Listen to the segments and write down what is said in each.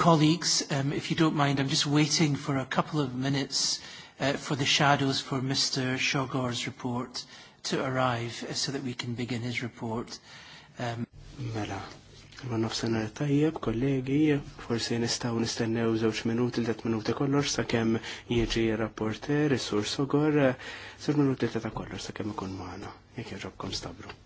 Colleagues, um, if you don't mind, I'm just waiting for a couple of minutes uh, for the shadows for Mr. Shogor's report to arrive uh, so that we can begin his report. Um, mela, ma nofsenar tajjeb, kollegi, forsi nistaw nistennew zewċ minuti l-tet minuti kollox sa' kem jieġi rapporter, il-sur Sogor, minuti l-tet kollox sa' kem ikun maħna. Jek jirrobkom stabru.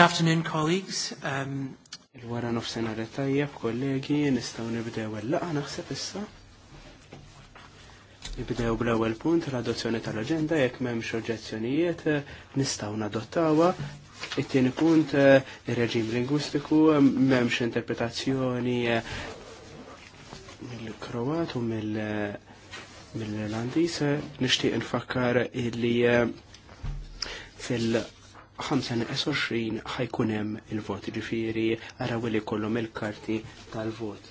afternoon, colleagues. Um... Il-wara nofsena retajjeb, kollegi, nistaw nibdew il laqa naħseb issa. Nibdew bl-ewwel punt l-adozzjoni tal agenda jekk m'hemmx oġġezzjonijiet nistgħu nadottawa. It-tieni punt eh, ir-reġim lingwistiku m'hemmx interpretazzjoni eh, mill-Kroat u eh, mill-Irlandiż. Nixtieq nfakkar illi fil- 25 ħajkun hemm il-vot, ġifiri araw li kollhom il-karti tal-vot.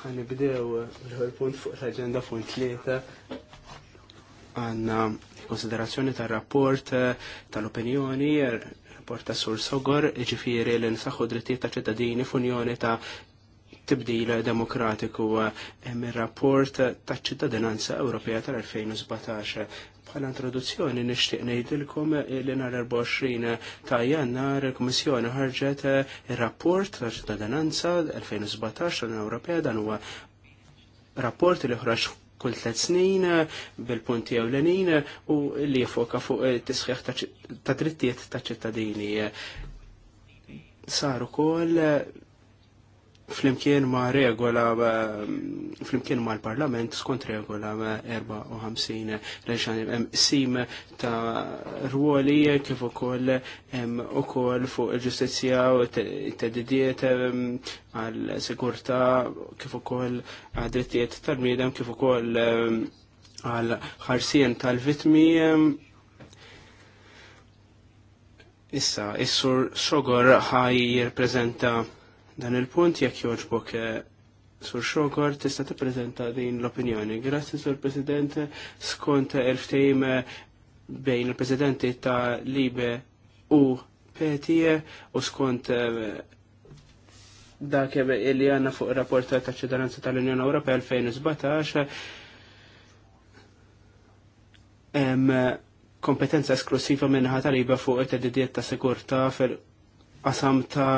Ħanibdew l-ewwel punt fuq l-aġenda punt tlieta Għanna konsiderazzjoni tar-rapport eh, tal-opinjoni rapport ta' Sur Sogor, ġifiri li nsaħħu drittijiet ta' ċittadini f'unjoni ta' tibdil demokratiku hemm eh, ir-rapport ta' ċittadinanza Ewropea tal-2017 Bħala introduzzjoni nixtieq ngħidilkom li nhar 24 ta' jannar il-Kummissjoni ħarġet ir-rapport ta' ċittadinanza 2017 tal-Unjoni Ewropea dan huwa rapport li ħraġ kull tliet snin bil-punti ewlenin u li jfoka fuq it-tisħiħ ta' drittijiet ta' ċittadini. Sar ukoll flimkien ma regola eh, flimkien ma l-parlament skont regola 54 eh, reġan hemm sim ta' ruoli kif ukoll u ukoll fuq il-ġustizzja u t-tedidiet għal sigurtà kif ukoll għad drittijiet tal-miedem kif ukoll għal ħarsien tal-vitmi Issa, is-sur Sogor ħaj jirprezenta dan il-punt jekk joġbok eh, sur xogor tista' tippreżenta din l-opinjoni. Grazzi sur President skont il ftejm eh, bejn il-Presidenti ta' Libe u Peti eh, u skont dak li għanna fuq rapport ta' ċittadinanza tal-Unjoni Ewropea 2017 hemm kompetenza esklusiva minnħa tal-Libe fuq it-tedidiet ta' sigurtà fil-qasam ta'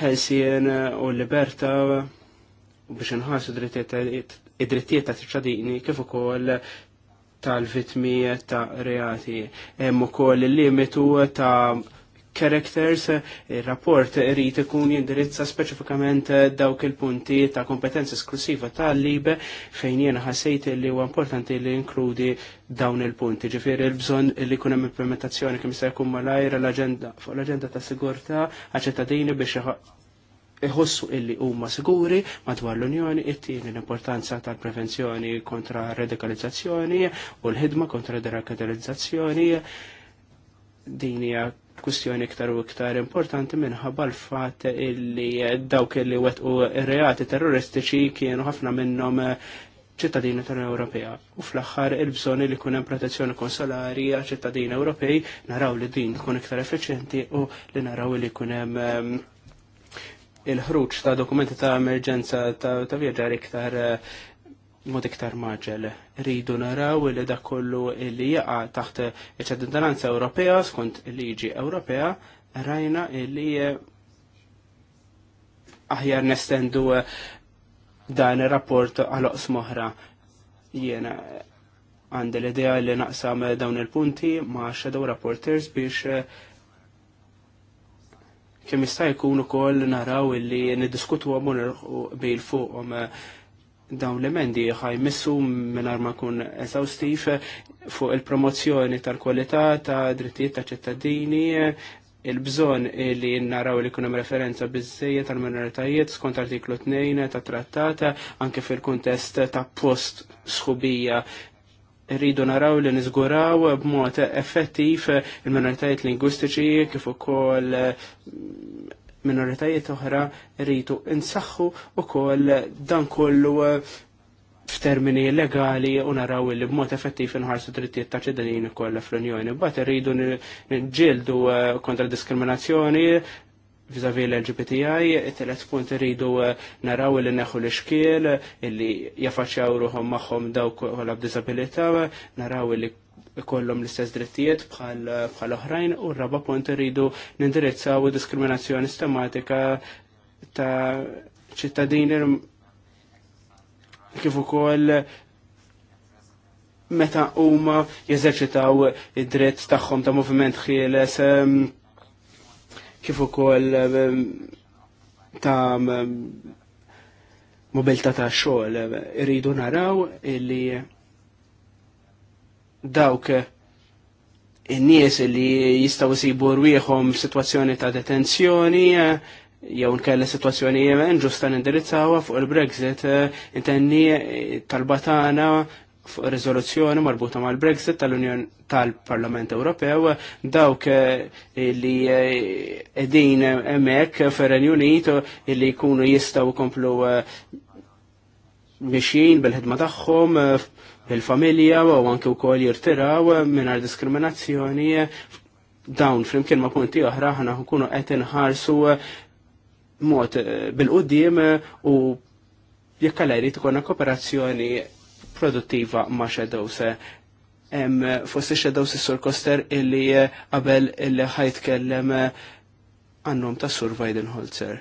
ħelsien eh, u l-liberta u biex nħasu id-drittijiet ta' t-ċadini kif ukoll tal-vitmi ta' reati. Hemm ukoll il-limitu ta' characters, il-rapport rrit ikun jindirizza speċifikament dawk il-punti ta' kompetenza esklusiva ta' libe fejn jena ħasejt li huwa importanti li inkludi dawn il-punti. Ġifieri il-bżonn li jkun hemm implementazzjoni kemm se jkun malajr l-aġenda fuq l-aġenda ta' sigurtà għaċ-ċittadini biex iħossu illi huma siguri madwar l-Unjoni it-tieni l-importanza tal-prevenzjoni kontra radikalizzazzjoni u l-ħidma kontra radikalizzazzjoni din hija kwistjoni iktar u iktar importanti minħabba l-fat illi dawk illi u reati terroristiċi kienu ħafna minnhom ċittadini tal Ewropea. U fl-aħħar il bżoni li kunem protezzjoni konsolari għal ċittadini Ewropej naraw li din kun iktar effiċjenti u li naraw li kunem ehm, il-ħruġ ta' dokumenti ta' emerġenza ta', ta vjaġġar iktar uh, mod iktar maġel. Rridu naraw li dak kollu li jaqa taħt iċ Ewropea skont liġi Ewropea rajna li eh, aħjar nestendu eh, dan ir-rapport għal moħra. Jiena għandi l-idea li naqsam dawn il-punti ma' shadow rapporters biex eh, kemm jista' jkun ukoll naraw illi niddiskutu għamun bil fuqhom dawn l-emendi missu minn ma kun eżawstif fuq il-promozzjoni tal-kwalità ta' drittijiet ta' ċittadini, il-bżon li naraw li kunem referenza bizzeja tal-minoritajiet skont artiklu 2 ta' trattata anke fil-kuntest ta' post sħubija rridu naraw li nizguraw b'mod effettiv il-minoritajiet lingwistiċi kif ukoll minoritajiet oħra rridu insaħħu koll dan kollu eh, f'termini legali u naraw li b'mod effettiv inħarsu drittijiet ta' ċittadini kollha fl-Unjoni. Bat irridu nġildu eh, kontra diskriminazzjoni vizavi l-LGBTI, it telet punt rridu eh, naraw li neħu l-xkiel, illi jafaċċaw ruħom maħħom dawk kolla b'disabilita, naraw li ikollhom l-istess drittijiet bħal oħrajn u r-raba punt rridu nindirizzaw diskriminazzjoni sistematika ta' ċittadini kif ukoll meta huma jeżerċitaw id-dritt tagħhom ta' moviment ħieles kif ukoll ta' mobilità ta' xogħol iridu naraw illi dawk in-nies li jistaw sibu rwieħhom f'sitwazzjoni ta' detenzjoni jew nkella sitwazzjoni ġusta nindirizzawha fuq il-Brexit intenni tal-batana fuq riżoluzzjoni marbuta mal-Brexit tal-Unjon tal-Parlament Ewropew dawk li qegħdin hemmhekk fir-Renju Unit li jkunu jistgħu jkomplu mixjin bil-ħidma tagħhom il-familja u anke wkoll jirtiraw mingħajr diskriminazzjoni dawn flimkien ma' punti oħra aħna kunu qed inħarsu mod eh, bil-qudiem u jekk jrid tkun kooperazzjoni produttiva ma' xedawse. hemm fost ix is-Sur Koster illi qabel illi ħajtkellem għannom ta' Sur Holzer.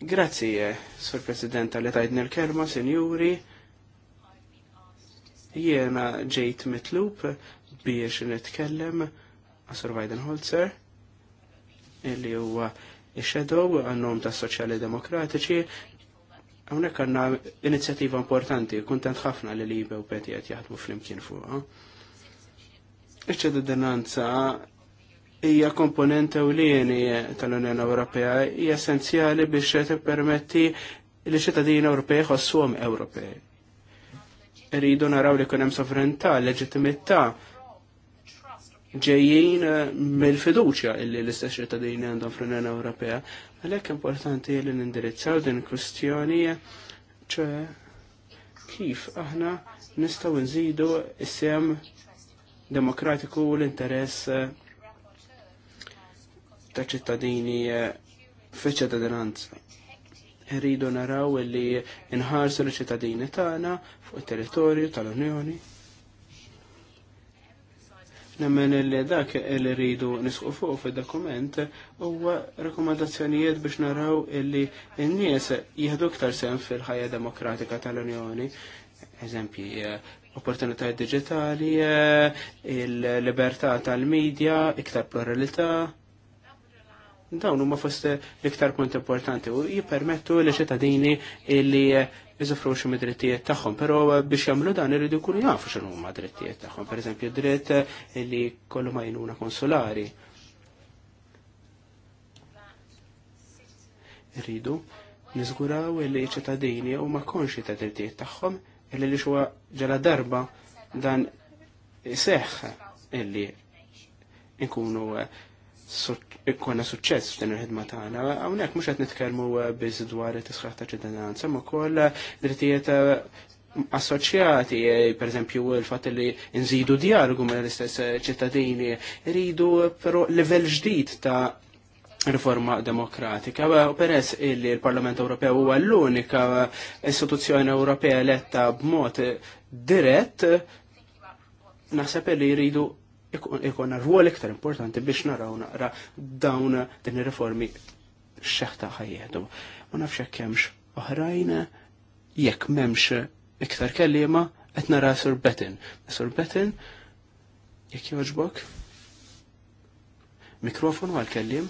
Grazzi, eh, Sur President, għalli tajdni l-kelma, senjuri. Jiena ġejt mitlub biex nitkellem għasur Holzer. illi huwa il-shadow għannom ta' soċjali demokratiċi. Għonek għanna inizjativa importanti, kontent ħafna li libe u peti għet jaħdmu fl-imkien fuqa. denanza hija komponent ewlieni tal-Unjoni Ewropea hija essenzjali biex tippermetti li ċittadini Ewropej ħossuhom Ewropej. Rridu naraw li kun hemm sovranità, leġittimità ġejjin eh, mill-fiduċja illi l-istess ċittadini għandhom fl-Unjoni Ewropea. Għalhekk importanti li nindirizzaw din kwistjoni ċe kif aħna nistgħu nżidu is-sem demokratiku l-interess eh, ta' ċittadini eh, fiċ-ċittadinanza. Rridu naraw li nħarsu l-ċittadini tagħna fuq it-territorju tal-Unjoni. Nemmen li dak li rridu nisqu fuq fil-dokument huwa rakkomandazzjonijiet biex naraw illi n-nies jieħdu iktar sem fil-ħajja demokratika tal-Unjoni. Eżempji, opportunitajiet digitali, eh, il-libertà tal-medja, iktar pluralità, Dawn huma fost l-iktar punt importanti u jippermettu li ċittadini li jizofru id drittijiet tagħhom, però biex jagħmlu dan iridu jkunu jafu xum huma drittijiet tagħhom, pereżempju dritt li kollu ma majnuna konsulari. Rridu niżguraw li ċittadini huma konxi ta' drittijiet tagħhom illi li xuwa ġala darba dan seħħ illi nkunu ikkonna suċċess f'din il-ħidma tagħna, hawnhekk mhux qed nitkellmu uh, biss dwar it-tisħaħ ta' ċittadinanza, ma ukoll uh, drittijiet uh, assoċjati, eh, pereżempju il-fatt li nżidu dialogu mill l-istess eh, ċittadini, rridu però livell ġdid ta' riforma demokratika. U peress illi l-Parlament Ewropew huwa l-unika istituzzjoni Ewropea letta b'mod dirett, naħseb li jridu ikonna rwol iktar importanti biex naraw naqra dawn din ir-riformi xeħta ħajjetu. Ma nafx hekk hemmx oħrajn jekk m'hemmx iktar kelliema qed nara Sur Betin. Sur Betin jekk jogħġbok mikrofonu għal-kellim.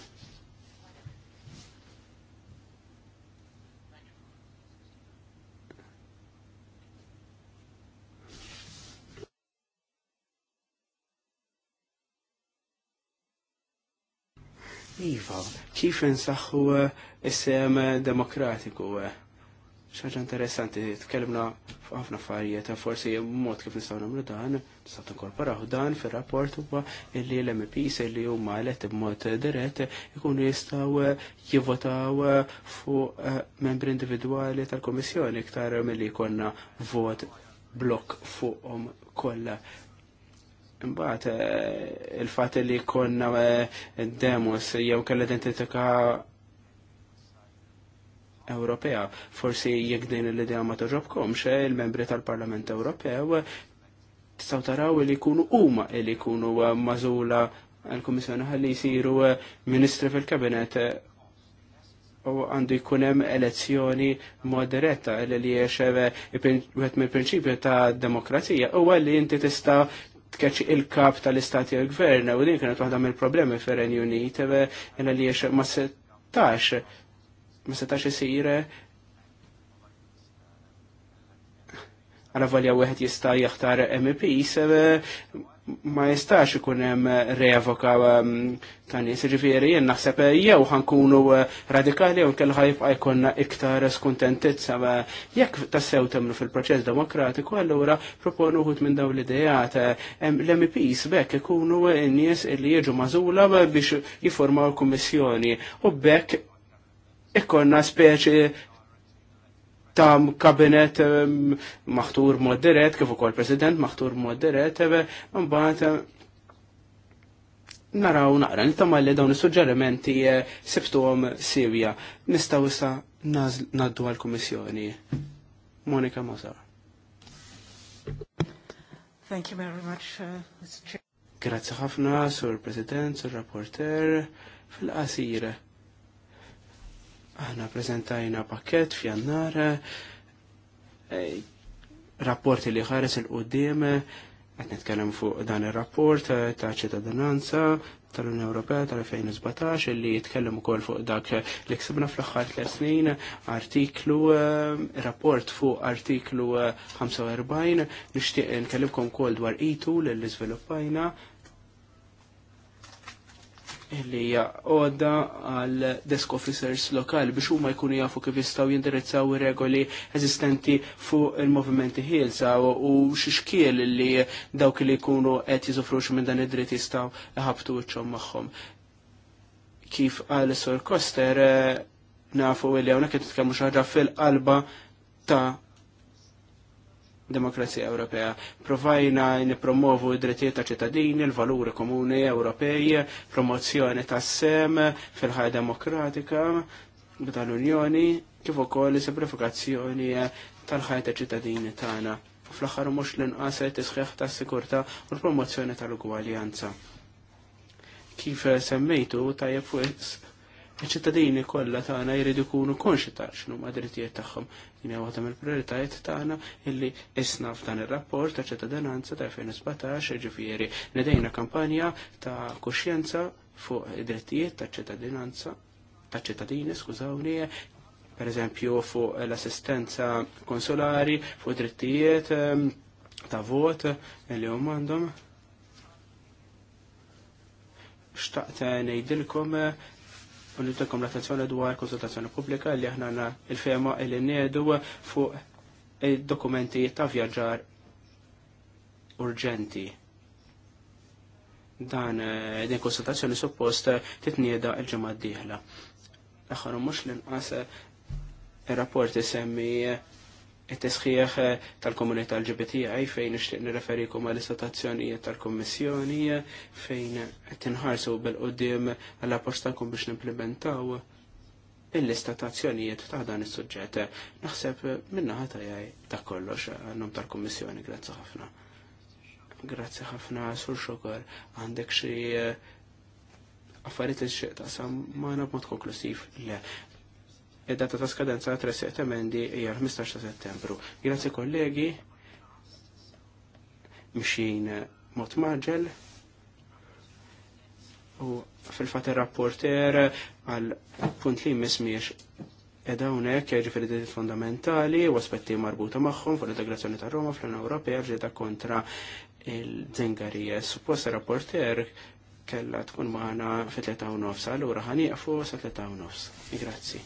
Iva, kif insaħħu eh, is-sem eh, demokratiku? ċaġa eh? interessanti, tkellimna f'ħafna affarijiet, forsi mod kif nistgħu nagħmlu dan, nistgħu tinkorporaw dan fir-rapport huwa illi l-MPs illi huma elett b'mod dirett ikunu jistgħu jivvotaw fuq membri individwali tal-Kummissjoni iktar milli jkollna vot blok fuqhom kollha. Imbagħad eh, il-fatt li konna eh, demos jew kell identità Ewropea. Forsi jekk din l-idea ma toġobkomx eh, il-membri tal-Parlament Ewropew tistgħu taraw li jkunu huma li jkunu mażula għal-Kummissjoni ħalli jsiru ministri fil-Kabinet u għandu jkun hemm elezzjoni moderetta li li jxeve wieħed mill-prinċipju ta' demokrazija u li inti tista' tkeċ il-kap tal-istati u gvern u din kienet waħda mill-problemi fir-Ren Unit jena e, e, li jiex ma setax ma setax isir e, għal valja wieħed jista' jaħtar MEP ma jistax ikun hemm revoka um, ta' nies, ġifieri jien naħseb eh, jew ħankunu eh, radikali jew kellha jibqa' jkollna iktar skuntentizza jekk tassew temlu fil-proċess demokratiku allura proponu wħud minn dawn l-idejat eh, l-MPs bekk ikunu n-nies li jiġu mażula biex jiformaw kummissjoni u bekk ikkonna speċi ta' kabinet maħtur moderet, kif ukoll president maħtur moderet, mbagħad naraw naqra nittama li dawn is-suġġerimenti eh, sibtuhom Sirja. Nistgħu issa naddu għall-Kummissjoni. Monika Mazar. Thank you very much, uh, Mr. Chair. Grazie ħafna, Sur President, Sur Rapporter, fil-qasira Aħna prezentajna pakket f'jannar eh, eh, rapporti li ħares il-qoddim għet eh, netkellem fuq dan il-rapport ta' ċittadinanza tal-Unjoni Ewropea tal-2017 li jitkellem ukoll fuq dak li ksibna fl-aħħar tliet snin artiklu rapport fuq artiklu 45 nixtieq nkellimkom ukoll dwar itu li iżviluppajna li hija għodda għal desk officers lokali biex huma jkunu jafu kif jistgħu jindirizzaw ir-regoli eżistenti fuq il-movimenti ħielsa u xixkiel li dawk li jkunu qed jiżofru minn dan id-dritt jistgħu iħabtu wiċċhom magħhom. Kif għal Sor Koster eh, nafu li hawnhekk qed titkellmu xi ħaġa fil-qalba ta' demokrazija Ewropea. Provajna nipromovu id-drittijiet ta' ċittadini, l-valuri komuni Ewropej, promozzjoni ta' sem fil-ħaj demokratika tal-Unjoni, kif ukoll semplifikazzjoni tal-ħaj ta' ċittadini tagħna. Fl-aħħar mhux l-inqas tisħiħ tas-sigurtà u l-promozzjoni tal-ugwaljanza. Kif semmejtu tajjeb fuq iċ-ċittadini kollha tagħna jridu jkunu konxi ta' x'nu drittijiet tagħhom. Dinja waħda mill-prioritajiet tagħna illi isna f'dan ir-rapport ta' ċittadinanza ta' 2017 ġifieri nedejna kampanja ta' kuxjenza fuq id-drittijiet ta' ċittadinanza ta' ċittadini, skużawni, per eżempju fuq l-assistenza konsolari, fuq drittijiet ehm, ta' vot li hum għandhom. Xtaqt ngħidilkom u li l-attenzjoni dwar konsultazzjoni pubblika li aħna għandna il-fema li niedu fuq id-dokumenti ta' vjaġġar urġenti. Dan eh, din konsultazzjoni suppost titnieda il-ġimgħa d-dieħla. Aħħar mhux l-inqas eh, ir rapporti semmi. Eh, it-tisħiħ eh, tal-komunità LGBTI fejn nixtieq nirreferikom għal istatazzjonijiet tal-Kommissjoni eh, fejn qed inħarsu bil-qudiem għal appostakom biex nimplementaw il-istatazzjonijiet ta' dan is-suġġett. Naħseb ħata tajaj ta' kollox eh, għannom tal-Kommissjoni, grazzi ħafna. Grazzi ħafna, sur xokor, għandek xi affarijiet li xieq taqsam ma' b'mod konklusiv le id-data ta' skadenza ta' tresiq emendi hija 15 ta' settembru. Grazzi kollegi, mxin mot maġel u fil-fat il-rapporter għal punt li mismiex edha unek ġifiri diritti fundamentali u aspetti marbuta maħħum fuq l-integrazzjoni ta' Roma fl-Unjoni Ewropea ġieta kontra il-dzingarija. Suppost il-rapporter kella tkun maħna fit-3 u nofs, għallura ħaniqfu sa 3 u nofs. Grazzi.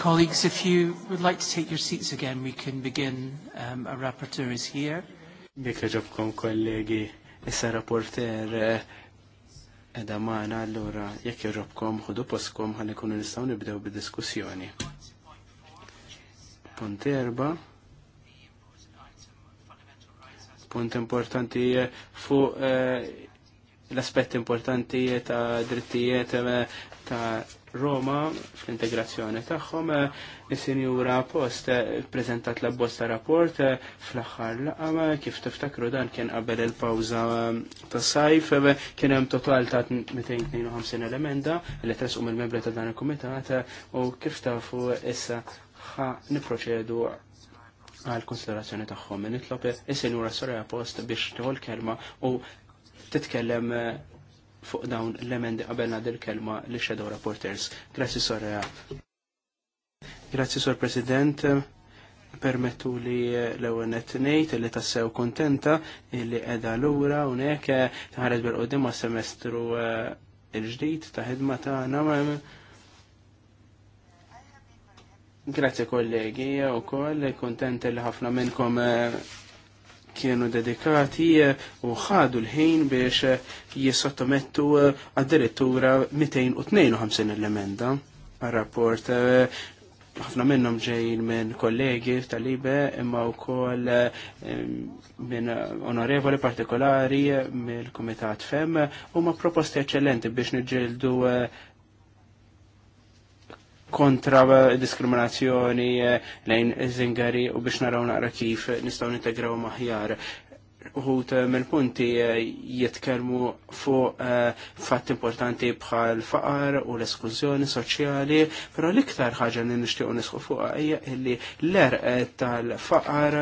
Colleagues, if you would like to take your seats again, we can begin. Um, our rapporteur is here. Jekk ġobkom kollegi, issa rapporter eh, edha maħna allura, jekk ġobkom ħudu poskom ħalli kunu nistaw nibdew bid-diskussjoni. Punt erba. Punt importanti eh, fu eh, l-aspett importanti ta' drittijiet ta' Roma fl-integrazzjoni tagħhom eh, is-sinjura post eh, prezentat la bosta rapport eh, fl-aħħar laqama kif tiftakru dan kien qabel il-pawża tas sajf kien hemm total ta' 252 elementa li tresqu mill-membri ta' dan il-kumitat u kif tafu issa ħa niproċedu għal konsiderazzjoni tagħhom. Nitlob is-sinjura Sorja Post biex tħol kelma u titkellem fuq dawn l-emendi qabelna dil-kelma li Shadow Reporters. Grazzi Sor Grazzi Sor President, permettu li l-ewenet nejt li tassew kontenta li edha l-ura unek eh, taħaret bil-qoddim ma semestru eh, il-ġdijt ta' ħidma ta' namem. Grazzi kollegi eh, u koll, kontenta li ħafna minnkom kienu dedikati eh, u ħadu l-ħin biex eh, jisottomettu għad-direttura eh, 252 l-emenda għal-rapport. ħafna minnhom ġejjin minn kollegi tal-libe imma wkoll minn onorevoli partikolari mill-Kumitat Fem huma proposti eċċellenti biex niġġieldu kontra eh, diskriminazzjoni eh, lejn zingari u biex naraw naqra kif nistgħu nintegraw maħjar. Uħut eh, minn punti jitkelmu fuq fatt importanti bħal faqar u l esklużjoni soċjali, però l-iktar ħaġa li nixtiequ nisħu fuq hija illi l-erq tal-faqar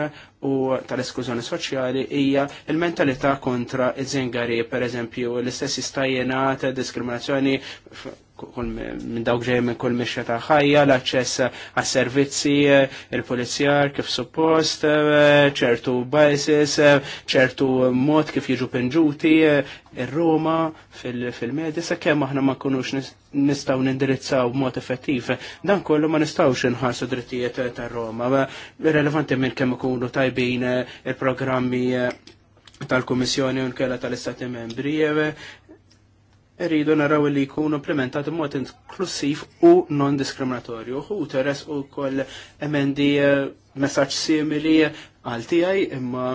u tal esklużjoni soċjali hija il-mentalità kontra iż-żingari, pereżempju l-istess jistajjenat, diskriminazzjoni minn dawk ġej minn kull mixja ta' ħajja, l-aċċess għas servizzi, eh, il-polizjar kif suppost, eh, ċertu bajsis, eh, ċertu mod kif jiġu pinġuti, il roma fil-medisa kemm aħna ma kunux nistaw nindirizzaw b'mod effettiv. Dan kollu ma nistawx inħarsu drittijiet ta' Roma. Relevanti minn kemm ikunu tajbin il-programmi tal-Komissjoni unkella tal-Istati Membri, rridu naraw li jkun implementat mod inklusiv u non diskriminatorju. U teres u koll emendi eh, messaċ simili għal tijaj imma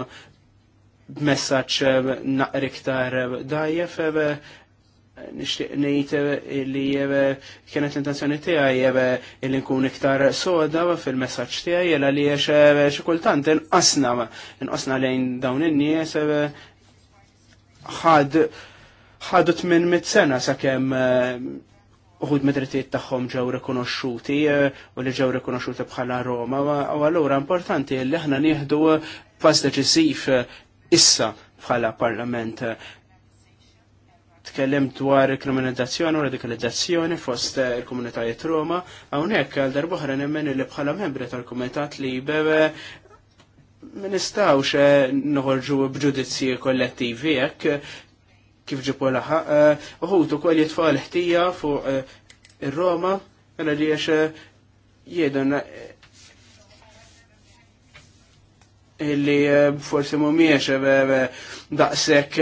messaċ eh, naqriktar ktar eh, dajjef nishtiq nejt li kienet l-intenzjoni tijaj li nkun iktar soda fil messagġ tijaj jela li xikultant nqasna nqasna lejn dawn in-nies ħad ħadut minn mit sena sakemm eh, uħud medretiet tagħhom ġew rikonoxxuti eh, u li ġew rekonosċuti bħala Roma, u allura importanti li aħna nieħdu eh, pass deċisif issa bħala parlament. Tkellem dwar kriminalizzazzjoni u radikalizzazzjoni fost il-komunitajiet Roma, hawnhekk għal darbohra nemmen li bħala membri tal-Kumitat li bebe ministawx noħorġu b'ġudizzji kollettivi jekk kif ġipu laħaq, eh, uħutu u koll jitfall ħtija fuq eh, il-Roma, għana li għax eh, jedon illi forse mumiex daqsek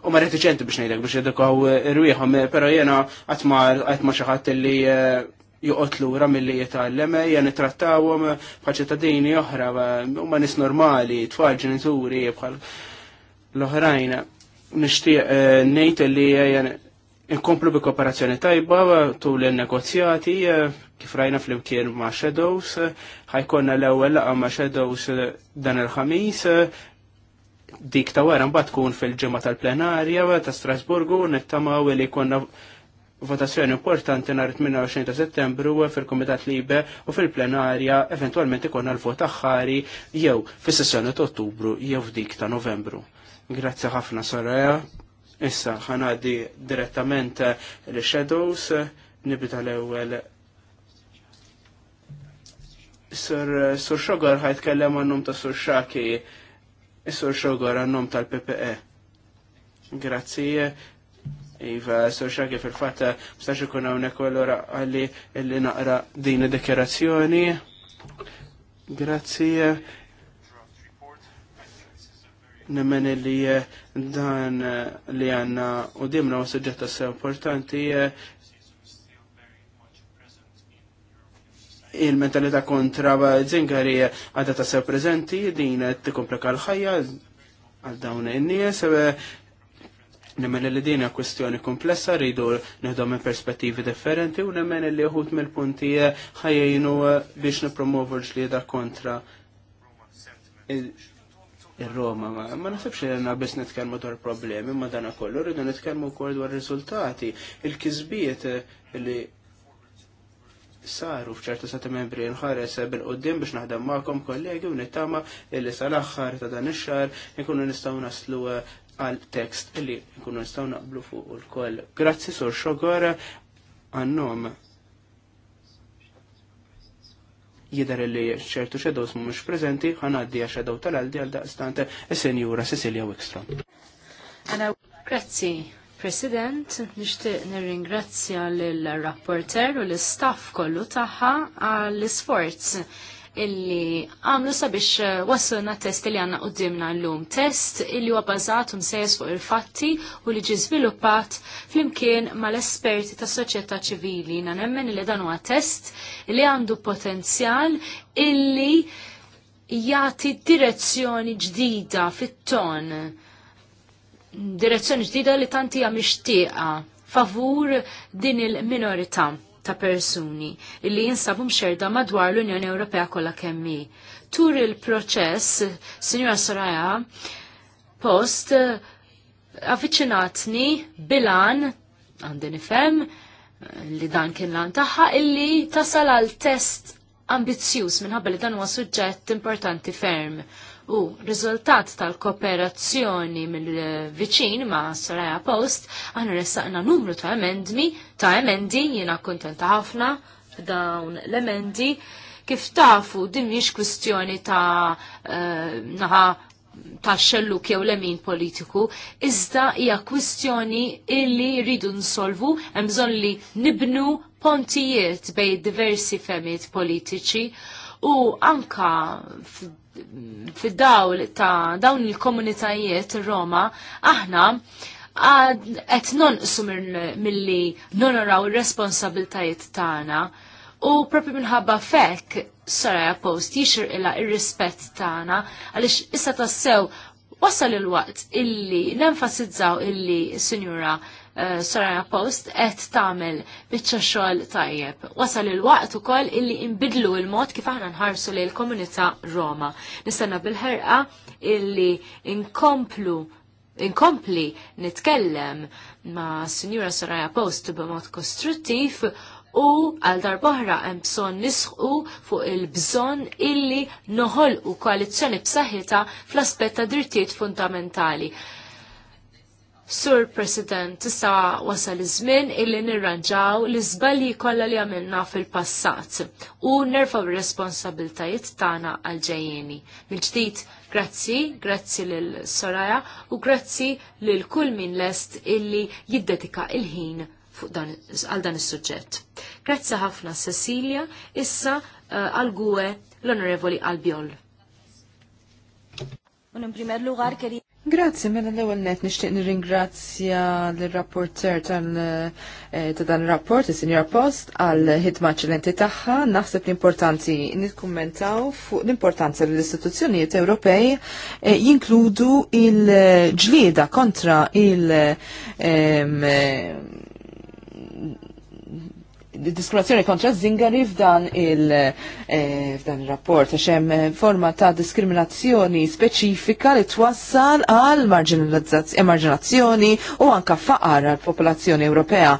u ma retiċenti biex nejdek biex jedukaw irwieħom, pero jena għatmar għatma xaħat illi juqot lura mill-li jitallem, jen trattawum bħal oħra, u ma nis normali, tfal ġenituri, bħal l-oħrajna nishtiq eh, nejt li eh, inkomplu bi kooperazzjoni tajba tul il-negozjati eh, kif rajna fl-imkien ma' Shadows, ħajkonna l-ewwel laqa ma' Shadows dan il-ħamis, dik ta' wara mbagħad tkun fil-ġimgħa tal-plenarja ta' Strasburgu nittamaw li konna votazzjoni importanti nhar 28 ta' Settembru fil-Kumitat Libe u fil-plenarja eventwalment ikonna l-vot aħħari jew fis-sessjoni ta' Ottubru jew f'dik ta' Novembru. Grazzi ħafna Soraya. Issa ħanadi direttament eh, li shadows eh, nibda l-ewwel Sur, eh, sur Xogor ħajtkellem għannum ta' Sur Xaki, Sur għan għannum tal-PPE. Grazzi, Iva, Sur Xaki fil-fatta, mistax ikun hawnhekk allura għalli illi naqra din id-dekerazzjoni. Grazzi, nemmen li eh, dan eh, li għanna u dimna u suġġetta se importanti eh, il-mentalità kontra zingari għadha ta' sew prezenti din tikkomplika l-ħajja għal dawn in-nies Nemmen li din kwestjoni komplessa rridu neħdu minn perspettivi differenti u nemmen li uħut mill-punti ħajjinu biex nipromovu l-ġlieda kontra ir-Roma. Ma nasibx li għanna biss nitkellmu dwar problemi, ma dana kollu rridu nitkellmu wkoll dwar riżultati, il-kisbiet eh, li saru fċertu sati membri nħares eh, bil-qoddim biex naħdem ma'kom kollegi u nittama illi sal-axħar ta' dan ix-xar nkunu nistgħu naslu eh, għal tekst illi nkunu nistgħu naqblu fuq il-koll. Grazzi sur xogora għannom Jidher li ċertu xedows mhumiex preżenti, ħanaddi għax xedow tal-għaldi għal daqstant is-senjura Cecilia Wikstrom. Grazzi. President, nishtiq nirringrazzja l-rapporter u l-staff kollu taħħa għall isforz illi għamlu sabiex eh, wassulna test li għanna qoddimna l-lum. Test illi huwa bażat u msejjes fuq il-fatti u li ġi żviluppat flimkien mal-esperti ta' soċjetà ċivili. Na nemmen li dan huwa test li għandu potenzjal illi jagħti direzzjoni ġdida fit-ton. Direzzjoni ġdida li tanti hija mixtieqa favur din il-minorità ta' persuni li jinsabu mxerda madwar l-Unjoni Ewropea kollha kemmi. Tur il-proċess, Sinjora Soraya, post avvicinatni bilan għandi nifhem li dan kien lan tagħha illi tasal għal test ambizzjuż minħabba li dan huwa suġġett importanti ferm u riżultat tal-kooperazzjoni mill-viċin ma' Soraya Post għanna ressaqna numru ta' emendmi ta' emendi jiena kontenta ħafna f'dawn l-emendi kif tafu din mhix kwistjoni ta' uh, naħa ta' xelluk jew lemin politiku, iżda hija kwistjoni illi rridu nsolvu hemm bżonn li nibnu pontijiet bej diversi femijiet politiċi u anka fid-dawl ta' dawn il-komunitajiet Roma, aħna qed nonqsu milli nonoraw ir-responsabiltajiet tagħna u propri minħabba fekk Soraya Post jixir illa ir-rispett tagħna għaliex issa tassew wasal il-waqt illi nenfasizzaw illi Sinjura Eh, Soraya Post qed tagħmel biċċa xogħol tajjeb. Wasal il-waqt ukoll illi inbidlu il-mod kif aħna nħarsu lil komunità Roma. Nistenna bil-ħerqa illi inkomplu inkompli nitkellem ma' Sinjura Soraya Post b'mod kostruttiv u għal darbohra hemm bżonn nisħu fuq il-bżonn illi noħolqu koalizzjoni b'saħħitha fl-aspett ta' drittijiet fundamentali. Sur President, tista' wasal iż-żmien illi nirranġaw l-iżbalji kollha li għamilna fil-passat u nerfaw responsabiltajiet tagħna għal ġajjeni Mil-ġdijt, grazzi, grazzi l Soraya u grazzi l kull min lest illi jiddetika il-ħin għal dan is-suġġett. Grazzi ħafna Cecilia, issa eh, għal gwe l-Onorevoli Albiol. Un in primer lugar Grazzi, mela l-ewel net nishtiq nirringrazzja l-rapporter eh, ta' dan ir rapport il-Sinjor Post, għal ħidma ċellenti tagħha. Naħseb l-importanti nikkummentaw fuq l-importanza li l-istituzzjonijiet Ewropej eh, jinkludu il-ġlieda kontra il- eh, diskriminazzjoni kontra zingari f'dan eh, il-rapport, għax hemm eh, forma ta' diskriminazzjoni speċifika li twassal għal marginalizzazzjoni eh, u anka faqar għal popolazzjoni Ewropea.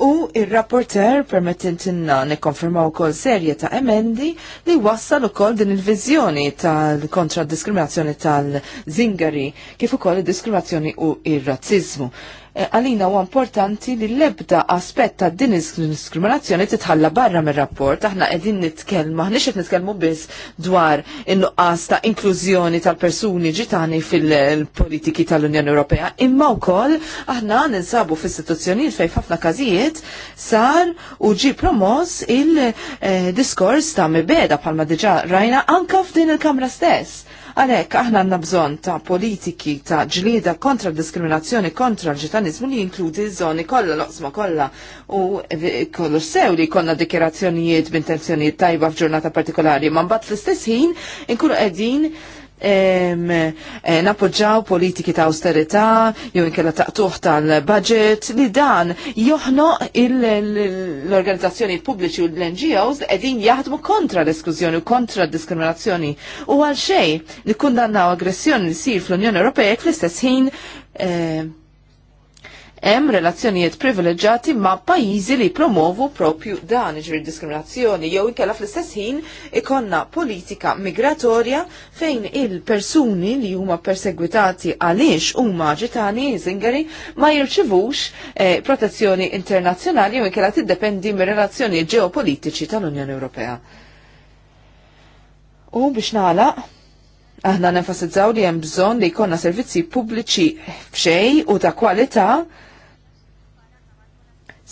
U il-rapporter permettintinna nikkonfermaw kol serje ta' emendi li wassal ukoll din il-vizjoni tal-kontra diskriminazzjoni tal-zingari kif ukoll il-diskriminazzjoni u il-razzizmu. Eh, għalina u importanti li l-ebda aspett ta' din diskriminazzjoni titħalla barra mir rapport aħna qegħdin nitkellmu, aħniex qed nitkellmu biss dwar in-nuqqas ta' inklużjoni tal-persuni ġitani fil-politiki tal-Unjoni Ewropea, imma wkoll aħna ninsabu f'istituzzjonijiet fejn ħafna każijiet sar u ġi promos il-diskors eh, ta' mibeda bħalma diġà rajna anka f'din il-Kamra stess Għalhekk aħna għandna bżonn ta' politiki ta' ġlieda kontra diskriminazzjoni kontra l ġitanizmu li jinkludi żoni kollha loqsma kollha u kollu sew li jkollna dikjerazzjonijiet b'intenzjonijiet tajba f'ġurnata partikolari ma mbagħad fl-istess ħin inkunu qegħdin Eh, napoġġaw politiki ta' austerità, jew inkella taqtuħ tal-budget, li dan joħno l-organizzazzjoni pubbliċi u l-NGOs qegħdin jaħdmu kontra l-esklużjoni u kontra d-diskriminazzjoni. U għal xejn li kundannaw aggressjoni li sir fl-Unjoni Ewropea fl-istess ħin eh, hemm relazzjonijiet privileġġati ma' pajjiżi li promovu propju dan iġri diskriminazzjoni jew inkella fl-istess ħin ikonna politika migratorja fejn il-persuni li huma persegwitati għaliex huma ġitani zingari ma jirċivux eh, protezzjoni internazzjonali jew inkella tiddependi mir-relazzjoni ġeopolitiċi tal-Unjoni Ewropea. U biex nagħlaq, aħna nenfasizzaw li hemm bżonn li jkollna servizzi pubbliċi f'xej u ta' kwalità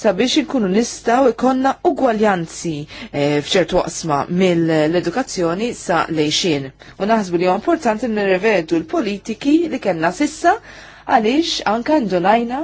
sabiex ikunu nistaw ikonna ugwaljanzi e, fċertu waqsma mill-edukazzjoni sa lejxin. U naħsbu li importanti nirrevedu l-politiki li kena sissa għaliex anka ndolajna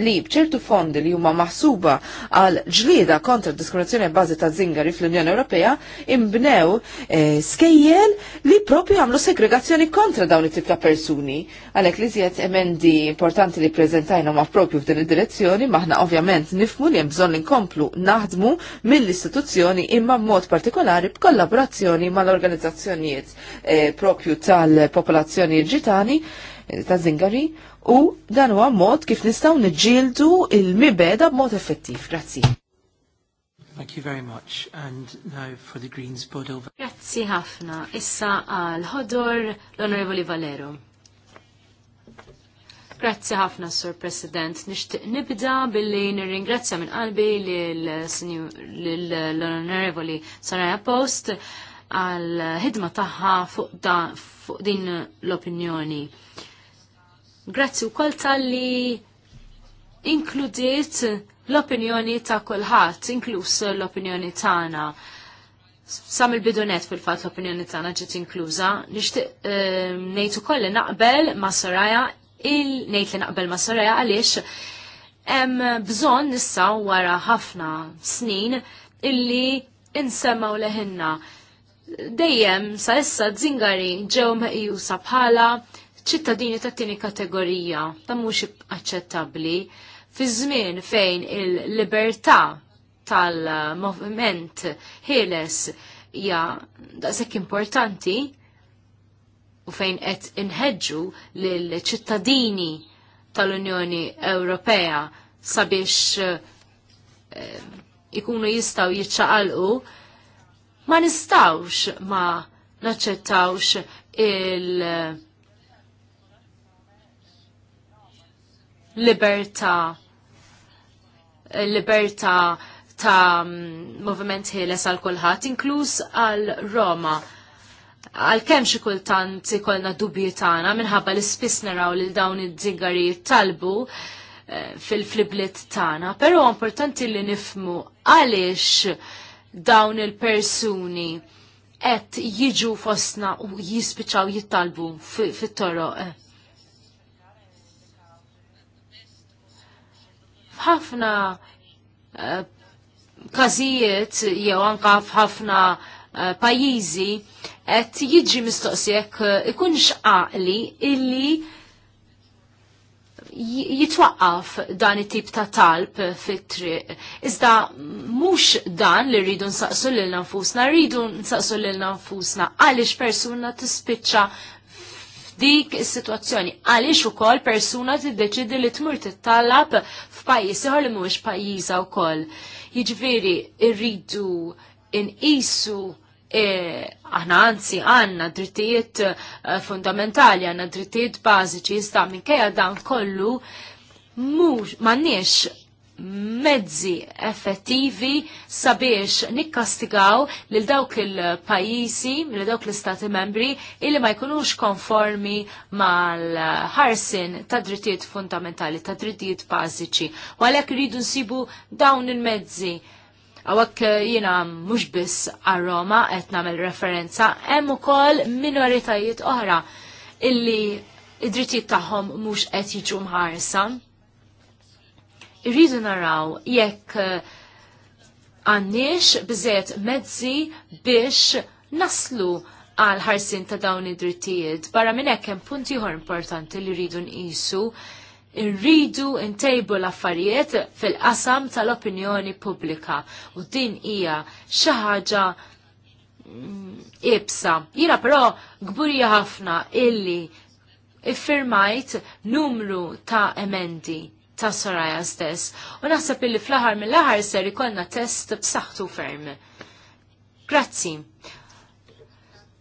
li bċertu fondi li huma maħsuba għal ġlieda kontra diskriminazzjoni bażi ta' zingari fl-Unjoni Ewropea imbnew eh, skejjel li propju għamlu segregazzjoni kontra dawn it-tip ta' persuni. Għalhekk li żjed emendi importanti li prezentajna ma' propju f'din id-direzzjoni maħna ovvjament nifmu li hemm bżonn inkomplu naħdmu mill-istituzzjoni imma b'mod partikolari b'kollaborazzjoni mal-organizzazzjonijiet eh, propju tal-popolazzjoni ġitani ta' zingari u dan huwa mod kif nistgħu niġġieldu il-mibeda b'mod effettiv. Grazzi. Thank you very much. And now for the Greens, over. Grazzi ħafna. Issa għal ħodor l-Onorevoli Valero. Grazzi ħafna, Sur President. Nixtieq nibda billi nirringrazzja minn qalbi l-Onorevoli Soraya Post għal ħidma tagħha fuq din l-opinjoni. Grazzi wkoll tal-li inkludiet l-opinjoni ta' kulħadd, inkluż l-opinjoni tagħna. Sam il-bidunet fil-fat l-opinjoni tagħna ġiet inkluża, Nishtiq ehm, ngħid ukoll li naqbel ma' Soraya il ngħid li naqbel ma' Soraya għaliex hemm bżonn nissa wara ħafna snin illi insemmaw leħinna. Dejjem sa issa t-dżingari ġew meqjusa bħala ċittadini ta' tieni kategorija ta' mhux aċċettabbli fi żmien fejn il-libertà tal-moviment ħieles hija daqshekk importanti u fejn qed inħeġġu lil ċittadini tal-Unjoni Ewropea sabiex eh, ikunu jistaw jiċċaqalqu, ma nistawx ma naċċettawx il- libertà libertà ta' moviment ħieles għal kulħadd, inkluż għal Roma. Għal kemm xi kultant ikollna dubji tagħna minħabba li spiss naraw lil dawn id-żingarijiet talbu eh, fil fliblit tagħna, però importanti li nifmu għaliex dawn il-persuni qed jiġu fostna u jispiċaw jittalbu fit-toroq. f'ħafna kazijiet, eh, każijiet jew anka f'ħafna eh, pajjiżi qed jiġi mistoqsijek eh, ikunx għaqli illi jitwaqqaf dan it-tip ta' talb fit-triq. Iżda mhux dan li rridu nsaqsu lil nfusna, rridu nsaqsu lil nfusna għaliex persuna tispiċċa Dik is-sitwazzjoni. Għaliex ukoll persuna tiddeċidi li tmur tittallab f'pajjiż ieħor li mhuwiex pajjiża wkoll. Jiġifieri rridu inqisu e, aħna anzi għanna drittijiet e, fundamentali, għanna drittijiet bażiċi, iżda minkejja dan kollu mux, mannix mezzi effettivi sabiex nikkastigaw lil dawk il-pajjiżi, lil dawk l-istati membri illi ma jkunux konformi mal-ħarsin ta' drittijiet fundamentali, ta' drittijiet bażiċi. U għalhekk iridu nsibu dawn il-mezzi Għawak eh, jina mux biss għal-Roma għet namel referenza, hemm ukoll minoritajiet oħra illi id-drittijiet tagħhom mhux qed jiġu mħarsa. Irridu naraw jekk eh, għandniex biżiet mezzi biex naslu għal ħarsin ta' dawn id-drittijiet. Barra minn hekk hemm punti importanti li rridu nqisu irridu ntejbu l-affarijiet fil-qasam tal-opinjoni pubblika u din hija xi ħaġa mm, ibsa. Jiena però gburija ħafna illi iffirmajt numru ta' emendi ta' Soraya stess. U naħseb illi fl-aħħar mill-aħħar ser ikollna test b'saħħtu ferm. Grazzi.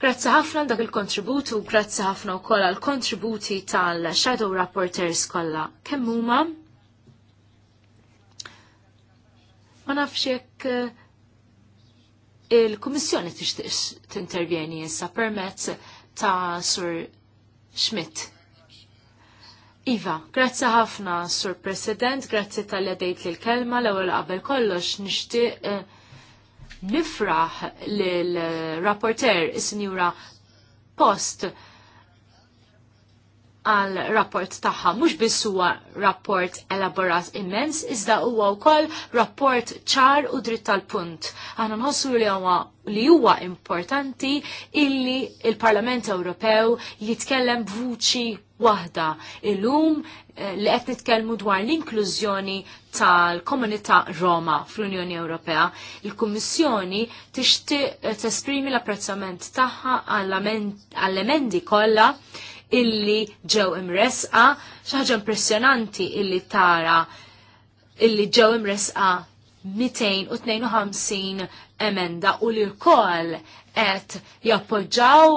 Grazzi ħafna dak il-kontributu, grazzi ħafna wkoll għall kontributi tal-Shadow rapporters kollha. Kemm huma? Ma nafx jekk eh, il-Kummissjoni tixtieq tintervjeni issa permezz ta' Sur Schmidt. Iva, grazzi ħafna, Sur President, grazzi tal-li dejt li l-kelma, l ewwel qabel kollox nishti eh, nifraħ l-rapporter, is-Sinjura Post, għal rapport tagħha mhux biss huwa rapport elaborat immens, iżda huwa wkoll rapport ċar u dritt tal-punt. Aħna nħossu li huwa li huwa importanti illi il-Parlament Ewropew jitkellem b'vuċi waħda illum eh, li qed nitkellmu dwar l-inklużjoni tal-komunità Roma fl-Unjoni Ewropea. Il-Kummissjoni tixtieq eh, tesprimi l-apprezzament tagħha għall-emendi kollha illi ġew imresqa, xaħġa impressjonanti illi tara illi ġew imresqa 252 emenda u li l-koll et jappoġġaw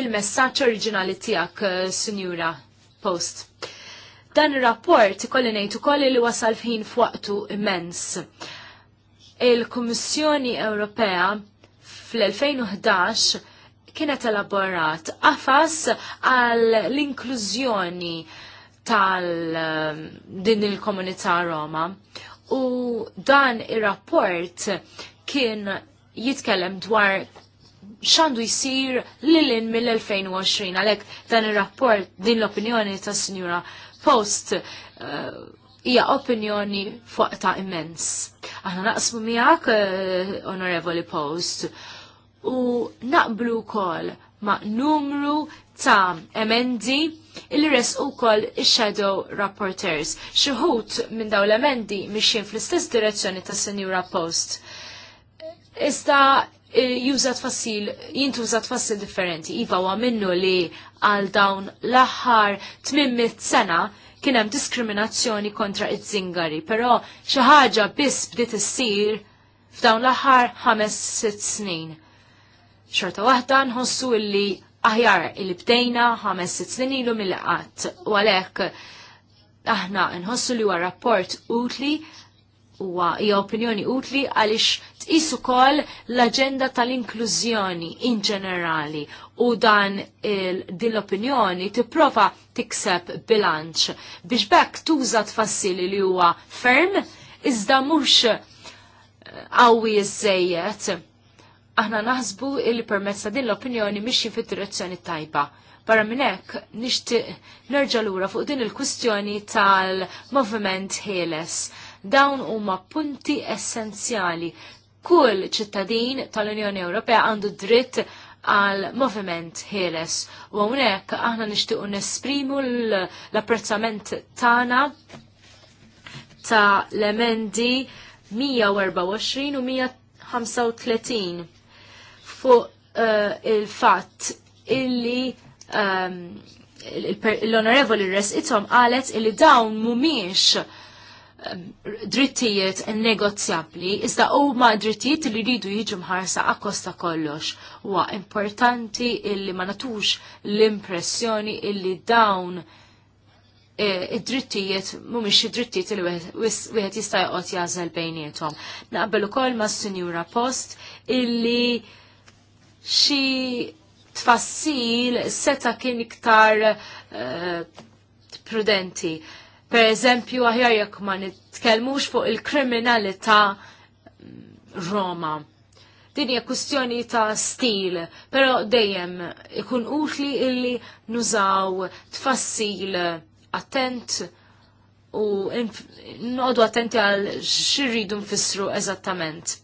il-messaċ oriġinali tijak, Sinjura Post. Dan il-rapport ikolli ngħid ukoll li wasal fħin f'waqtu immens. Il-Kummissjoni Ewropea fl-2011 kienet elaborat għafas għal l-inklużjoni tal um, din il-komunità Roma. U dan ir-rapport kien jitkellem dwar xandu jisir lilin mill-2020 għalek dan il-rapport din l-opinjoni ta' sinjura Post uh, hija uh, opinjoni fuq ta' immens. Aħna naqsmu miegħek uh, Onorevoli Post u naqblu kol ma' numru ta' emendi il-res u kol shadow rapporteurs. Xuhut minn daw l-emendi mixin fl-istess direzzjoni ta' Senjura Post. Iżda eh, jużat fassil, użat fassil differenti. Iva wa minnu li għal dawn l-aħħar 800 sena kien hemm diskriminazzjoni kontra iż zingari però xi ħaġa biss bdiet issir f'dawn l-aħħar 5-6 snin. Xorta waħda nħossu illi aħjar illi bdejna ħames sitt snin ilu mill-qatt u għalhekk aħna nħossu li huwa rapport utli huwa hija opinjoni utli għaliex tqisu ukoll l-aġenda tal-inklużjoni in ġenerali u dan din l-opinjoni tipprova tikseb bilanċ biex bekk tuża tfassili li huwa ferm iżda mhux eh, qawwi iżejjed aħna naħsbu illi permezz ta' din l-opinjoni mixi fid-direzzjoni tajba. Barra minn hekk nixtieq nerġa' lura fuq din il-kwistjoni tal-moviment ħieles. Dawn huma punti essenzjali. Kull ċittadin tal-Unjoni Ewropea għandu dritt għal moviment ħieles. U hawnhekk aħna nixtiequ nesprimu l-apprezzament tagħna ta' l-emendi 124 u 135 fuq uh, il-fatt illi ehm, l-onorevoli res itom qalet illi dawn mumiex ehm, drittijiet negozjabli, iżda huma drittijiet li jridu jiġu mħarsa akkosta kollox. Huwa importanti illi ma natux l-impressjoni illi dawn eh, id-drittijiet mhumiex id-drittijiet li wieħed jista' joqgħod jażel bejniethom. Naqbel ukoll mas-Sinjura Post illi xi tfassil seta kien iktar uh, prudenti. Per eżempju, aħjar jekk ma nitkellmux fuq il-kriminalità mm, Roma. Din hija kwistjoni ta' stil, però dejjem ikun utli illi nużaw tfassil attent u nodu attenti għal xirridu nfissru eżattament.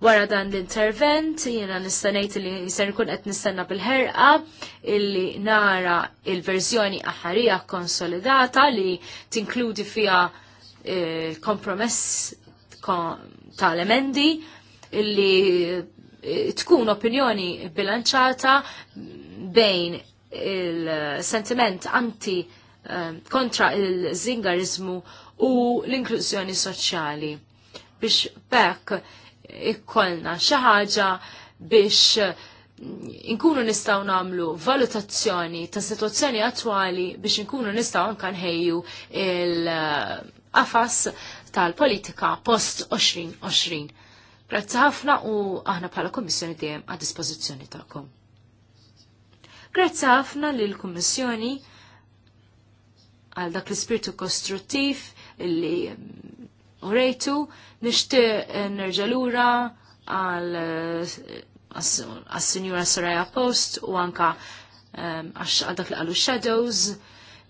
Wara dan l-intervent, jiena nistanajt li jisar kun qed nistenna bil-ħerqa illi nara il-verżjoni aħarija konsolidata li tinkludi fija eh, kompromess tal-emendi illi eh, tkun opinjoni bilanċata bejn il-sentiment anti eh, kontra il-zingarizmu u l-inklużjoni soċjali. Biex bekk ikkolna xi ħaġa biex inkunu nistgħu nagħmlu valutazzjoni ta' situazzjoni attwali biex inkunu nistgħu anke nħejju il-qafas tal-politika post 2020. Grazzi ħafna u aħna bħala Kommissjoni dejjem għad dispożizzjoni ta'kom. Grazzi ħafna lil kummissjoni għal dak l-ispirtu kostruttiv li Urejtu nishti nixtieq eh, nerġa' lura għal għas eh, Soraya Post u anka eh, għax għal dak li qalu Shadows.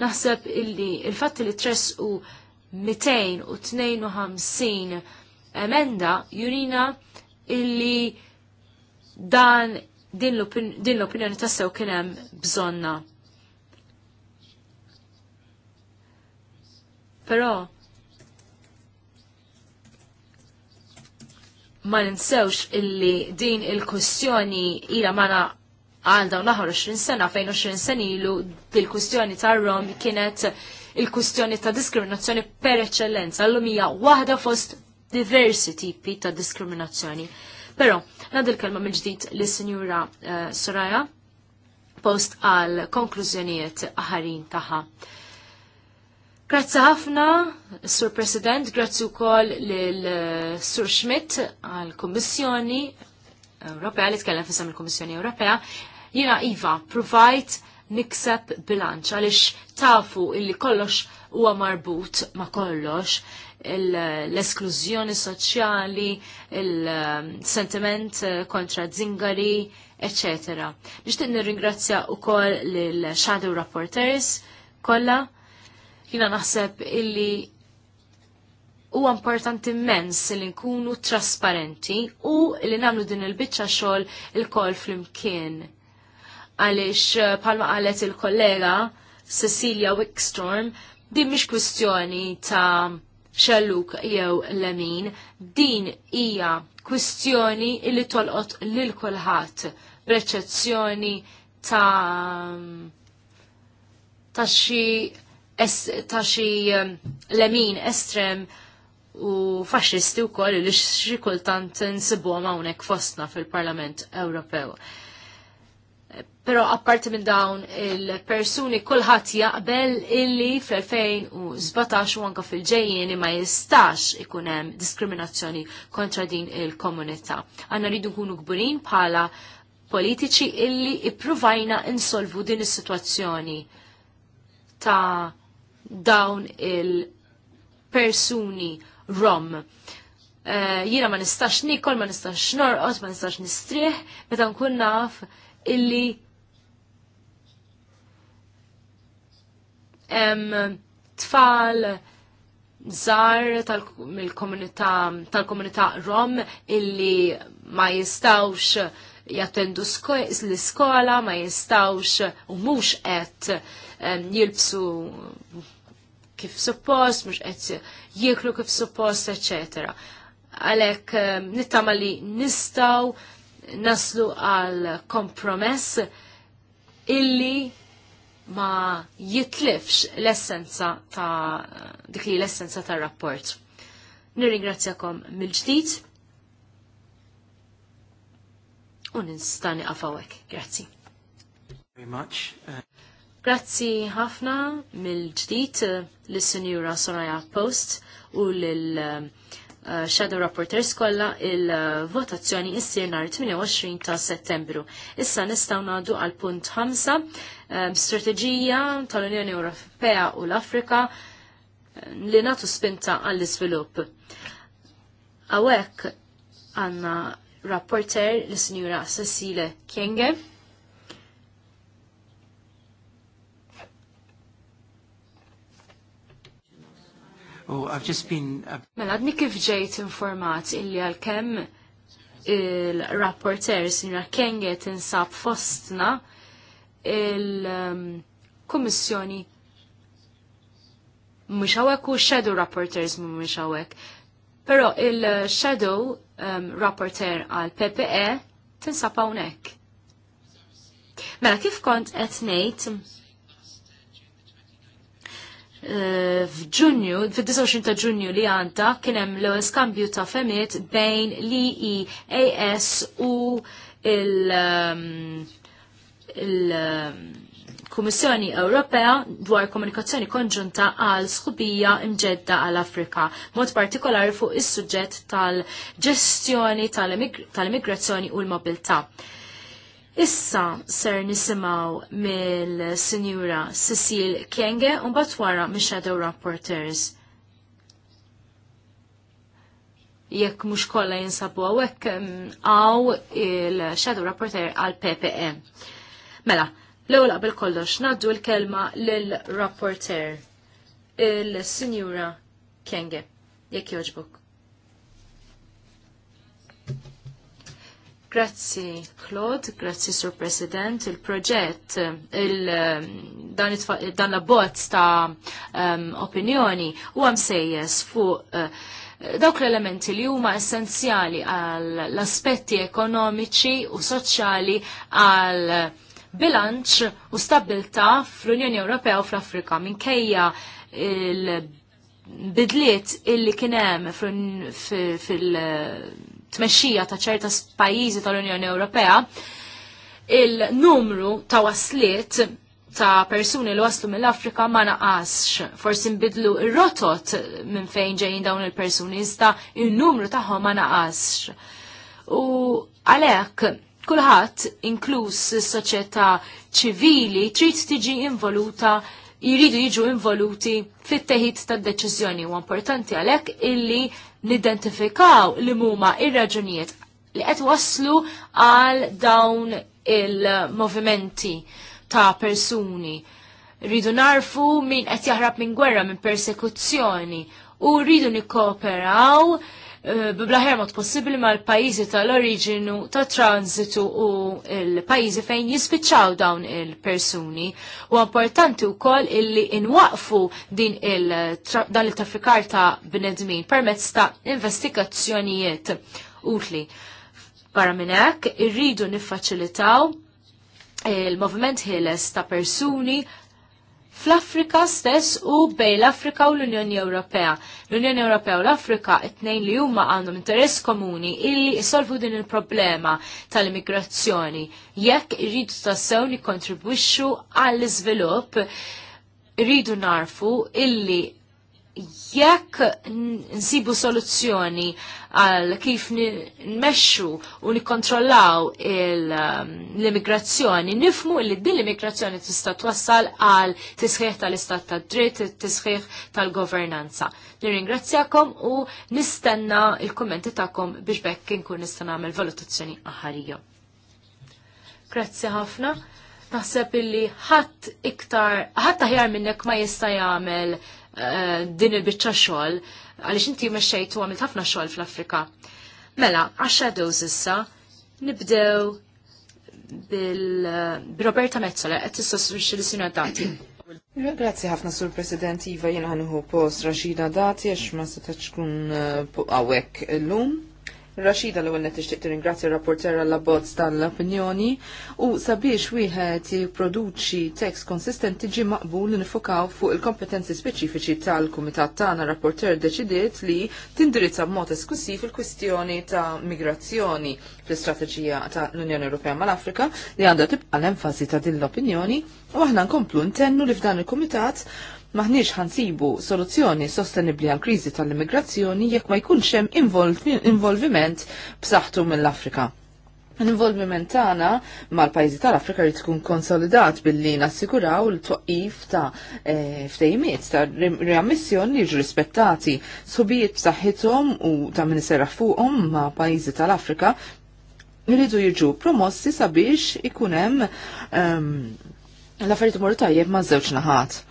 Naħseb illi il fat li tress u 252 emenda jurina illi dan din l-opinjoni tassew kien hemm bżonna. Però ma ninsewx illi din il-kwistjoni ila mana għal dawn l-aħħar 20 sena fejn 20 sen ilu dil kustjoni tar-Rom kienet il-kwistjoni ta' diskriminazzjoni per eccellenza, l hija waħda fost diversi tipi ta' diskriminazzjoni. Però, nadil kelma mill-ġdid li sinjura uh, eh, Soraya post għal konklużjonijiet aħarin taħħa. Grazzi ħafna, Sur President, grazzi wkoll lil eh, Sur Schmidt għall-Kummissjoni Ewropea li tkellem fisem il-Kummissjoni Ewropea. Jiena Iva, provajt nikseb bilanċ għaliex tafu illi kollox huwa marbut ma' kollox l-esklużjoni soċjali, il-sentiment eh, kontra zingari, etc. Nishtiq nirringrazzja u koll l-Shadow Rapporters kolla Jina naħseb illi huwa importanti immens li nkunu trasparenti u li namlu din il-biċċa xogħol il-kol flimkien. Għaliex eh, palma qalet il-kollega Cecilia Wickstorm din mhix kwistjoni ta' xalluk jew lemin, din hija kwistjoni li tolqot lil kulħadd b'reċezzjoni ta' ta' xi ta' xi um, lemin estrem u faxxisti wkoll li xi kultant nsibuhom hawnhekk fostna fil-Parlament Ewropew. Però apparti minn dawn il-persuni kulħadd jaqbel illi fl-2017 u anke fil ġejjien ma jistax ikun hemm diskriminazzjoni kontra din il-komunità. Għanna rridu nkunu kburin bħala politiċi illi ipruvajna insolvu din is-sitwazzjoni ta' dawn il-persuni rom. Eh, jina Jiena ma nistax nikol, ma nistax norqos, ma nistax nistrieħ, meta nkun naf illi tfal żar tal-komunità tal rom illi ma jistawx jattendu l-iskola, ma jistawx u mhux qed jilbsu kif suppost, mux qed jieklu kif suppost, etc. Għalek ehm, nittama li nistaw naslu għal kompromess illi ma jitlifx l-essenza ta' dik li l-essenza ta' rapport. Nirringrazzjakom mill-ġdid u instani għafawek. Grazzi. Very much. Uh... Grazzi ħafna mill-ġdid eh, l-Sinjura Soraya Post u l-Shadow eh, eh, Rapporters kollha il-votazzjoni issir nhar 28 ta' Settembru. Issa nistgħu ngħadu għal punt 5 strateġija tal-Unjoni Ewropea u l-Afrika li natu spinta għall-iżvilupp. Awek għanna rapporter l-Sinjura Cecile Kienge U oh, I've just been... Uh, mela, għadni kif ġejt informat illi għal-kem il-rapporter sinjora Kenge tinsab fostna il-kommissjoni um, mux għawek u shadow rapporters mux għawek. Pero il-shadow um, rapporter għal PPE tinsab hawnhekk. Mela, kif kont etnejt Eh, f'Ġunju, fid-29 ta' Ġunju li għanta kien hemm l skambju ta' femiet bejn li AS u il- ehm, il- ehm, Kummissjoni Ewropea dwar komunikazzjoni konġunta għal skubija imġedda għal Afrika, mod partikolari fuq is-suġġett tal-ġestjoni tal-immigrazzjoni u l-mobilità. Issa ser nisimaw mill-Sinjura Cecil Kenge un batwara mi Shadow Rapporters. Jekk mux kolla jinsabu għawek għaw il-Shadow Rapporter għal PPE. Mela, l għola bil-kollox naddu l-kelma l-Rapporter, il-Sinjura Kenge. Jekk joġbuk. Grazzi Claude, grazzi Sur President. Il-proġett, il, um, dan, l-abbozz ta' um, opinjoni u għam sejjes fuq uh, dawk l-elementi li huma essenzjali għall aspetti ekonomiċi u soċjali għal bilanċ u stabilta fl-Unjoni Ewropea u fl-Afrika minkejja il-bidliet illi kienem fil- tmexxija ta' ċerta pajjiżi tal-Unjoni Ewropea, il-numru ta' waslet ta' persuni li waslu mill-Afrika ma naqasx. Forsi nbidlu r rotot minn fejn ġejjin dawn il-persuni, iżda il-numru tagħhom ma naqasx. U għalhekk kulħadd inkluż is-soċjetà ċivili trid tiġi involuta jiridu jiġu involuti fit-teħid tad-deċiżjoni u importanti għalhekk illi nidentifikaw li huma ir-raġunijiet li qed waslu għal dawn il-movimenti ta' persuni. Rridu narfu min qed jaħrab minn gwerra minn persekuzzjoni u rridu nikkooperaw Eh, blaħjar possibli possibbli mal-pajjiżi tal-oriġinu ta' transitu u l-pajjiżi fejn jispiċċaw dawn il-persuni. U importanti wkoll illi inwaqfu din dan il-traffikar ta' bnedmin permezz ta' investigazzjonijiet utli. Barra minn hekk irridu niffaċilitaw il-movement ħieles ta' persuni fl-Afrika stess u bej l-Afrika u l-Unjoni Ewropea. L-Unjoni Ewropea u l-Afrika it-tnejn li huma għandhom interess komuni illi isolvu din il-problema tal-immigrazzjoni jekk irridu tassew li kontribwixxu għall-iżvilupp rridu narfu illi jekk nsibu soluzzjoni għal kif nmexxu u nikkontrollaw um, l-immigrazzjoni, nifmu li din l-immigrazzjoni tista' twassal għal tisħiħ tal-istat tad dritt, tisħiħ tal-governanza. Nirringrazzjakom u nistenna il-kommenti tagħkom biex bekk inkun nista' nagħmel valutazzjoni aħarija. Grazzi ħafna. Naħseb illi ħadd iktar, ħadd aħjar minnek ma jista' jagħmel din il-bicċa xogħol għaliex inti meċċajtu għamilt ħafna xogħol fl-Afrika. Mela, għax-shadows issa nibdew bil-Roberta Mezzola qed tissostwixxi li dati. Grazie ħafna sur President Iva jien ħanħu post Rashida Dati għax ma setax tkun eh, għawek l-lum. Rashida l-ewwel qed tixtieq ringrazzi rapportera rapporter għall-abbozz tal-opinjoni u sabiex wieħed jipproduċi tekst konsistenti ġi maqbul nifokaw fuq il-kompetenzi speċifiċi tal-kumitat tagħna rapporter deċidiet li tindirizza b'mod esklusiv il-kwistjoni ta' migrazzjoni fl-istrateġija tal-Unjoni Ewropea mal-Afrika li għandha tibqa l-enfasi ta' din l-opinjoni u aħna nkomplu ntennu li f'dan il-kumitat maħniex ħansibu soluzzjoni sostenibli għal kriżi tal-immigrazzjoni jekk ma jkunx hemm involviment b'saħħtu mill-Afrika. L-involviment tagħna mal-pajjiżi tal-Afrika li tkun konsolidat billi nassiguraw l-twaqqif ta' eh, ftejmiet ta' riammissjoni jiġu rispettati subijiet b'saħħithom u ta' min iserraħ fuqhom ma' pajjiżi tal-Afrika jridu jiġu promossi sabiex ikun hemm ehm, l-affarijiet morru tajjeb ma' żewġ naħat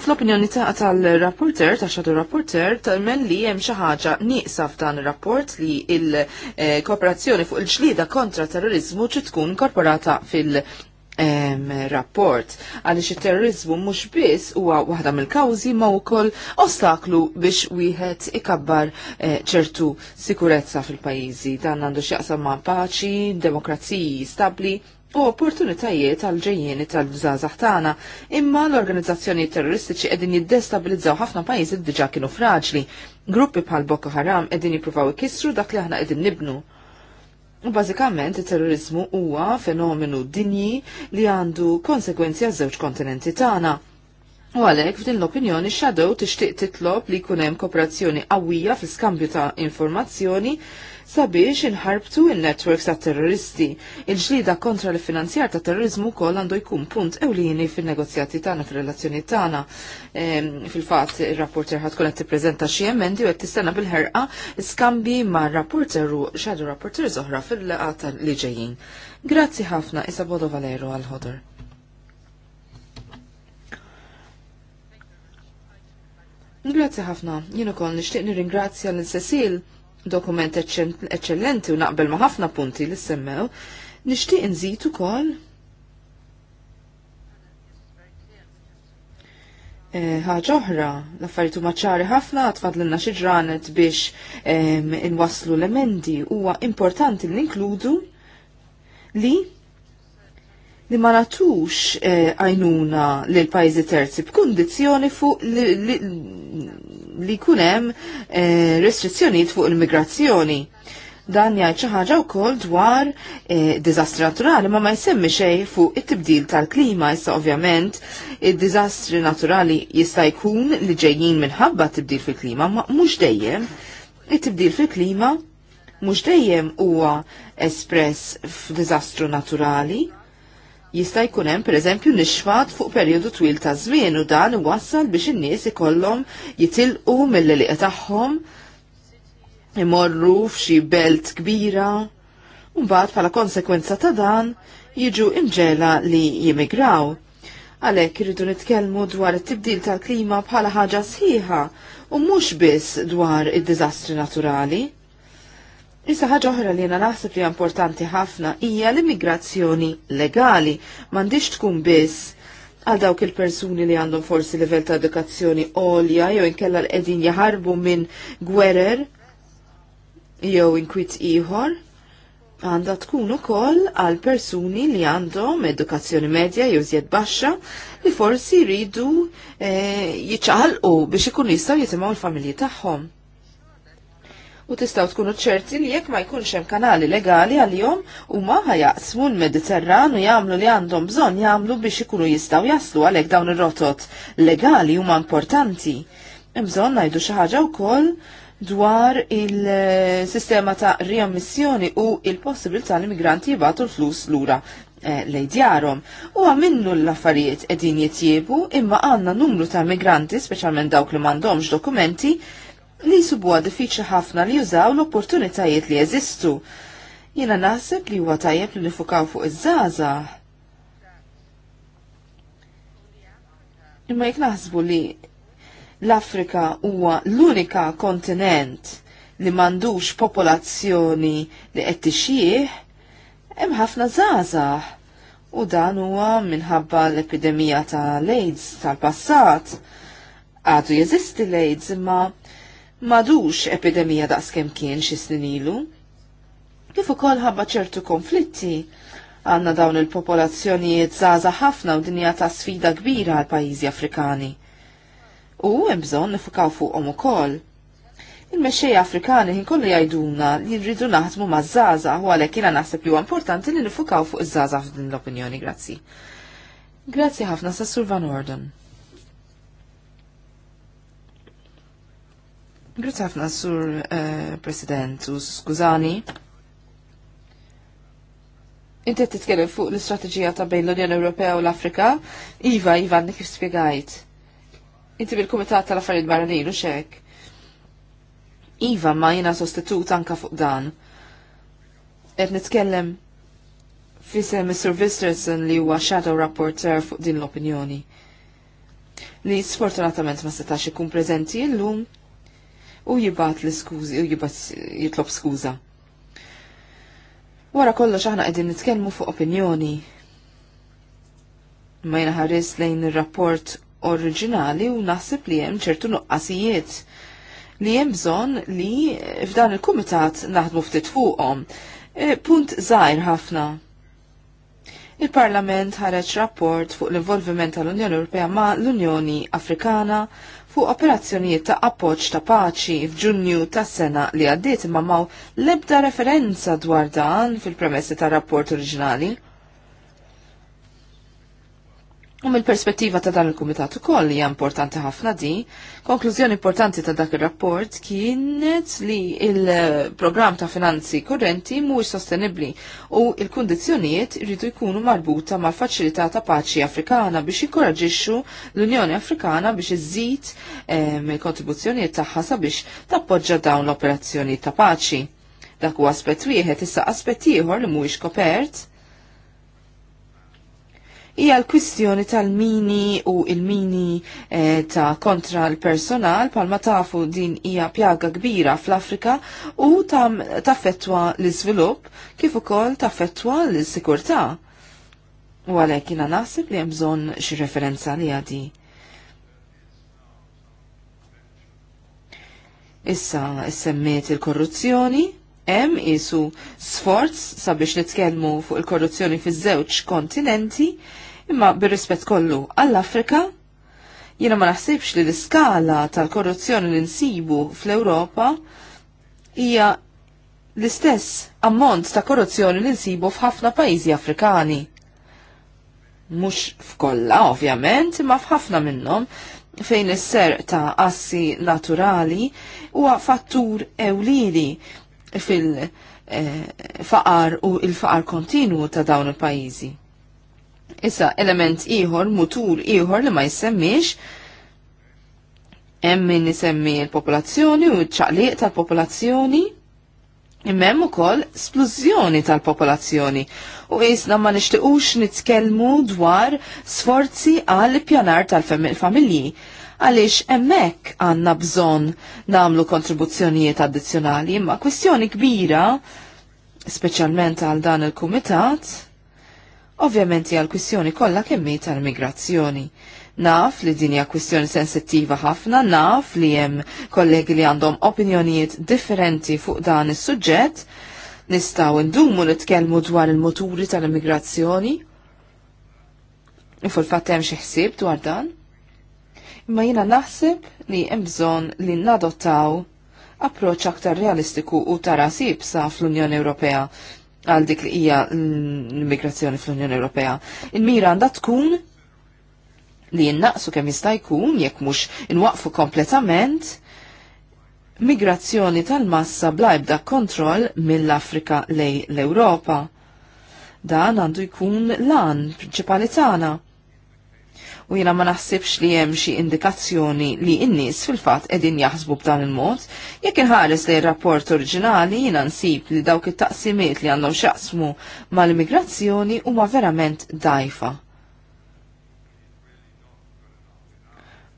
Fl-opinjoni ta' tal-rapporter, ta' xadu rapporter, tal-men li jem xaħġa niqsa f'dan rapport li il-kooperazzjoni fuq il-ġlida kontra terrorizmu ċi tkun korporata fil-rapport. Għalix il-terrorizmu mux biss huwa waħda mill-kawzi ma' wkoll ostaklu biex wieħed ikabbar e, ċertu sikurezza fil-pajizi. Dan għandu x'jaqsam ma' paċi, demokraziji stabli, u opportunitajiet għal ġejjieni tal-bżazax tagħna, imma l-organizzazzjoni terroristiċi qegħdin jiddestabilizzaw ħafna pajjiżi diġà kienu fraġli. Gruppi bħal Boko Haram qegħdin jippruvaw ikissru dak li aħna qegħdin nibnu. U bażikament it-terrorizmu huwa fenomenu dinji li għandu konsekwenzi għaż żewġ kontinenti tagħna. U għalek f'din l-opinjoni xadow tixtieq titlob li jkun hemm kooperazzjoni qawwija fl-iskambju ta' informazzjoni sabiex inħarbtu il-networks ta' terroristi. Il-ġlida kontra l-finanzjar ta' terrorizmu kol għandu jkun punt ewlieni fil-negozjati tagħna fil-relazzjoni tagħna. E, Fil-fatt ir-rapporter ħadd tkun qed tippreżenta xi emendi u qed tistenna bil-ħerqa skambi ma' rapporteru xadu rapporter oħra fil għata li ġejjin. Grazzi ħafna Isabodo Valero għal-ħodor. Grazzi ħafna, jien ukoll nixtieq nirringrazzja lil Cecil dokument eccellenti u naqbel ma' ħafna punti li semmew, nixtieq nżid ukoll eh, ħaġa oħra, l-affarijiet huma ċari ħafna tfadlilna xi ġranet biex eh, inwasslu l-emendi huwa importanti li inkludu li li ma natux eh, għajnuna eh, l pajzi terzi b'kundizzjoni fuq li, li, li kunem eh, restrizzjonijiet fuq l migrazzjoni Dan jgħid xi ħaġa wkoll dwar eh, diżastri naturali ma ma jsemmi xej fuq it-tibdil tal-klima issa ovvjament id dizastri naturali jista' jkun li ġejjin minħabba t-tibdil fil-klima ma mhux dejjem it-tibdil fil-klima mhux dejjem huwa espress f'diżastru naturali jista' jkun hemm pereżempju nixfat fuq perjodu twil ta' żmien u dan iwassal biex in-nies ikollhom jitilqu mill-liqa tagħhom imorru f'xi belt kbira u mbagħad bħala konsekwenza ta' dan jiġu imġela li jimigraw. Għalhekk irridu nitkellmu dwar it-tibdil tal-klima bħala ħaġa sħiħa u mhux biss dwar id-diżastri naturali. Issa ħaġa oħra li jena naħseb li importanti ħafna hija l-immigrazzjoni legali. M'għandix tkun biss għal dawk il-persuni li għandhom forsi livell ta' edukazzjoni għolja jew inkella l-qegħdin jaħarbu minn gwerer jew inkwit ieħor għandha tkun ukoll għal persuni li għandhom edukazzjoni medja jew żjed baxxa li forsi jridu e, jiċċaqalqu biex ikunu jistgħu jisimgħu l-familji tagħhom u tistaw tkunu ċerti li jekk ma jkunx hemm kanali legali għalihom huma ħajaqsmu l-Mediterran u jagħmlu li għandhom bżonn jagħmlu biex ikunu jistgħu jaslu għalhekk dawn ir-rotot legali huma importanti. Hemm bżonn ngħidu xi ħaġa wkoll dwar il-sistema ta' riammissjoni u il-possibilità li migranti jibgħatu l-flus lura eh, djarom. U għaminnu l-affarijiet edin jitjiebu imma għanna numru ta' migranti, specialment dawk li mandomx dokumenti, li jisubuha diffiċli ħafna li jużaw l-opportunitajiet li jeżistu. Jiena naħseb li huwa tajjeb li nifukaw fuq iż-żgħażagħ. Imma jekk naħsbu li l-Afrika huwa l-unika kontinent li m'għandux popolazzjoni li qed tixjih, hemm ħafna żgħażagħ u dan huwa minħabba l-epidemija ta' l-AIDS tal-passat. Għadu jeżisti l-AIDS imma madux epidemija daqs kem kien xi snin ilu. Kif ukoll ħabba ċertu konflitti għandna dawn il-popolazzjonijiet żgħażagħ ħafna u dinja ta' sfida kbira għal pajjiżi Afrikani. U hemm bżonn nifukaw fuqhom ukoll. Il-mexxej Afrikani ħin kollu jgħiduna li rridu naħdmu maż żgħażagħ u għalhekk jiena naħseb li huwa importanti li nifukaw fuq iż-żaża f'din l-opinjoni, grazzi. Grazzi ħafna sa' Sur Van Orden. Grazie ħafna sur uh, President u skużani. Inti qed titkellem fuq l-istrateġija ta' bejn l-Unjoni Ewropea u l-Afrika? Iva, Iva, għandek kif spjegajt. Inti bil-Kumitat tal-Affarijiet Barranin u xek. Iva ma jina sostitut anka fuq dan. Et nitkellem fisem Mr. Visterson li huwa Shadow Rapporteur fuq din l-opinjoni. Li sfortunatament ma setax ikun preżenti llum u jibat l skuzi u jibat jitlob skuża. Wara kollox aħna qegħdin nitkellmu fuq opinjoni. Ma ħares lejn ir-rapport oriġinali u naħseb li hemm ċertu nuqqasijiet li hemm bżonn li f'dan il-kumitat naħdmu ftit fuqhom. E, punt żgħir ħafna. Il-Parlament ħareġ rapport fuq l-involviment tal-Unjoni Ewropea ma' l-Unjoni Afrikana fuq operazzjonijiet ta' appoġġ ta' paċi f'Ġunju tas sena li għaddiet imma l-ebda referenza dwar dan fil-premessi tar rapport oriġinali. U mill-perspettiva ta' dan il-Kumitat ukoll hija importanti ħafna di, konklużjoni importanti ta' dak ir-rapport kienet li il-programm ta' finanzi korrenti mhuwiex sostenibbli u il-kundizzjonijiet irridu jkunu marbuta mal-faċilità ta' paċi Afrikana biex jikkoraġixxu l-Unjoni Afrikana biex iżid ehm, il-kontribuzzjonijiet tagħha sabiex tappoġġa dawn l-operazzjonijiet ta' paċi. Dak huwa aspett wieħed issa aspett ieħor li mhuwiex kopert hija l-kwistjoni tal-mini u il-mini e, ta' kontra l-personal palma tafu din hija pjaga kbira fl-Afrika u taffettwa l-iżvilupp kif ukoll taffettwa l-sikurtà. U għalhekk jiena naħseb li hemm bżonn xi referenza li għadi. Issa semmiet il-korruzzjoni, hemm isu sforz sabiex nitkellmu fuq il-korruzzjoni fiż-żewġ kontinenti, Imma bir-rispett kollu għall-Afrika, jiena ma naħsibx li l-iskala tal-korruzzjoni li nsibu fl-Ewropa hija l-istess ammont ta' korruzzjoni li nsibu f'ħafna pajjiżi Afrikani. Mhux f'kollha ovvjament, imma f'ħafna minnhom fejn is-ser ta' assi naturali huwa fattur ewlieni fil-faqar eh, u il-faqar kontinu ta' dawn il-pajjiżi. Issa element ieħor, mutur ieħor li ma jissemmix, hemm min isemmi l-popolazzjoni u ċaqliq tal-popolazzjoni, Immem ukoll splużjoni tal-popolazzjoni u isna ma nixtiqux nitkellmu dwar sforzi għal pjanar tal-familji għaliex emmek għanna bżon namlu kontribuzzjonijiet addizzjonali imma kwistjoni kbira speċjalment għal dan il-kumitat ovvjament hija l-kwistjoni kollha kemm tal-migrazzjoni. Naf li din hija kwistjoni sensittiva ħafna, naf li hemm kollegi li għandhom opinjonijiet differenti fuq dan is-suġġett, nistgħu ndumu nitkellmu dwar il-muturi tal-immigrazzjoni. Fu l-fatt hemm xi ħsieb dwar dan. Imma jiena naħseb li hemm bżonn li nadottaw approċċ aktar realistiku u tara sa fl-Unjoni Ewropea għal dik li hija l-immigrazzjoni fl-Unjoni Ewropea. Il-mira għandha tkun li jinnaqsu kemm jista' jkun jekk mhux inwaqfu kompletament migrazzjoni tal-massa blajbda kontroll mill-Afrika lej l-Ewropa. Dan għandu jkun lan prinċipali tagħna u jina ma naħsibx li hemm xi indikazzjoni li n-nies fil fat qegħdin jaħsbu b'dan il-mod, jekk inħares li r-rapport oriġinali jina nsib li dawk it-taqsimiet li għandhom xaqsmu mal-immigrazzjoni huma verament dajfa.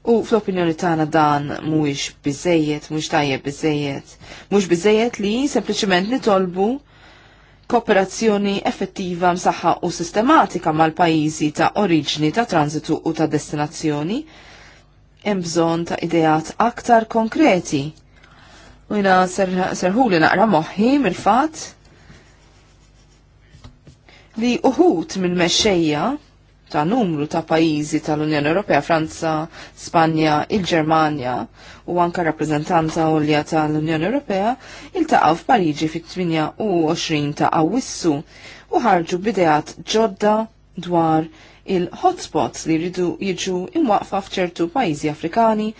U fl-opinjoni tagħna dan mhuwiex biżejjed, mhux tajjeb biżejjed, mhux biżejjed li sempliċement nitolbu kooperazzjoni effettiva msaħħa u sistematika mal-pajjiżi ta' oriġni ta' transitu u ta' destinazzjoni, hemm bżonn ta' ideat aktar konkreti. U jina serħuli naqra moħħi mill-fatt li uħut minn mexxejja ta' numru ta' pajizi tal-Unjoni Ewropea, Franza, Spanja, il-Ġermanja u anka rappresentanta għolja tal-Unjoni Ewropea iltaqgħu f'Pariġi fit-28 ta' Awwissu u ħarġu b'idejat ġodda dwar il-hotspots li jridu jiġu imwaqfa f'ċertu pajjiżi Afrikani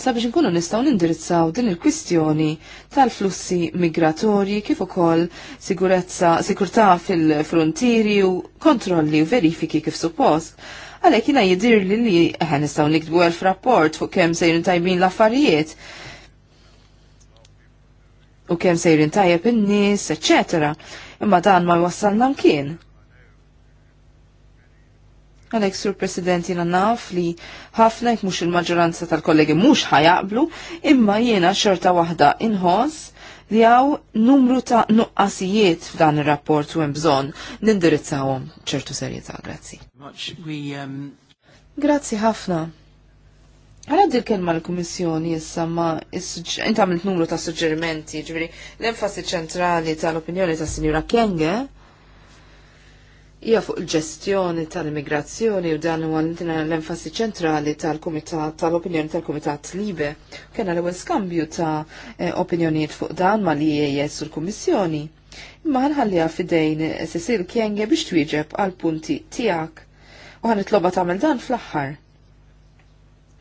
sabiex nkunu nistgħu nindirizzaw din il-kwistjoni tal-flussi migratorji kif ukoll sigurezza, sikurtà fil-frontieri u kontrolli u verifiki kif suppost. Għalhekk jiena jidhirli li li nistgħu nikdbu għal rapport fuq kemm jrin tajbin l-affarijiet u kemm sejrin tajjeb in-nies, eċċetera. Imma dan ma jwassalna mkien. Għalek, Sur President, jena naf li ħafna jek mux il-maġoranza tal-kollegi mux ħajablu, imma jena xorta wahda inħoss li għaw numru ta' nuqqasijiet f'dan il-rapport u bżon nindirizzawhom ċertu serjetà. Grazzi. Um, Grazzi ħafna. Għala dir kelma l-Komissjoni issa ma inta għamilt numru ta' suġġerimenti, ġviri l-enfasi ċentrali tal-opinjoni ta' Sinjura Kenge hija fuq il-ġestjoni tal-immigrazzjoni u dan huwa l-enfasi ċentrali tal-Kumitat tal-Opinjoni tal-Kumitat Libe. Kena l-ewwel skambju ta' eh, opinjonijiet fuq dan ma li jgħid e u l-Kummissjoni. Imma ħanħallija fidejn eh, Cecil Kienge biex twieġeb għal punti tiegħek u ħanitloba tagħmel dan fl-aħħar.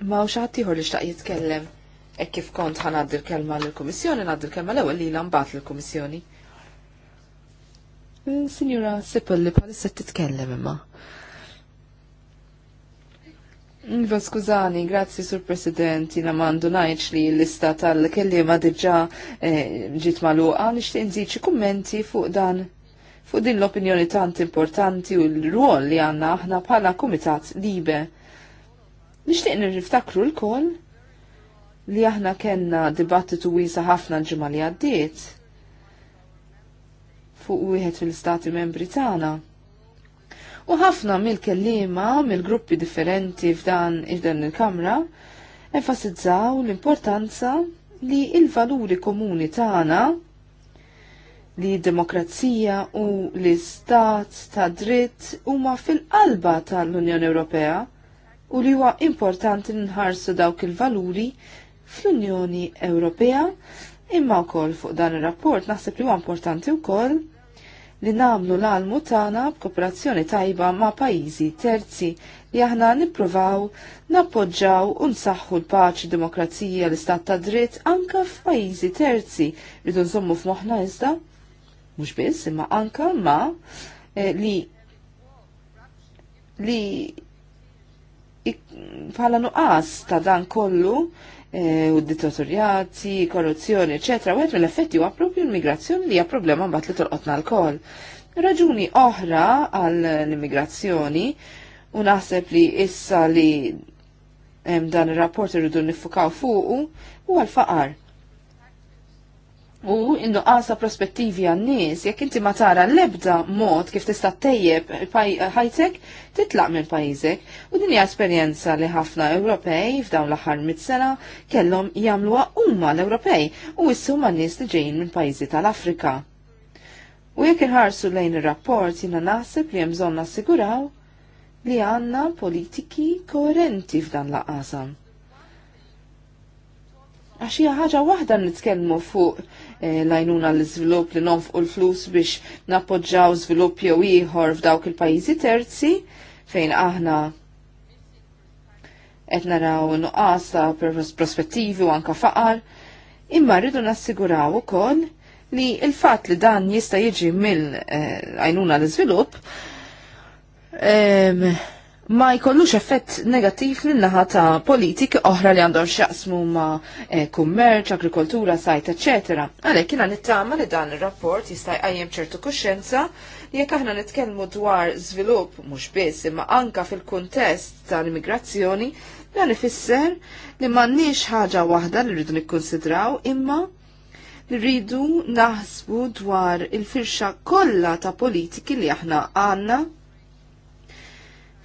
Ma hux ħadd ieħor li xtaq jitkellem. E kif kont ħanaddi l-kelma l-Kummissjoni, naddi l-kelma l-ewwel li l lill l-Kummissjoni. Signora Sippel li palissa titkellem imma. Iva skużani, grazzi sur President, jina mandu najċ li l-lista tal-kellima diġa eh, ġit maluqa, nishtiq nżid kummenti fuq dan fuq din l-opinjoni tant importanti u l ruol li għanna aħna bħala kumitat libe. Nishtiq nirriftakru l-koll li aħna kenna dibattitu wisa ħafna l-ġimma li għaddiet fuq wieħed fil stati membri tagħna. U ħafna mill-kellima mill-gruppi differenti f'dan id-dan il-Kamra enfasizzaw l-importanza li il-valuri komuni tagħna li demokrazija u l-istat ta' dritt huma fil-qalba tal-Unjoni Ewropea u li huwa importanti nħarsu dawk il-valuri fl-Unjoni Ewropea imma wkoll fuq dan ir-rapport naħseb li huwa importanti wkoll li namlu l-almu tana b'kooperazzjoni tajba ma' pajizi terzi li aħna nippruvaw nappoġġaw u nsaħħu l-paċi demokrazija l-istat ta' dritt anka f'pajjiżi terzi rridu nżommu f'moħħna iżda mhux biss imma anka ma eh, li li bħala nuqqas ta' dan kollu Eh, u d-dittatorjati, korruzzjoni, ecc. u għed mill-effetti huwa għapropju l immigrazzjoni li hija problema mbagħad li tolqotna l kol Raġuni oħra għall-immigrazzjoni u naħseb li issa li dan ir-rapport irridu nifukaw fuqu u għal-faqar u għasa prospettivi għan-nies jekk inti ma tara l-ebda mod kif tista' tejjeb ħajtek titlaq minn pajjiżek. U din hija esperjenza li ħafna Ewropej f'dawn l-aħħar mit sena kellhom jagħmluha huma l-Ewropej u issa huma nies li ġejjin minn pajjiżi tal-Afrika. U jekk inħarsu lejn ir-rapport jiena naħseb li hemm bżonn nassiguraw li għandna politiki koerenti f'dan l-qasam għax hija ħaġa waħda nitkellmu fuq Eh, lajnuna l-izvilup li nonfqu l-flus biex nappoġġaw zvilup jew ieħor f'dawk il-pajjiżi terzi fejn aħna qed naraw nuqqas ta' prospettivi u anka faqar, imma rridu nassiguraw ukoll li il-fatt li dan jista' jiġi mill eh, għajnuna l-iżvilupp ma jkollux effett negattiv lin-naħa ta' politiki oħra li għandhom xaqsmu ma' eh, kummerċ, agrikoltura, sajt, ecc. Għalhekk kiena nittama li dan ir-rapport jista' jqajjem ċertu li jekk aħna nitkellmu dwar żvilupp mhux biss imma anka fil-kuntest tal-immigrazzjoni, dan ifisser li m'għandniex ħaġa waħda li rridu nikkonsidraw imma li rridu naħsbu dwar il-firxa kollha ta' politiki li aħna għandna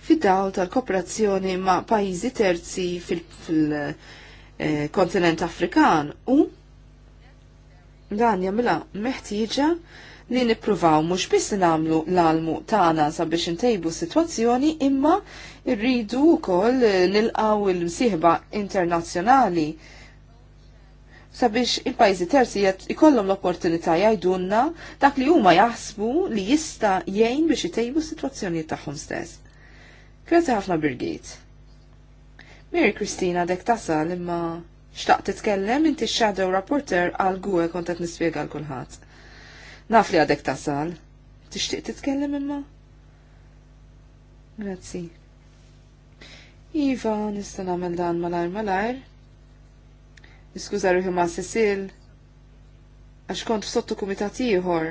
fid-dawl tal-kooperazzjoni ma' pajjiżi terzi fil-kontinent fil eh, Afrikan u dan jamila meħtieġa li nippruvaw mhux biss nagħmlu l-almu tagħna sabiex intejbu s-sitwazzjoni imma rridu wkoll nilqaw il-msieħba internazzjonali sabiex il-pajzi terzi ikollhom l-opportunità jgħidulna dak li huma jaħsbu li jista' jgħin biex itejbu s-sitwazzjonijiet tagħhom stess. Grazzi ħafna Birgit. Mir Kristina dek tasal imma xtaqt titkellem inti shadow rapporter għal gwe kontet nispjega għal kulħadd. Naf li għadek tasal. Tixtieq titkellem imma? Grazzi. Iva, nista nagħmel dan malajr malajr. Iskuża ruħi ma' Cecil, għax kont f'sottu kumitat ieħor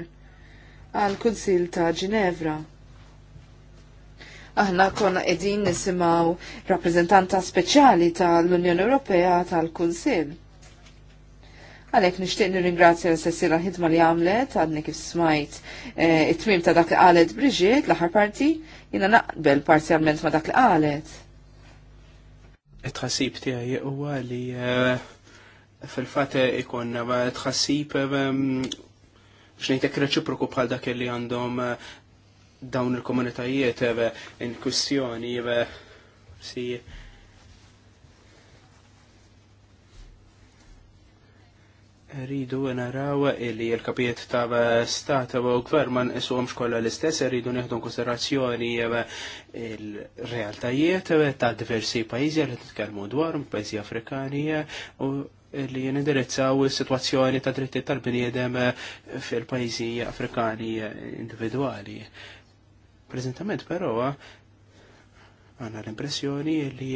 għal kunsil ta' Ġinevra. Aħna konna edin nisimaw rappresentanta speċjali tal-Unjoni Ewropea tal-Kunsil. Għalek nishtiq nir-ingrazzja l-sessira ħidma li għamlet, għadni kif smajt eh, it-tmim ta' dak li għalet Brigitte, l-ħar parti, jina naqbel parzialment ma dak li għalet. Tħassib tiegħi huwa li eh, fil-fat ikun tħassib eh, xnejtek reċiproku bħal dak li għandhom dawn il-komunitajiet in kwistjoni si Rridu naraw illi l-kapijiet ta' stat u gvern ma nqisuhomx kollha l-istess, rridu nieħdu konsiderazzjoni il-realtajiet ta' diversi pajjiżi li titkellmu dwarhom, pajjiżi Afrikani u li jindirizzaw is-sitwazzjoni ta' drittijiet tal-bniedem fil-pajjiżi Afrikani individwali. Prezentament però għanna l-impressjoni li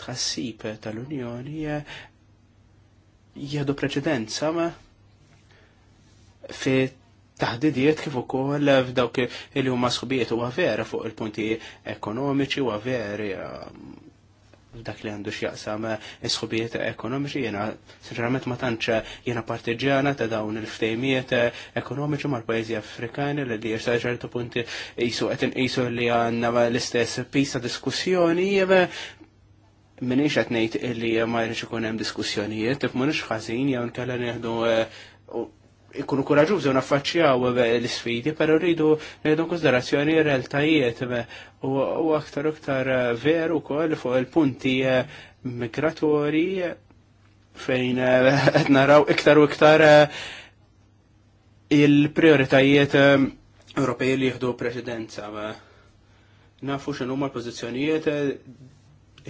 tħassib tal-Unjoni jieħdu preċedenza ma fi taħdidiet kif ukoll f'dawk li huma sħubiet huwa vera fuq il-punti ekonomiċi huwa veri dak li għandu xjaqsam isħubijiet ekonomiċi, jena sinċerament ma tantx jena partiġjana ta' dawn il-ftejmijiet ekonomiċi mal-pajjiżi Afrikani li jirsa ċertu punti jisu qed inqisu li għandna l-istess pista diskussjoni minix qed ngħid li ma jridx ikun hemm diskussjonijiet, if m'għandix ħażin jew nkella nieħdu eh, ikunu kuraġużi u naffaċċjaw eh, l-sfidi, pero rridu nejdu konsiderazzjoni realtajiet eh, u aktar aktar eh, veru kol fuq il-punti migratori fejn qed naraw iktar u iktar il-prioritajiet Ewropej li jieħdu presidenza. Nafu x'inhuma l-pożizzjonijiet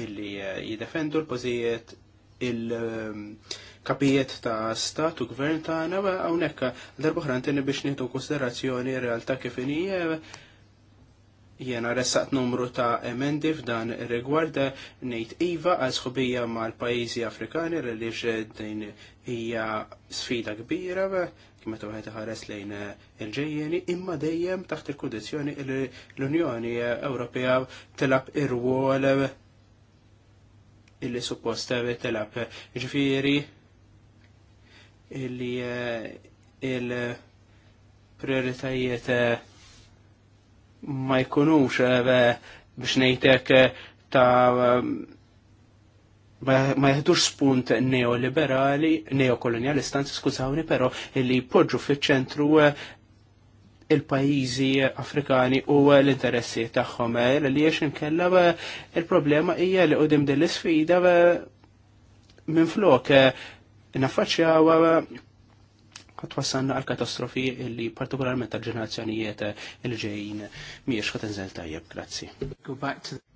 illi jiddefendu l-pożijiet il- kapijiet ta' stat u gvern ta' nawa għawnek darbohran tinni biex nieħdu konsiderazzjoni realtà kif inija eh, jena ressaqt numru ta' emendi f'dan rigward eh, nejt Iva għal sħubija mal pajjiżi Afrikani li eh, din hija sfida kbira kima tu għed ħares lejn il-ġejjeni imma dejjem taħt il-kondizjoni l-Unjoni Ewropea telab ir-wol illi supposta telab ġifiri Illi eh, il-prioritajiet eh, ma jkunux eh, biex nejtek ta' ma jħedux spunt neoliberali, neokolonialista, skużawni, pero illi podġu fiċ-ċentru il-pajizi afrikani u l-interessi tagħhom li jiex inkella il-problema hija li qudiem din l-isfida minn flok naffaċċjaw għat wassanna għal katastrofi illi partikolarment ta' ġenerazzjonijiet il-ġejn miex għat nżel tajjeb, grazzi.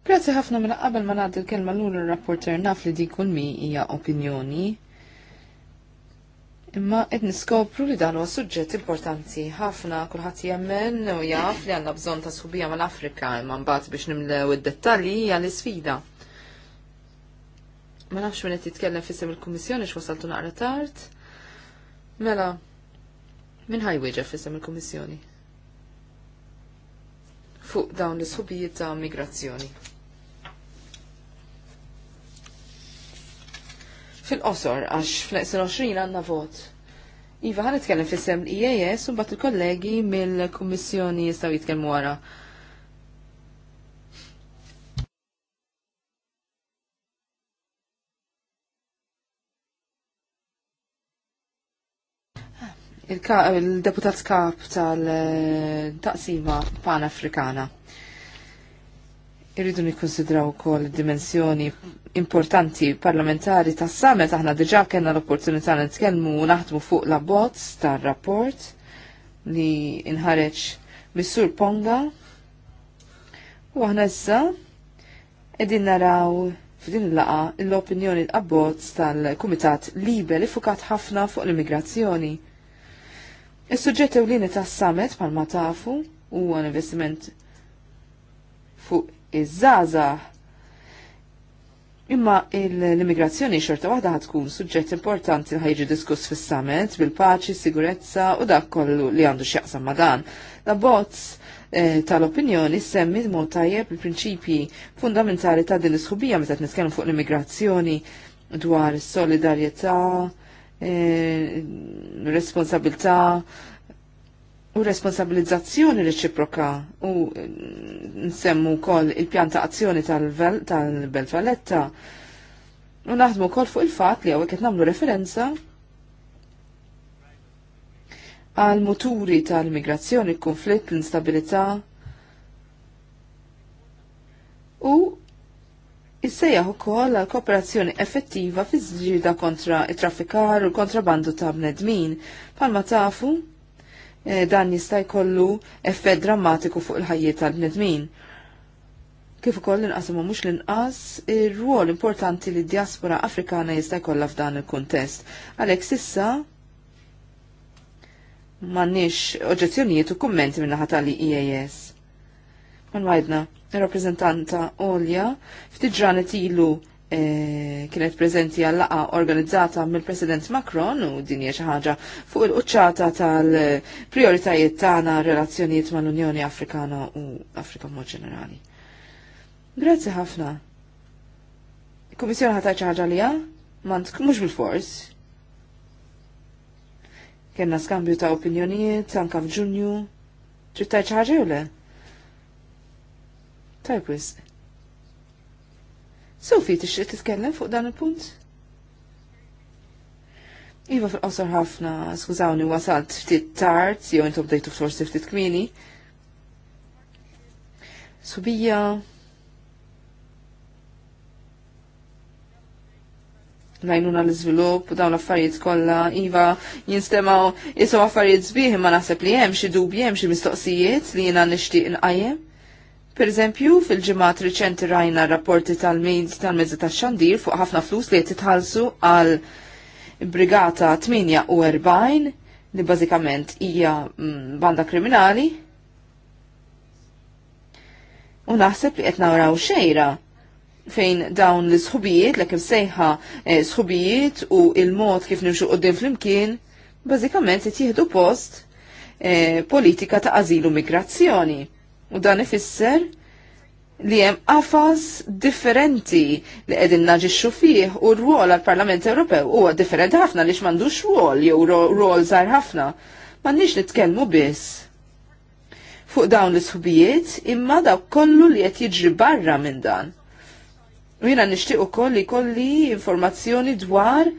Grazzi ħafna minna qabel ma nagħti l-kelma l il-rapporter naf li dik kull mi hija opinjoni. Imma qed niskopru li dan huwa suġġett importanti ħafna kulħadd jemmen u jaf li għandna bżonn ta' subija mal-Afrika imma mbagħad biex nimlew id-dettalji hija l-isfida. Ma nafx minn qed jitkellem fissem il-Kummissjoni wasaltu naqra tard. Mela, minn weġa fissim il-Kummissjoni? Fuq dawn l-isħubijiet ta' migrazzjoni. Fil-qosor, għax fl-20 għanna vot. Iva ħan itkellem fissim l-IAS u bat il-kollegi mill-Kummissjoni jistaw jitkellmu għara. il-deputat kap tal-taqsima pan-Afrikana. Irridu nikkonsidraw ukoll dimensjoni importanti parlamentari tas summit aħna diġa' kellna l-opportunità nitkellmu u naħdmu fuq la bozz tar-rapport li inħareġ mis-Sur Ponga. U aħna issa qegħdin naraw f'din il-laqa l-opinjoni l-abbozz tal-Kumitat Libe li fukat ħafna fuq l-immigrazzjoni. Is-suġġett ewlieni tas-summit bħalma tafu huwa investiment fuq iż-żgħażagħ. Imma l-immigrazzjoni xorta waħda ħatkun suġġett importanti li ħajġi diskuss fis-summit bil-paċi, sigurezza u dak kollu li għandu x'jaqsam ma' dan. La bozz eh, tal-opinjoni semmi mod tajjeb il-prinċipji fundamentali ta' din is ħubija meta nitkellmu fuq l-immigrazzjoni dwar is-solidarjetà, E, responsabilità u responsabilizzazzjoni reċiproka u e, nsemmu kol il-pjanta azzjoni tal-Belfaletta u naħdmu kol fuq il-fat li għawek namlu referenza għal muturi tal-migrazzjoni, konflitt, l-instabilità, Issejjaħ ukoll għal kooperazzjoni effettiva fi żġida kontra it-traffikar u kontrabandu ta' bnedmin. Palma tafu, eh, dan jista' jkollu effett drammatiku fuq il-ħajjiet tal-bnedmin. Kif ukoll inqasimu mhux l-inqas, ir-rwol importanti li d-diaspora Afrikana jista' jkollha f'dan il-kuntest. Għalhekk sissa m'għandniex oġġezzjonijiet u kummenti minn naħa tal ias Ma' wajdna rappresentanta Olja ftit ġranet ilu E, kienet prezenti għallaqa organizzata mill-President Macron u din hija xi ħaġa fuq il-quċċata tal-prioritajiet tagħna relazzjonijiet mal-Unjoni Afrikana u Afrika mod ġenerali. Grazzi ħafna. Il-Kummissjoni xi ħaġa li Mant mhux bil-fors. Kenna skambju ta' opinjonijiet anka f'Ġunju. xi ħaġa jew le? Tajbwis. Sofi, tixtieq titkellem fuq dan il-punt? Iva fil-qosor ħafna, skużawni, wasalt ftit tard, jew intom bdejtu forsi ftit kmini. Subija, najnuna l-izvilup, dawn l-affarijiet kollha, iva jinstemaw jisom affarijiet zbieħ ma naħseb li hemm xi dubji hemm xi mistoqsijiet li jiena nixtieq nqajjem. Per eżempju, fil ġimgħat riċenti rajna rapporti tal-mejz tal-mezzi tax-xandir fuq ħafna flus li titħallsu għal brigata 48 li bażikament hija mm, banda kriminali. U naħseb li qed naraw xejra fejn dawn l-sħubijiet, l-kem sejħa eh, sħubijiet u il-mod kif nimxu qoddim fl-imkien, bazikament jtieħdu post eh, politika ta' azilu migrazzjoni. U dan ifisser li hemm qafas differenti li qegħdin naġixxu fih u r-rwol għall-Parlament Ewropew huwa differenti ħafna li m'għandux rwol jew rwol żgħar ħafna. M'għandniex nitkellmu biss fuq dawn l-isħubijiet imma dawk kollu li qed jiġri barra minn dan. U jiena nixtieq ukoll li kolli informazzjoni dwar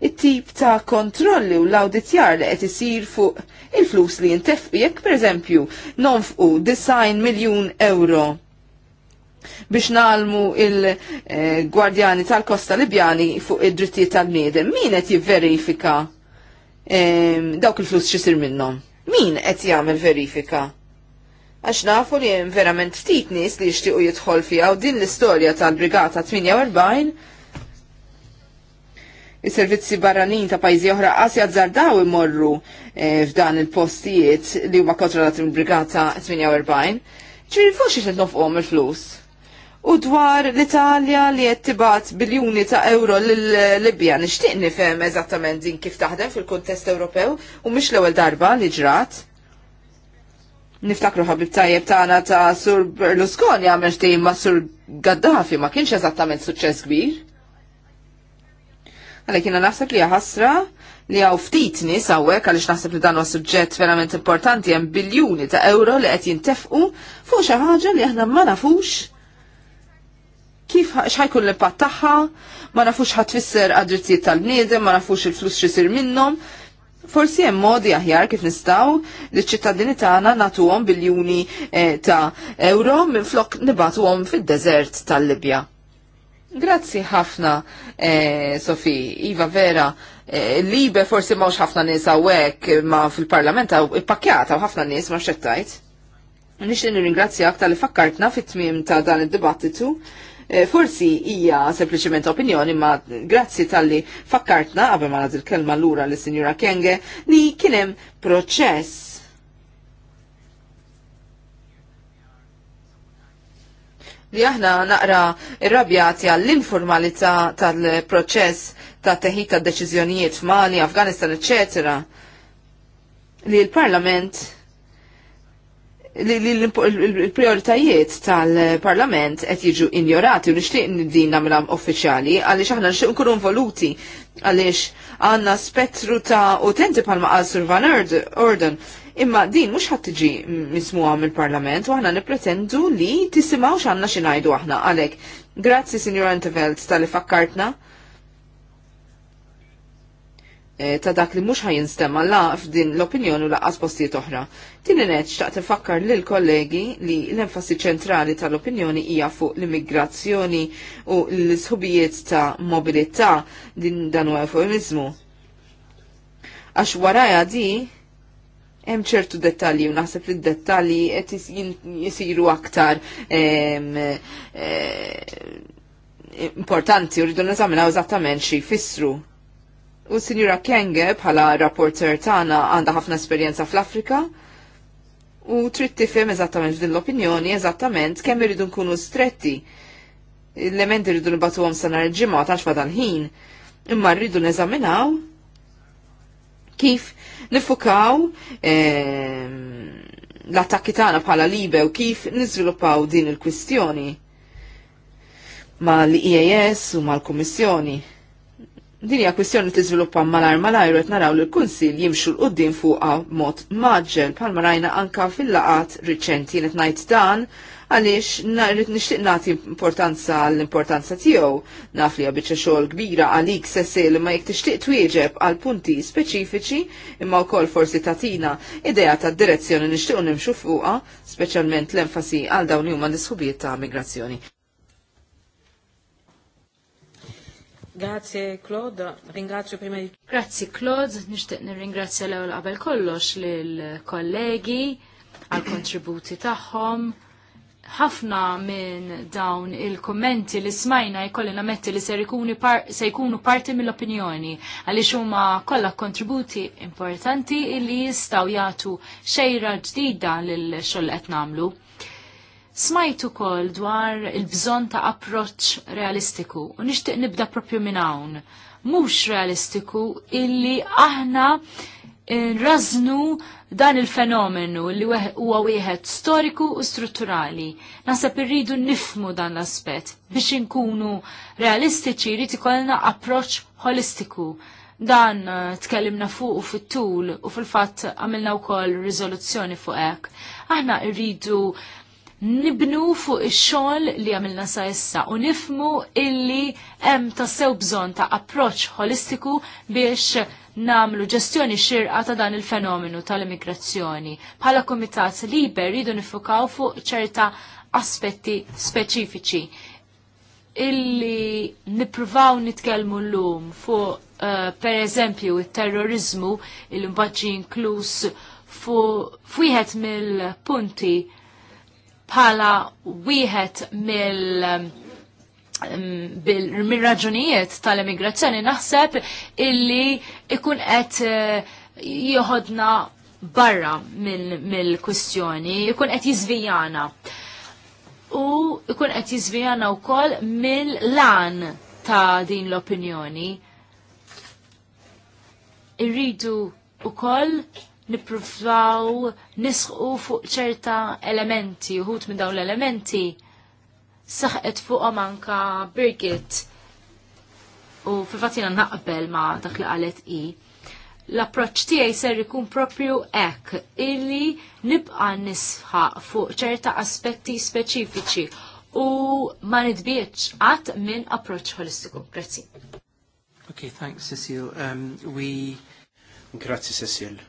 it-tip ta' kontrolli u l-auditjar li qed isir fuq il-flus li jintefqi jekk pereżempju nonfqu design miljun euro biex nalmu il-gwardjani eh, tal-Kosta Libjani fuq id-drittijiet tal-bniedem. Min qed jivverifika eh, dawk il-flus xisir minnhom? Min qed jagħmel verifika? għax nafu li jem verament ftit nis li jishtiqu jidħol fija u din l-istorja tal-brigata 48 Is-servizzi barranin ta' pajjiżi oħra għasja jazzardaw imorru eh, f'dan il-postijiet li huma kontrollati mill-Brigata 48. Ġifieri fuq xi nofqom il-flus. U dwar l-Italja li qed biljoni biljuni ta' euro lil-Libja nixtieq nifhem eżattament din kif taħdem fil-kuntest Ewropew u mhix l-ewwel darba li ġrat. Niftakru ħabib tajjeb tagħna ta' Sur Berlusconi għamel ma' Sur Gaddafi ma kienx eżattament suċċess kbir għalek jiena naħseb li ħasra li għaw ftit nis għawek għalix naħseb li dan suġġett verament importanti hemm biljuni ta' euro li qed jintefqu fuq xi ħaġa li aħna ma nafux kif xħajkun l pattaħħa, tagħha, ma nafux ħatfisser għad tal-bniedem, ma nafux il-flus xisir minnhom. Forsi hemm modi aħjar kif nistgħu li ċ-ċittadini tagħna nagħtuhom biljuni eh, ta' euro minn flok nibatuhom fid-deżert tal-Libja. Grazzi ħafna, eh, Sofi. Iva vera, eh, libe forsi mawx ħafna nis għawek ma fil-parlament għaw pakjata u ħafna nis ma xettajt. Nix nirringrazzjak għakta li fakkartna fit-tmim ta' dan id-dibattitu. Eh, forsi hija sempliciment opinjoni ma grazzi tal-li fakkartna, għabem ma il kelma l-ura l-Sinjura Kenge, li kienem proċess li aħna naqra irrabjati għall informalità tal-proċess ta' teħid ta' deċiżjonijiet f'Mali, Afganistan, etc. Li l-Parlament li l-prioritajiet tal-Parlament qed jiġu injorati u nixtieq din nagħmilha uffiċjali għaliex aħna nixtieq nkunu involuti għaliex għandna spettru ta' utenti bħalma qal Sir Van Orden Imma din mhux ħadd tiġi mismuha mill-Parlament u aħna nippretendu li tisimgħu x'għandna xi ngħidu aħna għalhekk. Grazzi Sinjur Antevelt tal-li fakkartna eh, ta' dak li mhux stemma la f'din l-opinjoni u laqqas postijiet oħra. Tieni neġ taqt tifakkar lil kollegi li l-enfasi ċentrali tal-opinjoni hija fuq l-immigrazzjoni u l-sħubijiet ta' mobilità din dan huwa eufemizmu. Għax waraja di hemm ċertu dettalji u naħseb li d-dettalji qed jisiru aktar eh, importanti u rridu neżaminaw eżattament xi jfissru. U Sinjura Kenge bħala rapporter tagħna għandha ħafna esperjenza fl-Afrika u trid tifhem eżattament f'din l-opinjoni eżattament kemm irridu nkunu stretti. L-elementi rridu nibatuhom sa nhar il-ġimgħa tax ħin, imma rridu neżaminaw kif nifukaw ehm, l-attakki tagħna bħala libe u kif niżviluppaw din il-kwistjoni mal-IAS u mal-Kummissjoni din hija kwistjoni tiżviluppa malajr malajr qed naraw li l-Kunsill jimxu l qudiem fuqha mod maġġel bħalma rajna anka fil-laqat riċenti qed ngħid dan għaliex rrid nixtieq nagħti importanza l-importanza tiegħu naf li biċċa xogħol kbira għalik sessil ma jekk tixtieq twieġeb għal punti speċifiċi imma wkoll forsi tatina idea tad-direzzjoni nixtiequ nimxu fuqha speċjalment l-enfasi għal dawn li huma n isħubijiet ta' migrazzjoni. Grazie Claude, ringrazio prima di... Grazie Claude, nishtiq nirringrazzja l-ewwel qabel kollox lill-kollegi għal-kontributi tagħhom. Ħafna minn dawn il-kommenti li smajna jkolli nametti li se jkunu parti mill-opinjoni għaliex huma kollha kontributi importanti li jistgħu jagħtu xejra ġdida lil xogħol qed nagħmlu. Smajt ukoll dwar il-bżon ta' approċċ realistiku u nixtieq nibda proprju minn hawn. Mhux realistiku illi aħna eh, raznu dan il-fenomenu li huwa wieħed storiku u strutturali. Naħseb irridu nifmu dan l-aspett biex inkunu realistiċi jrid ikollna approċċ holistiku. Dan eh, tkellimna fuq u fit-tul u fil-fatt għamilna wkoll riżoluzzjoni fuq hekk. Aħna rridu nibnu fuq ix-xogħol li għamilna sa issa u nifmu illi hemm tassew bżonn ta' approċċ holistiku biex namlu ġestjoni xirqa ta' dan il-fenomenu tal-immigrazzjoni. Bħala kumitat liber ridu nifukaw fuq ċerta aspetti speċifiċi illi nipruvaw nitkelmu l-lum fuq uh, per eżempju il-terrorizmu il-mbagġi inkluż fuq fwieħed mill-punti bħala wieħed mill um, bil-raġunijiet tal-immigrazzjoni naħseb illi ikun qed uh, joħodna barra mill-kwistjoni, ikun qed jiżvijana. U ikun qed jiżvijana wkoll mill-lan ta' din l-opinjoni. Irridu ukoll nippruvaw nisħu fuq ċerta elementi, uħut minn dawn l-elementi saħqet fuqhom anka Birgit u fil-fatina naqbel ma dak li qalet i l-approċ tiegħi ser ikun propju hekk illi nibqa' nisħa fuq ċerta aspetti speċifiċi u ma nidbietx qatt minn approċ holistiku. Grazzi. Okay, thanks Cecil. Um, we Grazzi Cecil.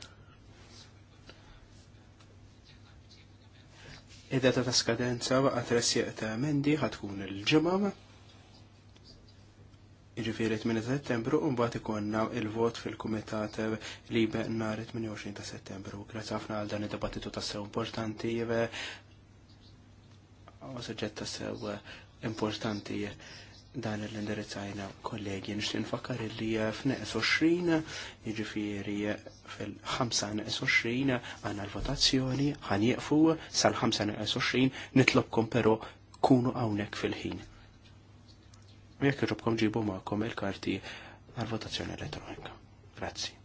Id-data ta' skadenza għat resjeq ta' mendi ħatkun il-ġemam. Iġifiri 8 settembru, un-bat ikonna il-vot fil-Kumitat Libe nar 28 ta' settembru. Grazie ħafna għal dan id-dibattitu ta' sew importanti, għu soġġett ta' sew importanti dan l-indirizzajna kollegi. Nishtin fakkar li eh, f'neqs 20, jiġifieri eh, fil-5 neqs 20 għanna l-votazzjoni ħan jieqfu sal-5 neqs 20 nitlobkom però kunu hawnhekk fil-ħin. Jekk irrobkom ġibu magħkom il-karti għal-votazzjoni elettronika. Grazzi.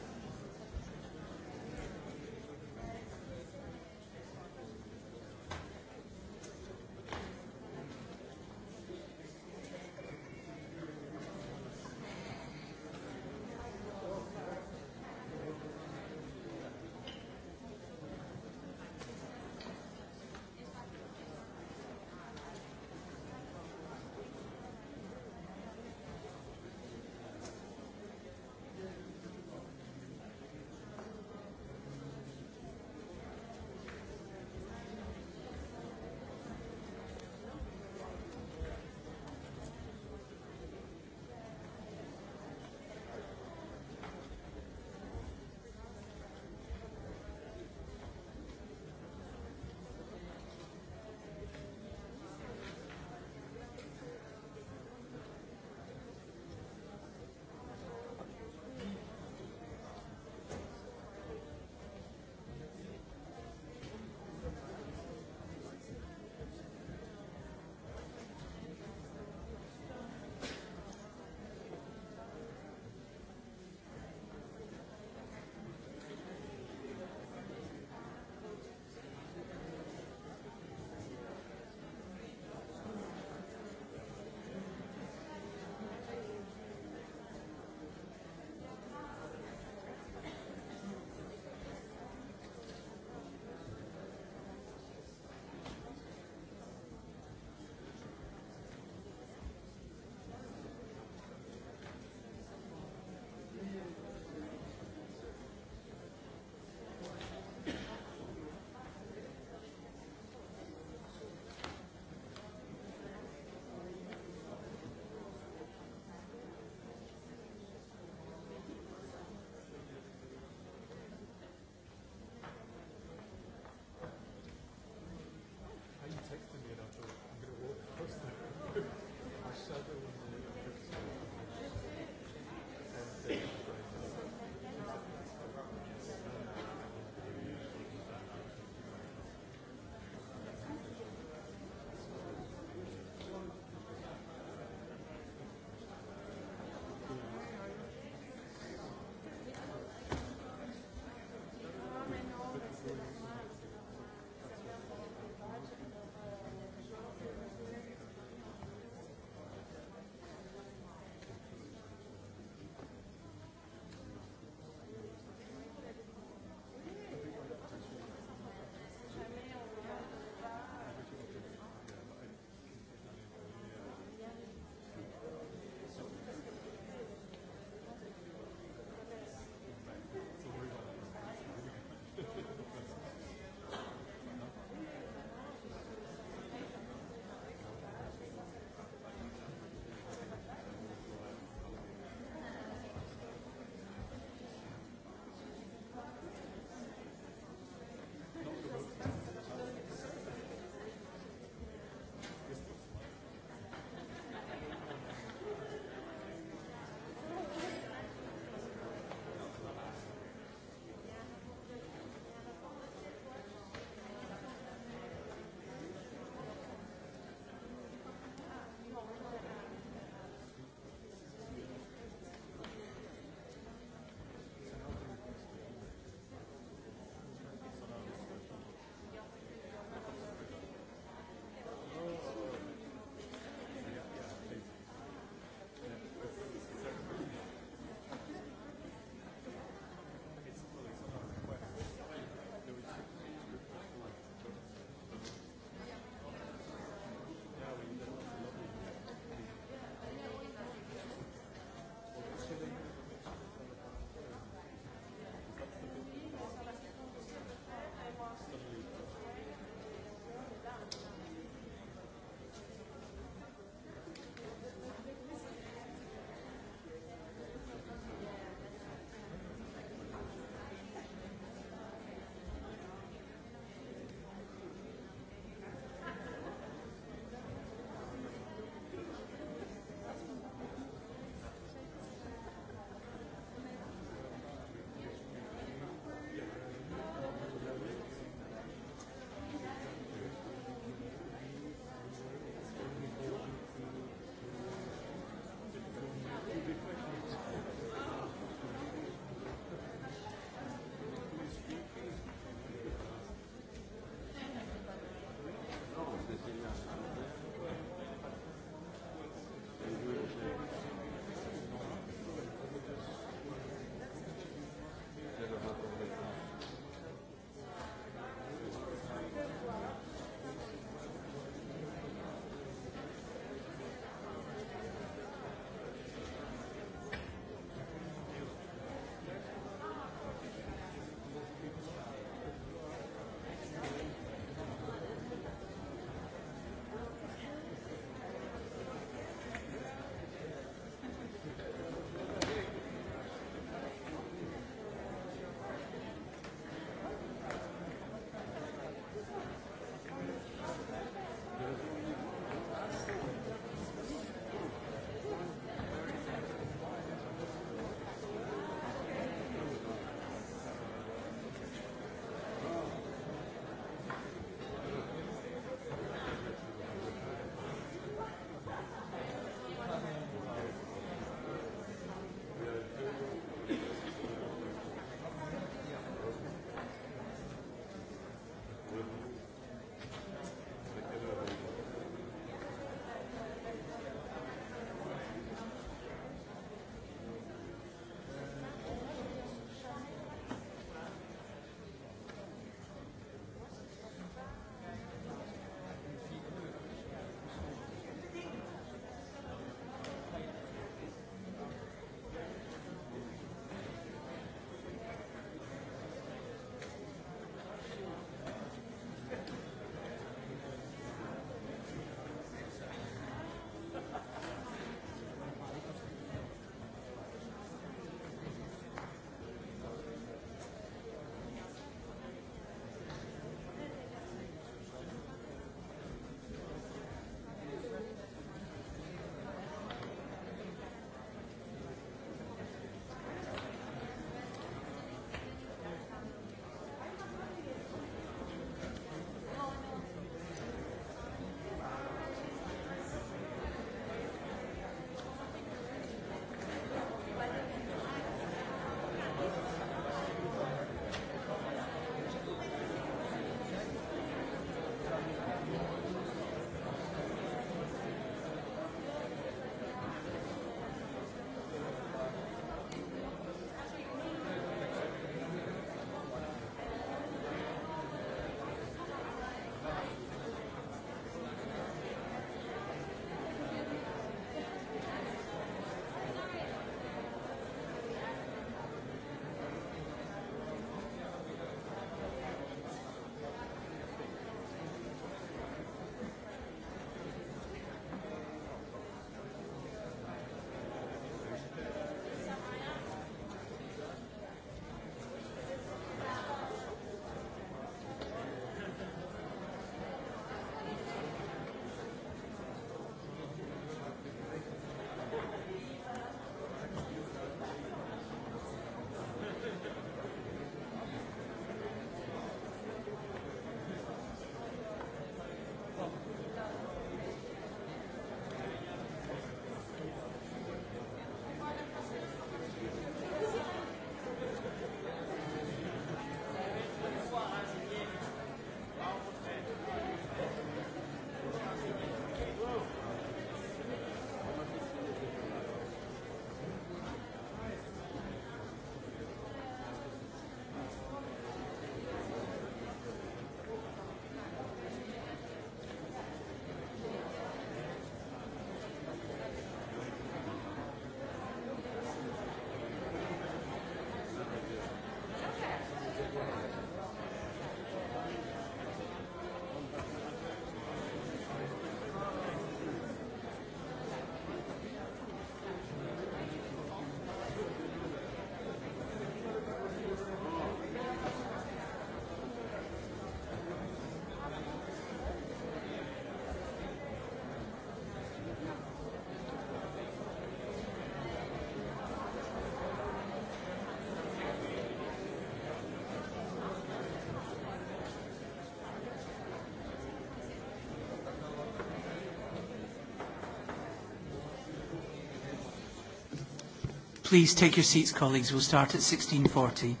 Please take your seats, colleagues. We'll start at 16.40.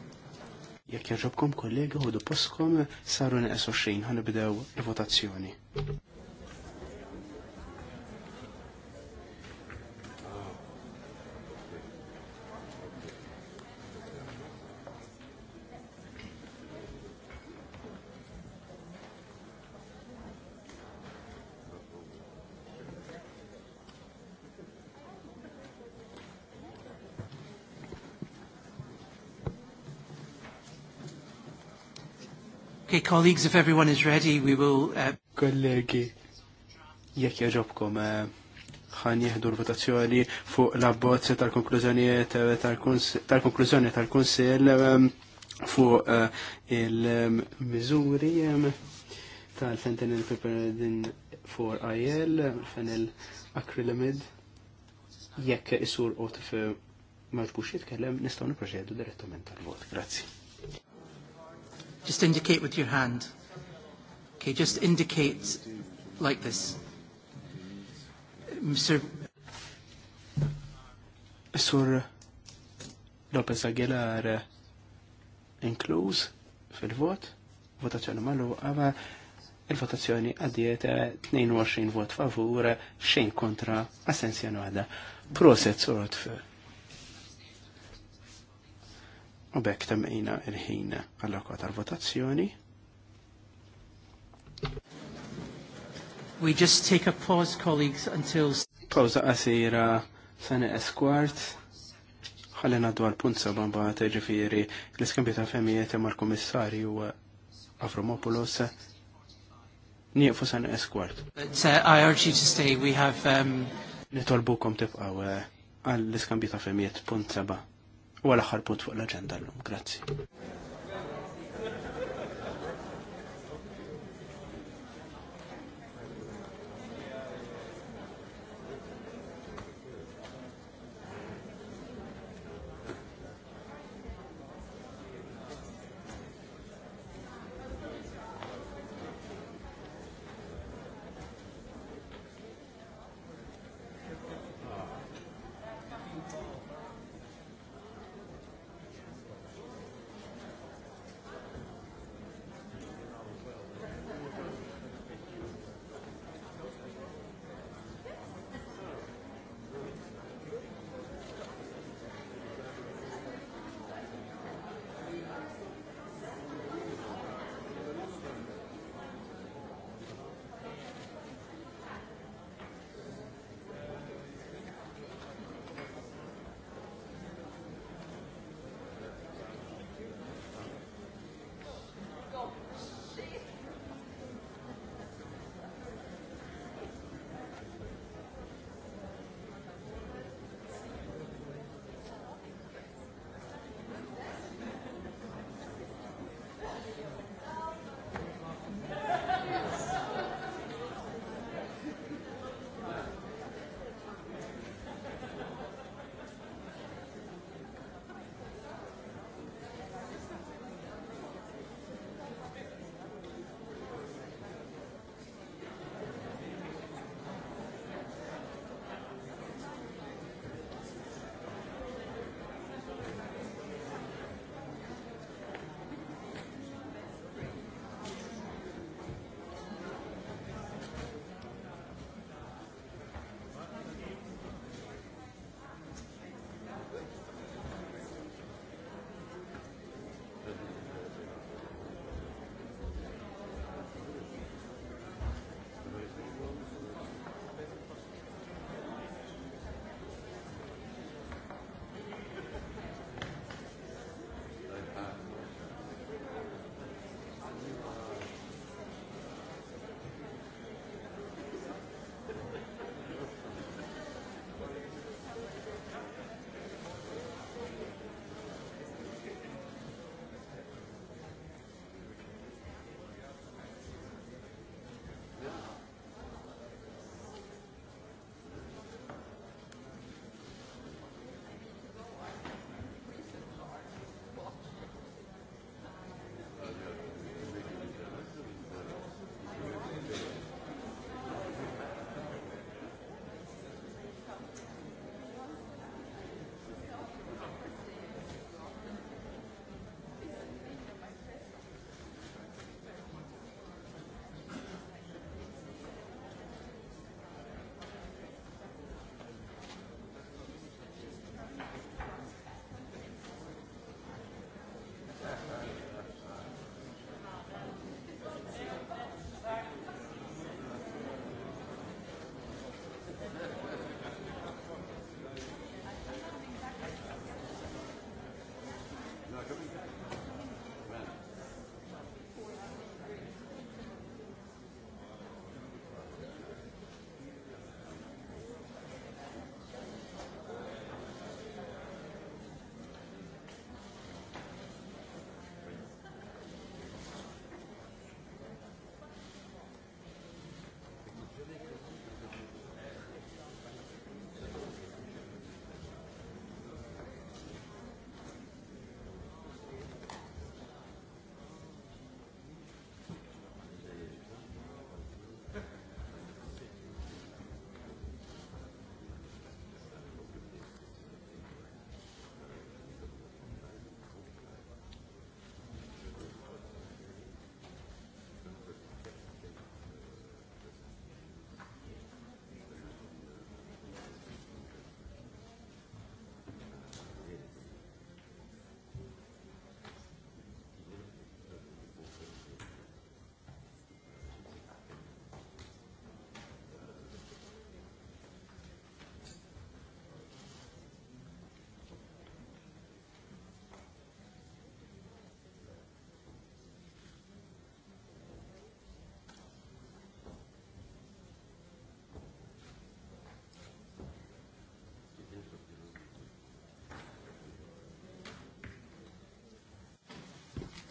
Jekk jarġobkom kollega u poskom saru neqsu xejn ħanibdew il-votazzjoni. Colleagues, if everyone is ready, we will... Uh, Kollegi, jekk jaġobkom eh, ħan jihdu l-votazzjoni fuq l-abbozz tal-konklużjonijiet eh, tal-konklużjoni tal-Kunsill eh, fuq il mizuri tal-fentanyl piperidin 4IL, fenil acrylamid, jekk isur otif ma jitkellem, nistgħu niproċedu direttament tal-vot. Grazie. Just indicate with your hand. Okay, just indicate like this. Mr. Sur Lopez Aguilar inkluż fil-vot, votazzjoni malu għava il-votazzjoni għaddiet 22 vot favur, xejn kontra assenzjonu għada. Proset sorot fil U bekk temmejna il-ħin allokwa tal-votazzjoni. We just take a pause, colleagues, until... Pawza qasira sani esquart. Ħallina dwar punt seba mbagħad teġifiri l iskambi ta' femijiet mar kummissarju Avromopoulos. nieqfu sani esquart. But uh, I urge you to stay. We have um... Nitolbukom tibqgħu eh, għall iskambi ta' femijiet punt seba u għal aħħar fuq l-aġenda l-lum. Grazzi.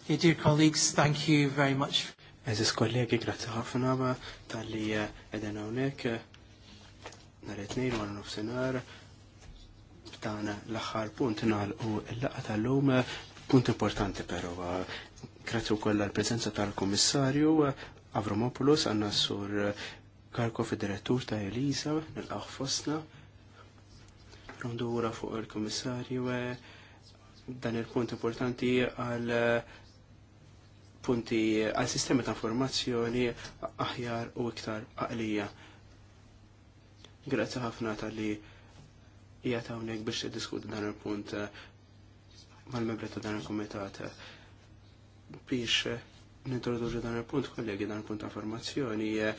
Yeah, dear colleagues, thank you very much. Eżis kollegi, grazzi ħafna ma tal-li eh, edena unek, naretni l-għan nufsenar, tana l-axħar punt nal u l-laqa tal-lum, punt importanti pero, eh, grazie u kolla l-prezenza tal-komissarju, eh, Avromopoulos, għanna sur Karkov, direttur ta' Elisa, nil-qaħ rondura fuq il-komissarju, dan il-punt importanti għal punti għal sistemi ta' informazzjoni aħjar u iktar għalija. Grazzi ħafna tal-li jgħat hawnhekk biex tiddiskuti dan il-punt eh, mal-membri ta' dan il-komitat biex eh, nintroduġu dan il-punt kollegi dan il-punt ta' formazzjoni, eh,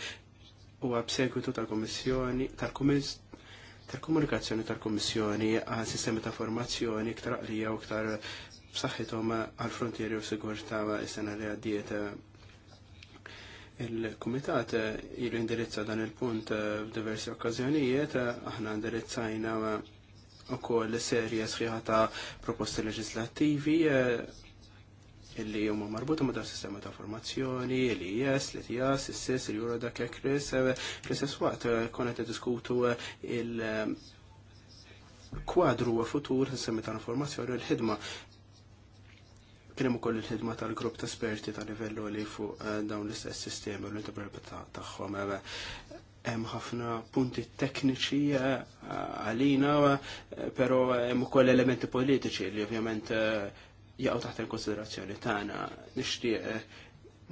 u għabsegwitu tal-komissjoni tal-komunikazzjoni tal-komissjoni għal sistemi ta' formazzjoni iktar għalija u iktar b'saħħithom għall frontieri u sigurtà is-sena li għaddiet il-Kumitat ilu indirizza dan il-punt f'diversi okkażjonijiet, aħna indirizzajna ukoll serje sħiħa ta' proposti leġislattivi illi huma marbuta ma' sistema ta' formazzjoni, l-IS, l-ITIAS, l-SIS, l-Eurodac, Kekris, cris l-SIS waqt konet diskutu il- kwadru u futur sistemi ta' informazzjoni u l-ħidma Kienem u koll il-ħidma tal-grupp ta' esperti ta' livellu li fuq eh, dawn l-istess sistemi u l-interoperabilità tagħhom. Hemm ħafna punti tekniċi eh, għalina, eh, però hemm ukoll elementi politiċi li ovvjament jaqgħu taħt il-konsiderazzjoni tagħna. Nixtieq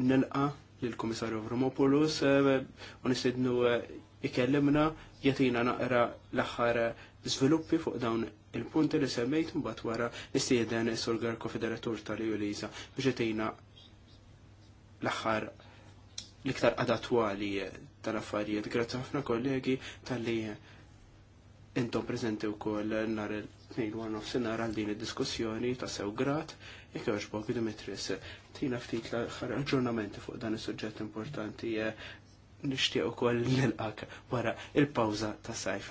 nilqa' lill-Kummissarju Vromopoulos u nisidnu ikellimna jatina naqra l aħħar żviluppi fuq dawn il-punti li semmejt mbagħad wara nistieden is Sorgar Konfederatur tal-Julisa biex jtina l-aħħar l-iktar adatwali tal-affarijiet. Grazzi ħafna kollegi tal-li intom preżenti wkoll nhar il-tnejn wan nofsinhar għal din id-diskussjoni ta' sew grat jekk jogħġbok Dimitris tina ftit l-aħħar aġġornamenti fuq dan is-suġġett importanti nishtiq ukoll nilqak wara il-pawza ta' sajf.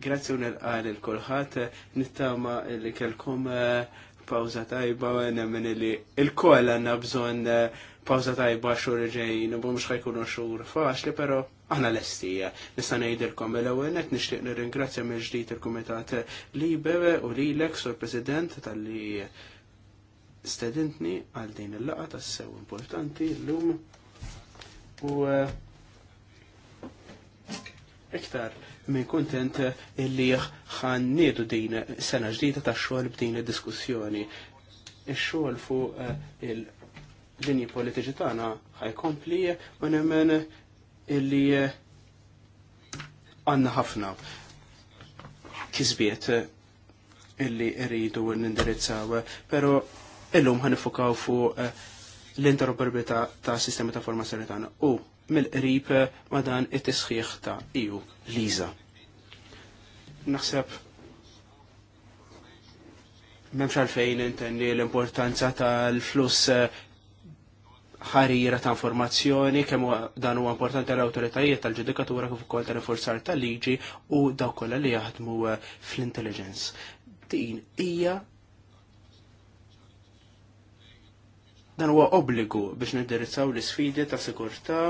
Grazzi u nilqal il-kulħadd nittama li kelkom eh, pawza tajba nemmen li il-koll għandna bżonn eh, pawza tajba xhur ġejn, u mhux ħajkunu xhur faċli, però aħna lestija. Eh. Nista' ngħidilkom l-ewwel qed nixtieq nirringrazzja mill ġdid il-Kumitat Libe u lilek sur President tal-li stedintni għal din il-laqa tas-sew importanti l-lum. U iktar minn kontent illi ħanniedu din sena ġdida ta' xogħol b'din id-diskussjoni. Ix-xogħol fuq eh, il-linji politiċi tagħna ħajkompli u nemmen illi eh, għandna ħafna kisbiet eh, illi rridu nindirizzaw, pero illum ħanifukaw fuq l-interoperabilità ta' sistemi ta' formazzjoni tagħna u mill-qrib eh, ma' dan it-tisħiħ ta' iju e Liza. Naħseb memx għalfejn intenni l-importanza tal-fluss eh, ħarira ta' informazzjoni kemm dan huwa importanti għal awtoritajiet tal-ġudikatura kif ukoll tal-forzar tal-liġi u dawk kollha li jaħdmu eh, fl-intelligence. Din hija dan huwa obbligu biex nindirizzaw l-isfidi ta' sigurtà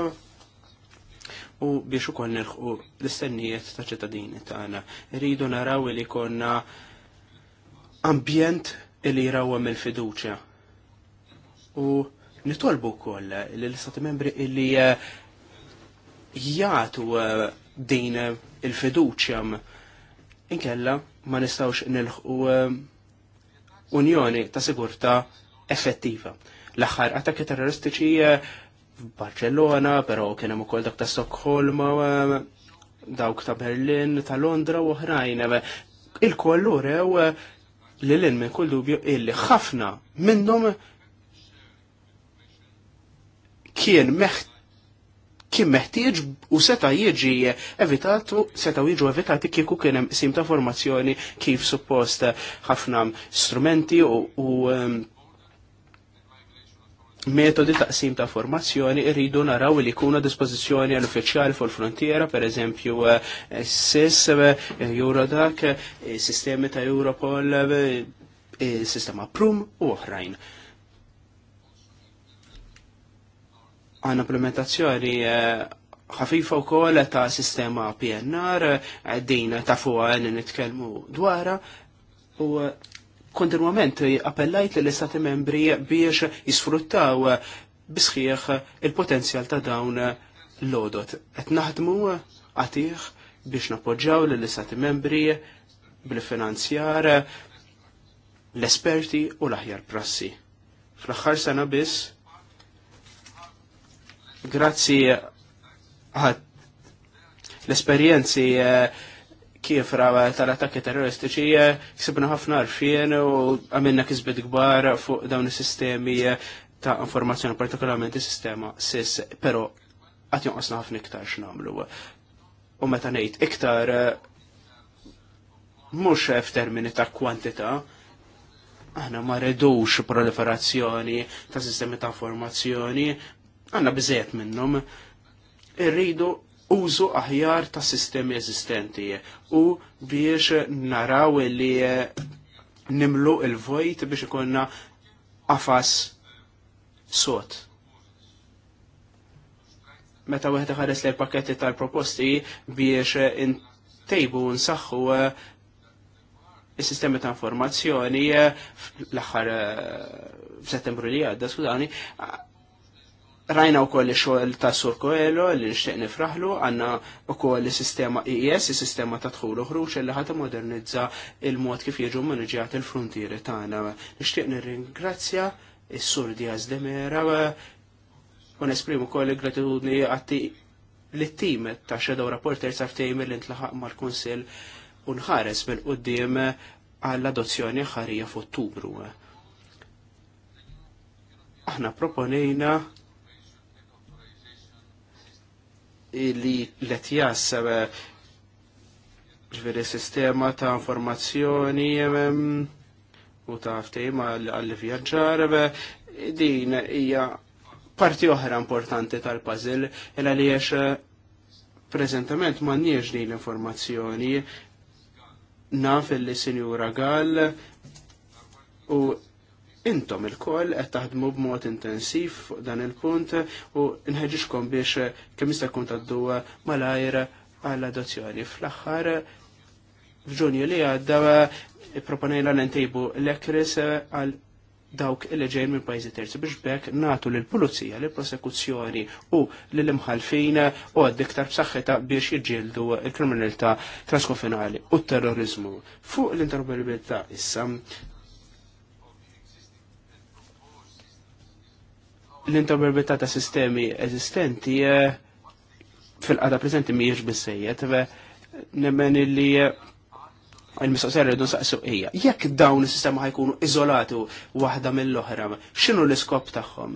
u biex ukoll nirħu l-istennijiet ta' ċittadini tagħna. Rridu naraw li konna ambjent li jrawwa mill-fiduċja. U nitolbu wkoll li l-istati membri li eh, jagħtu eh, din il-fiduċja inkella ma nistawx nilħqu eh, unjoni ta' sigurta effettiva. L-aħħar attakki terroristiċi Barcellona, pero kien hemm ukoll dak ta' Stockholm, eh, dawk ta' Berlin, ta' Londra u oħrajn. Eh, Il-kollu rew eh, li l minn kull dubju illi ħafna minnhom kien meħt kien meħtieġ u seta' jiġi evitat u seta' jiġu evitati kieku kien hemm sim ta' formazzjoni kif suppost ħafna strumenti u, u metodi taqsim ta' formazzjoni irridu naraw li kuna dispożizzjoni għal uffiċjali fuq il frontiera per eżempju SIS, eh, eh, Eurodac, eh, sistemi ta' Europol, sistema Prum u oħrajn. Għan implementazzjoni ħafifa u kol ta' sistema PNR, din ta' fuqa nitkelmu dwara, u kontinwament appellajt li l-istati membri biex jisfruttaw bisħieħ il-potenzjal ta' dawn l-odot. Et naħdmu għatiħ biex napoġġaw l-istati membri bil-finanzjar l-esperti u l-aħjar prassi. Fl-axħar sena biss, grazzi għad l-esperienzi eh, kif rawa tal-attakki terroristiċi eh, ksibna ħafna arfien u għamilna kisbet gbar fuq dawn is-sistemi eh, ta' informazzjoni, partikolarment is-sistema SIS, pero għat jonqosna ħafna iktar x'namlu. U meta ngħid iktar eh, mhux f'termini ta' kwantità, aħna ma redux proliferazzjoni ta' sistemi ta' informazzjoni, għandna bżejjed minnhom, irridu użu aħjar ta' sistemi eżistenti u biex naraw li eh, nimlu il-vojt biex ikonna afas sot. Meta wieħed ħares lejn pakketti tal-proposti biex eh, intejbu nsaħħu eh, is-sistemi ta' informazzjoni l-aħħar f'Settembru li għadda, skudani, Rajna u koll xoħel ta' Sur koħelo li nishtiq nifraħlu, għanna e e u koll sistema IES, sistema ta' tħul uħruċ li ħata modernizza il-mod kif jieġu maniġjat il-frontieri tagħna. Nishtiq nirringrazzja il sur Diaz de Mera u nesprimu koll gratitudni għatti t tim ta' xedaw Rapporter sa' ftejmi li ntlaħaq mal konsil unħares bil-qoddim għall-adozzjoni ħarija f'Ottubru. Aħna proponejna li l-etjas eh, ġveri sistema ta' informazzjoni eh, u ta' ftejma għall-vjaġġar eh, din hija parti oħra importanti tal-puzzle illa li jiex prezentament ma' din l-informazzjoni naf il-li Sinjura Gall u Intom il-koll qed taħdmu b'mod intensiv fuq dan il-punt u nħeġġixkom biex kemm jista' jkun tadduwa malajr għall-adozzjoni. Fl-aħħar f'Ġunju li għadda proponejna l l-ekris għal dawk il-ġejn minn pajzi terzi biex bekk natu l-pulizija, l-prosekuzzjoni u l-imħalfin u iktar b'saxħeta biex jiġġieldu il-kriminalità transkonfinali u terrorizmu. Fuq l-interoperabilità issa l interpretata ta' sistemi eżistenti eh, fil-qada preżenti mhijiex bissejjed nemmen eh, li il-mistoqsija rridu nsaqsu Jekk dawn is-sistema ħajkunu iżolati waħda mill-oħra, x'inhu l-iskop tagħhom?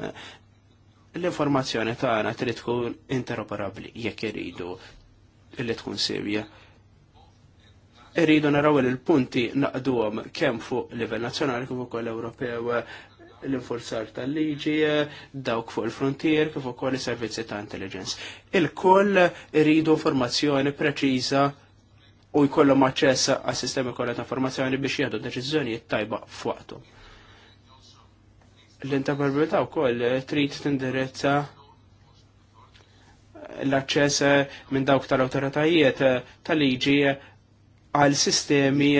L-informazzjoni tagħna trid tkun interoperabbli jekk iridu illi tkun sirja. Irridu naraw li l-punti naqduhom kemm fuq livell nazzjonali kif ukoll Ewropew l inforzar tal-liġi, dawk fuq il-frontier, kif ukoll is-servizzi ta' intelligence. Il-koll iridu informazzjoni preċiża u jkollhom aċċess għas sistemi kollha ta' informazzjoni biex jieħdu deċiżjonijiet tajba f'waqthom. l interpretabilità wkoll trid tindirizza l-aċċess minn dawk tal-awtoritajiet tal-liġi għal sistemi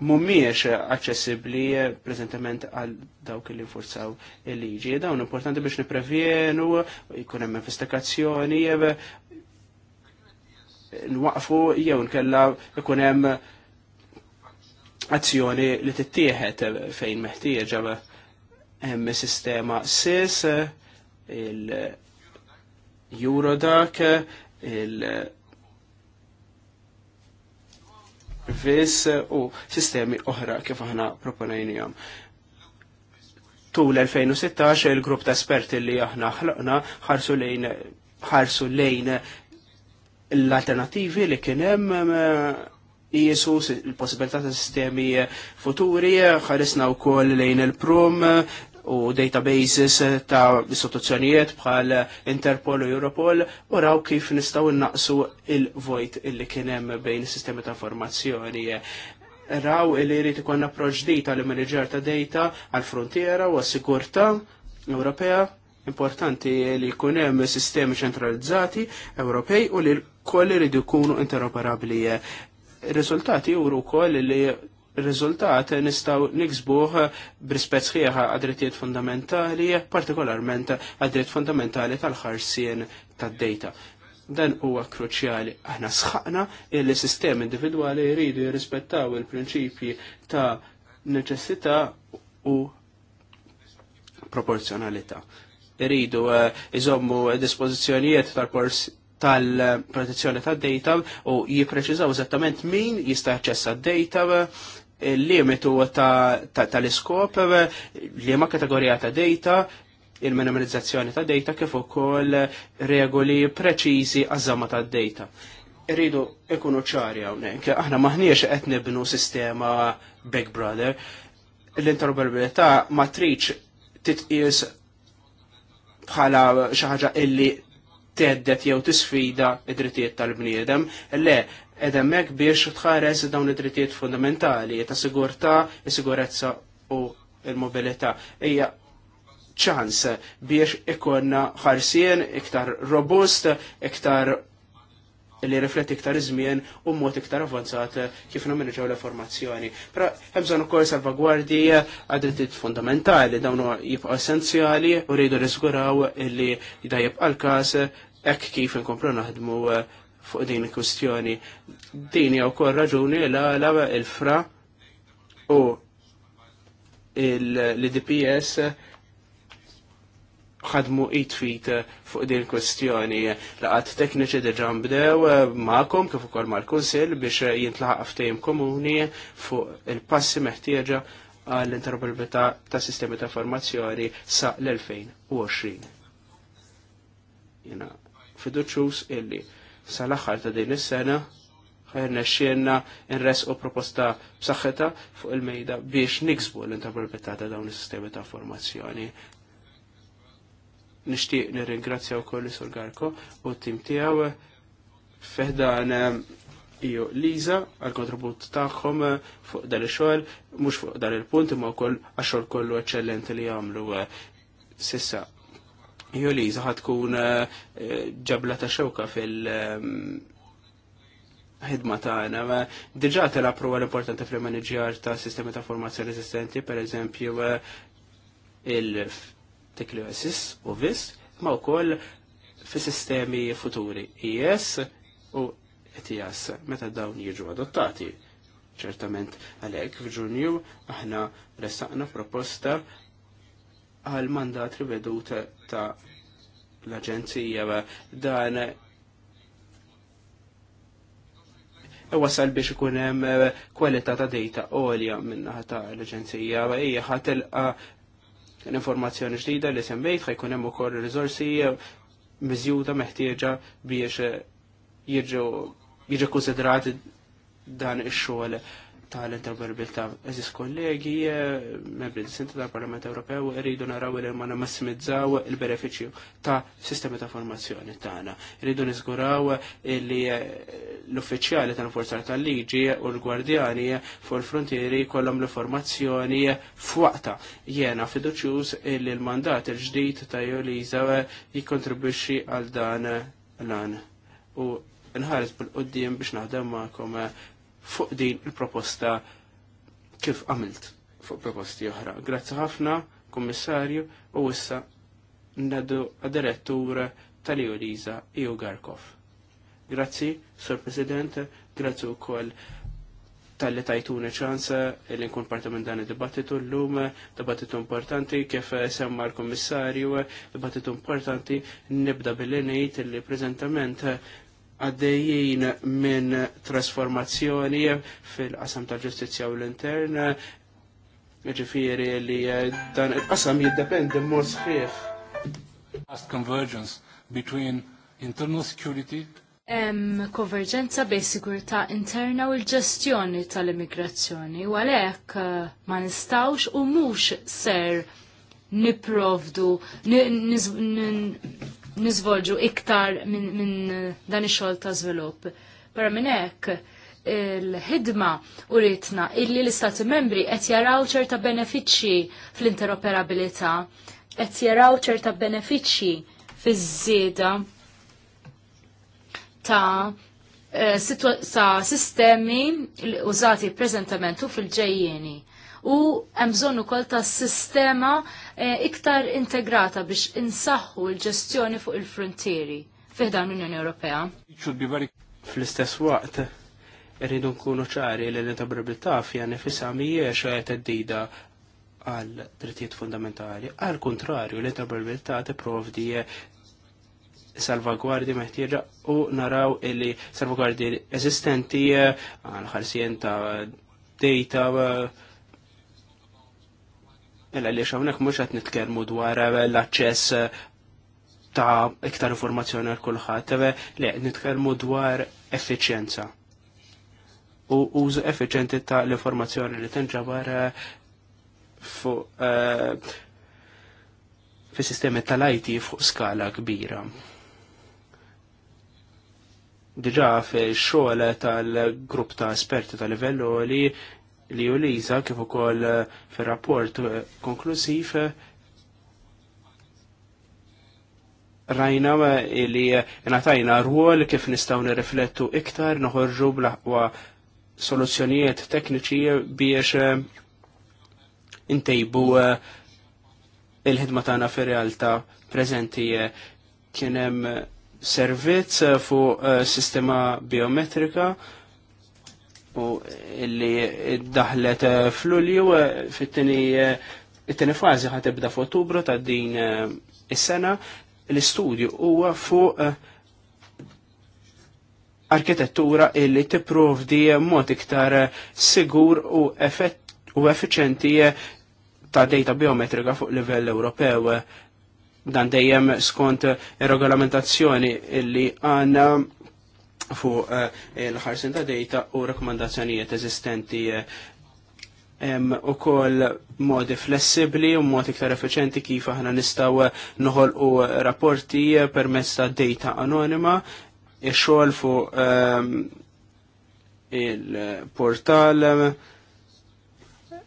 mumiex aċċessibbli eh, prezentament għal dawk li forzaw il-liġi. Dawn importanti biex niprevjenu, jkun hemm investigazzjoni, eh, nwaqfu jew nkella jkun hemm azzjoni li tittieħed fejn meħtieġa hemm sistema SIS, il-Eurodac, il-, -Eurodac, il vis u sistemi oħra kif aħna proponajnijom. Tul 2016 il-grupp ta' esperti li aħna ħlaqna ħarsu lejn ħarsu lejn l-alternativi li kienem jisu il-possibilità ta' sistemi futuri, ħarisna u koll lejn il-prum, u databases ta' istituzzjonijiet bħal Interpol u Europol u raw kif nistaw naqsu il-vojt illi kienem bejn sistemi ta' formazzjoni. Raw illi jrid ikun approċ data li manager ta' data għal frontiera u għas-sigurta Ewropea importanti li jkun hemm sistemi ċentralizzati Ewropej u li koll jridu jkunu interoperabbli. Riżultati juru wkoll li riżultat nistaw niksbuħ brispet sħiħa għadrittijiet fundamentali, partikolarment għadritt fundamentali tal-ħarsien tad-data. Dan huwa kruċjali. Aħna sħaqna il sistem individwali jridu jirrispettaw il-prinċipji ta' neċessità u proporzjonalità. Iridu eh, iżommu dispożizzjonijiet tal-korsi tal-protezzjoni tad data u jippreċizaw eżattament min jista' jaċċessa d-data il-limitu tal-iskop li ma kategorija ta' data il-minimalizzazzjoni ta' data kif ukoll regoli preċiżi għaż-żamma ta' data. Irridu ikunu ċari hawnhekk, aħna maħniex qed nibnu sistema Big Brother. L-interoperabilità ma tridx titqies bħala xi ħaġa illi teddet jew tisfida id-drittijiet tal-bniedem, le edemmek biex tħares dawn id-drittijiet fundamentali ta' sigurtà, sigurezza u il-mobilità. Ija ċans biex ikonna ħarsien iktar robust, iktar li rifletti iktar iżmien u mod iktar avanzat kif namminġaw l formazzjoni. Pra hemżan ukoll salvagwardi għad-drittijiet fundamentali dawn jibqa' essenzjali u rridu niżguraw li da jibqa' l-każ hekk kif inkomplu naħdmu eh, fuq din il-kwistjoni. Din hija wkoll raġuni la la il-fra u l-DPS il ħadmu it tweet eh, fuq din kwestjoni. Eh, laqat tekniċi deġan bdew eh, ma'kom kif ukoll mal-Kunsill biex jintlaħaq ftehim komuni fuq il-passi meħtieġa għall-interoperabilità ta' sistemi ta' formazzjoni sa' l-2020. Jena fiduċus illi sa' l-axħar ta' din is-sena ħajna xienna nres u proposta b'saħħitha fuq il-mejda biex niksbu l-interoperabilità ta' dawn is-sistemi ta' formazzjoni nishtiq nirringrazzja u kolli Sur Garko u t-tim tijaw feħdan eh, iju Liza għal kontribut taħħom eh, fuq dal xogħol mux fuq dal il-punt imma wkoll għaxol kollu eċċellenti li jagħmlu eh, sissa. Iju Liza ħatkun ġabla ta' xewka fil- ħidma tagħna. Diġà tilab prova l-importanti fil-maniġjar ta' sistemi ta' formazzjoni esistenti, per eżempju il artiklu u VIS, ma wkoll fi sistemi futuri IS e u ETS, meta dawn jiġu adottati. Ċertament għalhekk f'Ġunju aħna ressaqna proposta għal mandat riveduta ta' l-Aġenzija dan wasal biex ikun hemm kwalità ta' data għolja minnaħa ta' l-Aġenzija hija ħatilqa l-informazzjoni ġdida li semmejt ħajkun hemm ukoll risorsi eh, miżjuda meħtieġa biex eh, jiġu jiġi dan ix-xogħol tal ta' Eżis kollegi, eh, membri distinti tal-Parlament Ewropew, rridu naraw li ma massimizzaw il benefiċju ta' sistemi ta' formazzjoni tagħna. Rridu niżguraw li eh, l-uffiċjali tal forza tal-liġi u l-gwardjani fuq il-frontieri kollom l-informazzjoni f'waqta. Jena fiduċjuż li l-mandat il-ġdid ta' Joliza jikkontribwixxi għal dan l-an. U nħares bil-qoddim biex naħdem ma'kom fuq din il-proposta kif għamilt fuq proposti oħra. Grazzi ħafna, Kommissarju, u issa nadu għad-direttur tal-Ioliza Iu Garkov. Grazzi, Sur President, grazzi u koll tal-li tajtuni ċans li nkun parta minn dan id-dibattitu l-lum, dibattitu importanti kif semma l-Kommissarju, dibattitu importanti nibda bil ngħid li preżentament għaddejjien minn trasformazzjoni fil-qasam tal-ġustizja u l-intern, ġifiri li eh, dan il-qasam jiddependi mod sħiħ. Past convergence between internal security Em konverġenza bej sigurtà interna u l-ġestjoni tal-immigrazzjoni u għalhekk eh, ma nistawx u mhux ser niprovdu nizvolġu iktar minn eh, dan ix-xogħol ta' żvilupp. Però minn hekk il-ħidma u ritna illi l-Istati membri qed jaraw ċerta benefiċċji fl-interoperabilità, qed jaraw ċerta benefiċċji fiż-żieda ta' eh, sa' sistemi użati u fil-ġejjeni. U hemm bżonn ukoll ta' sistema Eh, iktar integrata biex insaħħu l-ġestjoni fuq il-frontieri fiħdan l-Unjoni Ewropea. Fl-istess waqt, rridu nkunu ċari li l-intabrilità fija nifisa mhijiex teddida għal drittijiet fundamentali. Għal kontrarju, l t tipprovdi salvaguardi meħtieġa u naraw illi salvaguardi eżistenti eh, għal ħarsien ta' data eh, Illa mela, li xawnek mux għat nitkermu dwar eh, l-access eh, ta' iktar informazzjoni għal kulħadd, eh, li nitkellmu dwar effiċjenza. U użu effiċjenti ta' l-informazzjoni li tinġabar fu fi sistemi tal-IT fuq skala kbira. Diġa fi xogħol tal-grupp ta' esperti tal-livello li li u liża kif ukoll eh, fir-rapport eh, konklusiv eh, rajna li natajna rwol kif nistaw nirriflettu iktar noħorġu blaqwa soluzzjonijiet tekniċi biex intejbu il-ħidma tagħna fir-realtà preżenti kien hemm servizz fuq sistema biometrika u illi daħlet eh, f'Lulju eh, fit-tieni eh, fażi ħad tibda f'Ottubru ta' din is-sena l-istudju huwa fuq arkitettura illi tipprovdi mod iktar sigur u effett u effiċenti ta' data biometrika fuq livell Ewropew dan dejjem skont ir-regolamentazzjoni illi għandna fuq eh, l-ħarsin ta' data u rakkomandazzjonijiet eżistenti hemm eh, ukoll modi flessibbli u mod iktar effiċenti kif aħna nistgħu noħolqu rapporti permezz ta' data anonima ix-xogħol fuq il-portal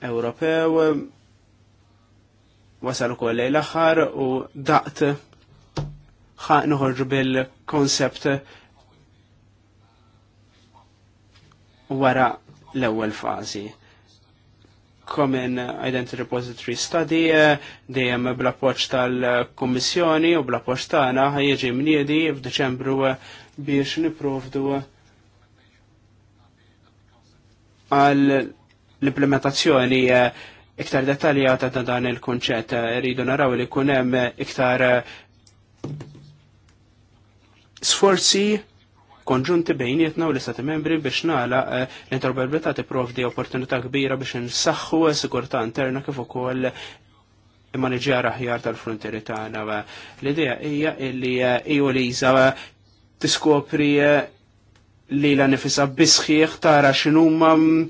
Ewropew wasal ukoll lejn aħħar u daqt ħaq noħorġu bil-konsept wara l-ewwel fażi. Common Identity Repository Study eh, dejjem bla appoġġ tal-Kummissjoni u bla appoġġ tagħna jiġi mniedi f'Diċembru eh, biex nipprovdu eh, għal l-implementazzjoni iktar dettaljata ta' dan il-konċett. Rridu naraw li kunem hemm iktar sforzi konġunti bejnietna u l-istati membri biex nala eh, l-interoperabilità tipprovdi opportunità kbira biex s sigurtà interna kif ukoll imma nġar aħjar tal-frontieri tagħna. L-idea hija li li eh, liża eh, tiskopri li la nifisa bisħiħ tara x'inhuma mm,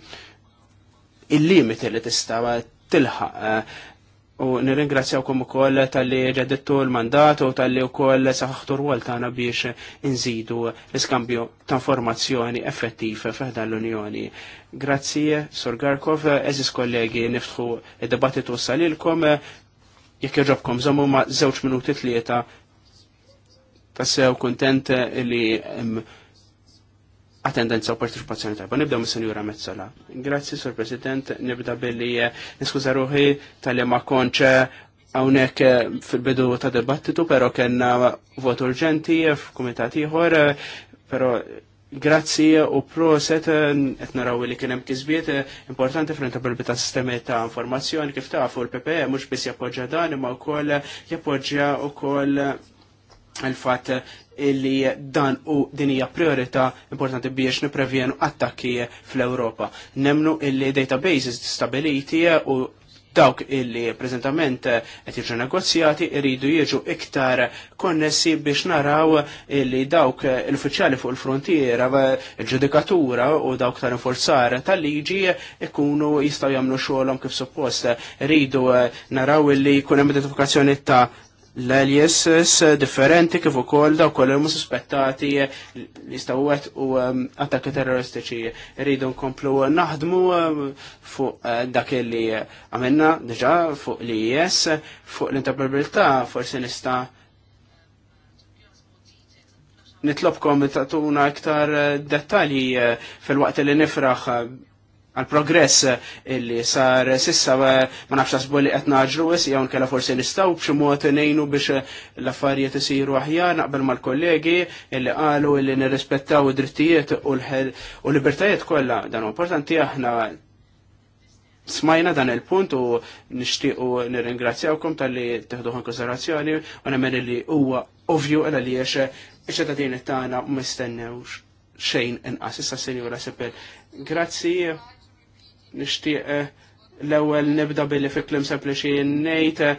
il-limiti li tista' tilħaq U nirringrazzjawkom ukoll tal-li ġeddittu l-mandat u tal-li wkoll saħħtu rwol tagħna biex inżidu l-iskambju ta' informazzjoni effettiv f'ħdan l-Unjoni. Grazzi, Sur Garkov, eżis kollegi niftħu id u salilkom, jekk jġobkom żommu ma' żewġ minuti tlieta tassew kuntent li attendenza u partecipazzjoni tajba. Nibda mis senjura Mezzola. Grazzi, Sur President, nibda billi eh, niskuza ruħi tal-li ma konċe eh, għawnek eh, fil-bidu ta' dibattitu, pero kena vot urġenti f'kumitat ieħor, pero grazzi u proset qed naraw li kien hemm kisbiet importanti fl-interbabilità ta' sistemi ta' informazzjoni kif tafu l-PPE mhux biss jappoġġa dan imma wkoll jappoġġja wkoll il-fatt illi dan u dinija priorità importanti biex niprevjenu attakki fl-Europa. Nemnu illi databases stabiliti u dawk illi prezentament qed jiġu negozjati iridu jiġu iktar konnessi biex naraw illi dawk l-uffiċjali fuq il-frontiera, il-ġudikatura u dawk tal-infurzar tal-liġi ikunu jistgħu jagħmlu xogħolhom kif suppost. Iridu naraw illi jkun hemm identifikazzjoni ta' l-aliases eh, differenti kif ukoll daw kollu huma suspettati li stawet u ehm, attakki terroristiċi rridu nkomplu naħdmu eh, fuq eh, dak li għamilna diġà fuq li jess fuq l-interoperabilità forsi nista' nitlobkom tatuna iktar dettalji fil-waqt li nifraħ għal-progress eh, illi sar sissa eh, ma nafx tasbu li qed ġru wis għon kella forsi nistgħu b'xi mod ngħinu biex eh, l-affarijiet isiru aħjar naqbel mal-kollegi illi qalu illi nirrispettaw id-drittijiet u l-libertajiet kollha dan importanti aħna smajna dan il-punt u nixtiequ nirringrazzjawkom tal-li tieħduh konsiderazzjoni u nemmen li huwa ovvju għal li jiex iċ-ċittadini tagħna mistennewx xejn inqas issa Sinjura Sepel. Grazzi nixtieq eh, l-ewwel nibda billi fi klim sempliċi ngħid eh,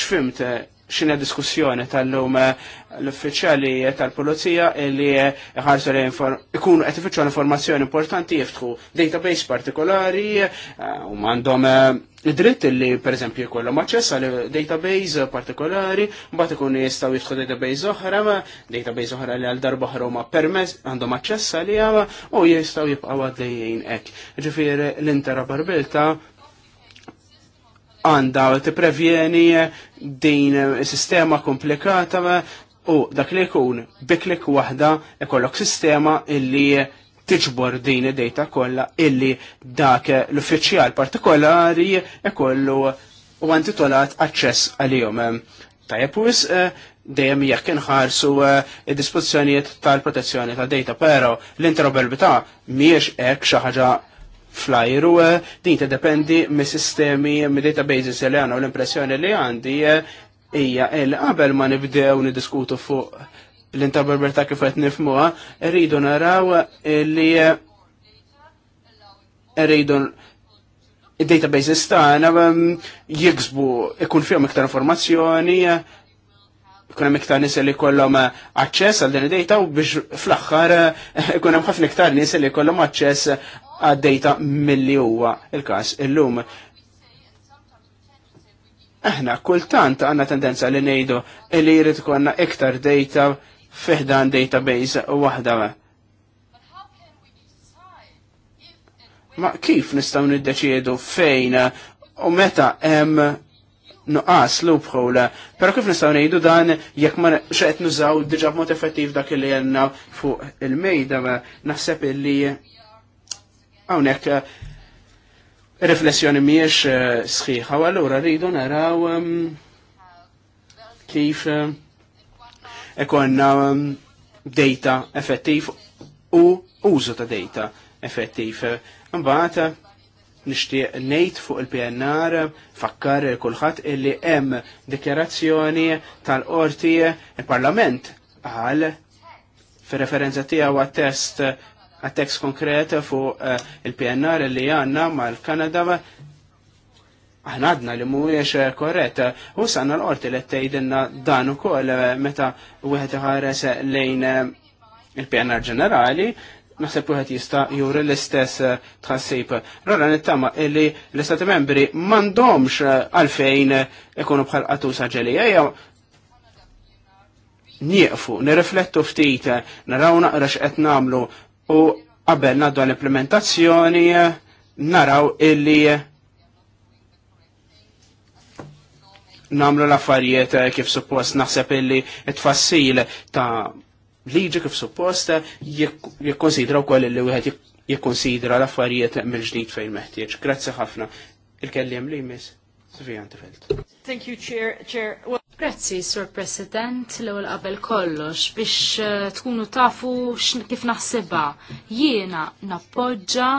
x'fimt eh, xina diskussjoni tal-lum eh, l-uffiċjali tal-polizija li eh, ħarsu li ikunu qed ifittxu informazzjoni importanti jiftħu database partikolari eh, u għandhom dritt li pereżempju jkollhom aċċess għal database partikolari, mbagħad ikun jistgħu jiftħu database oħra, database oħra li għal darba oħra huma permess għandhom aċċess għaliha u jistgħu jibqgħu għaddejjin hekk. Ġifieri l-interoperabilità għanda t-prevjeni din sistema komplikata u dak li jkun biklik wahda ikollok sistema illi tiġbor din id-data kollha illi dak l-uffiċjal partikolari ikollu u għantitolat aċċess għalihom. Tajjeb wis eh, dejjem jekk inħarsu eh, id-dispożizzjonijiet tal-protezzjoni ta' data, pero l-interoperabilità mhijiex hekk xi ħaġa flajru, eh, din dependi mis sistemi mid-databases li għana u l-impressjoni li għandi eh, hija il qabel ma nibdew nidiskutu fuq l ta' kif qed nifmuha, rridu naraw li eh, rridu il-databases tagħna mm, jiksbu ikun fihom iktar informazzjoni, ikun hemm iktar nies li jkollhom aċċess għal din id-data u biex fl-aħħar ikun hemm ħafna iktar nies li jkollhom aċċess għaddejta milli huwa il-każ illum. Aħna kultant għandna tendenza li ngħidu li jrid ikollna iktar data fiħdan database waħda. Ma kif nistgħu niddeċiedu fejn u meta hemm nuqqas loophole, pero kif nistgħu ngħidu dan jekk ma xaqed nużaw diġà b'mod effettiv dak li għandna fuq il-mejda naħseb illi Hawnhekk eh, riflessjoni miex eh, sħiħa, u allura rridu naraw ehm, kif ekonna eh, ehm, data effettiv u użu ta' data effettiv. Mbagħad nixtieq ngħid fuq il-PNR fakkar kulħadd illi hemm dikjarazzjoni tal-qorti il-Parlament għal fir referenza tiegħu għat-test għattex konkret fuq eh, il-PNR li għanna mal-Kanada aħna għadna li mhuwiex eh, korret. U sanna l-qorti li tgħidilna dan ukoll eh, meta wieħed iħares lejn il-PNR ġenerali, naħseb għet jista' juri l-istess tħassib. Rora nittama illi l-Istati Membri m'għandhomx għalfejn ikunu bħal qatusa ġelija jew nieqfu, nirriflettu ftit, narawna naqra x'qed nagħmlu u qabel naddu għal implementazzjoni naraw illi namlu l-affarijiet kif suppost naħseb illi t-fassil ta' liġi kif suppost jikkonsidra wkoll illi wieħed jikkonsidra l-affarijiet mill ġdijt fejn meħtieġ. Grazzi ħafna. Il-kelliem li jmiss. Sofija Antifeld. Thank you, Chair. Chair. Grazzi, Sur President, l ewwel qabel kollox, biex eh, tkunu tafu kif naħsibha. Jiena nappoġġa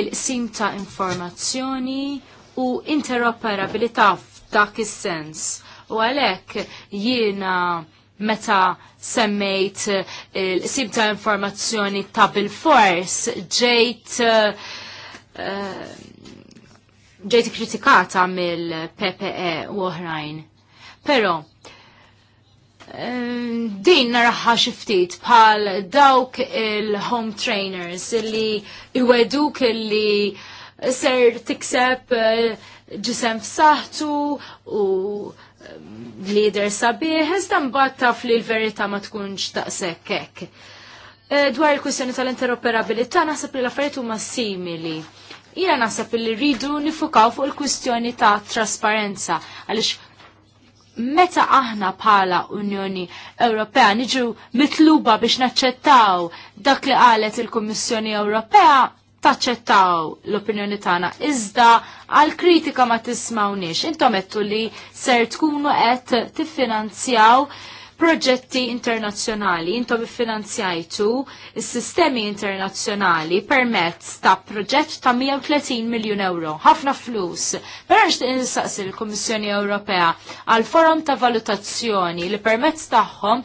il-qsim ta' informazzjoni u interoperabilità f'dak is-sens. U għalhekk jiena meta semmejt il-qsim eh, ta' informazzjoni ta' bil-fors ġejt eh, ġejt kritikata mill-PPE u oħrajn. Però din naraħħa xiftit bħal dawk il-home trainers li iweduk li ser tikseb eh, ġisem f'saħtu u eh, lider sabiħ, iżda mbagħad taf li l-verità ma tkunx taqsek hekk. Eh, dwar il kwissjoni tal-interoperabilità naħseb li l-affarijiet huma simili. Jiena naħseb li rridu nifukaw fuq il-kwistjoni ta' trasparenza għaliex meta aħna bħala Unjoni Ewropea niġu mitluba biex naċċettaw dak li qalet il-Kummissjoni Ewropea, taċċettaw l-opinjoni tagħna. Iżda għal kritika ma tismawniex. Intom qedtu li ser tkunu qed tiffinanzjaw proġetti internazzjonali. Intom iffinanzjajtu s-sistemi internazzjonali permezz ta' proġett ta' 130 miljon euro. Ħafna flus. Però nixtieq nistaqsi l-Kummissjoni Ewropea għal forum ta' valutazzjoni li permezz tagħhom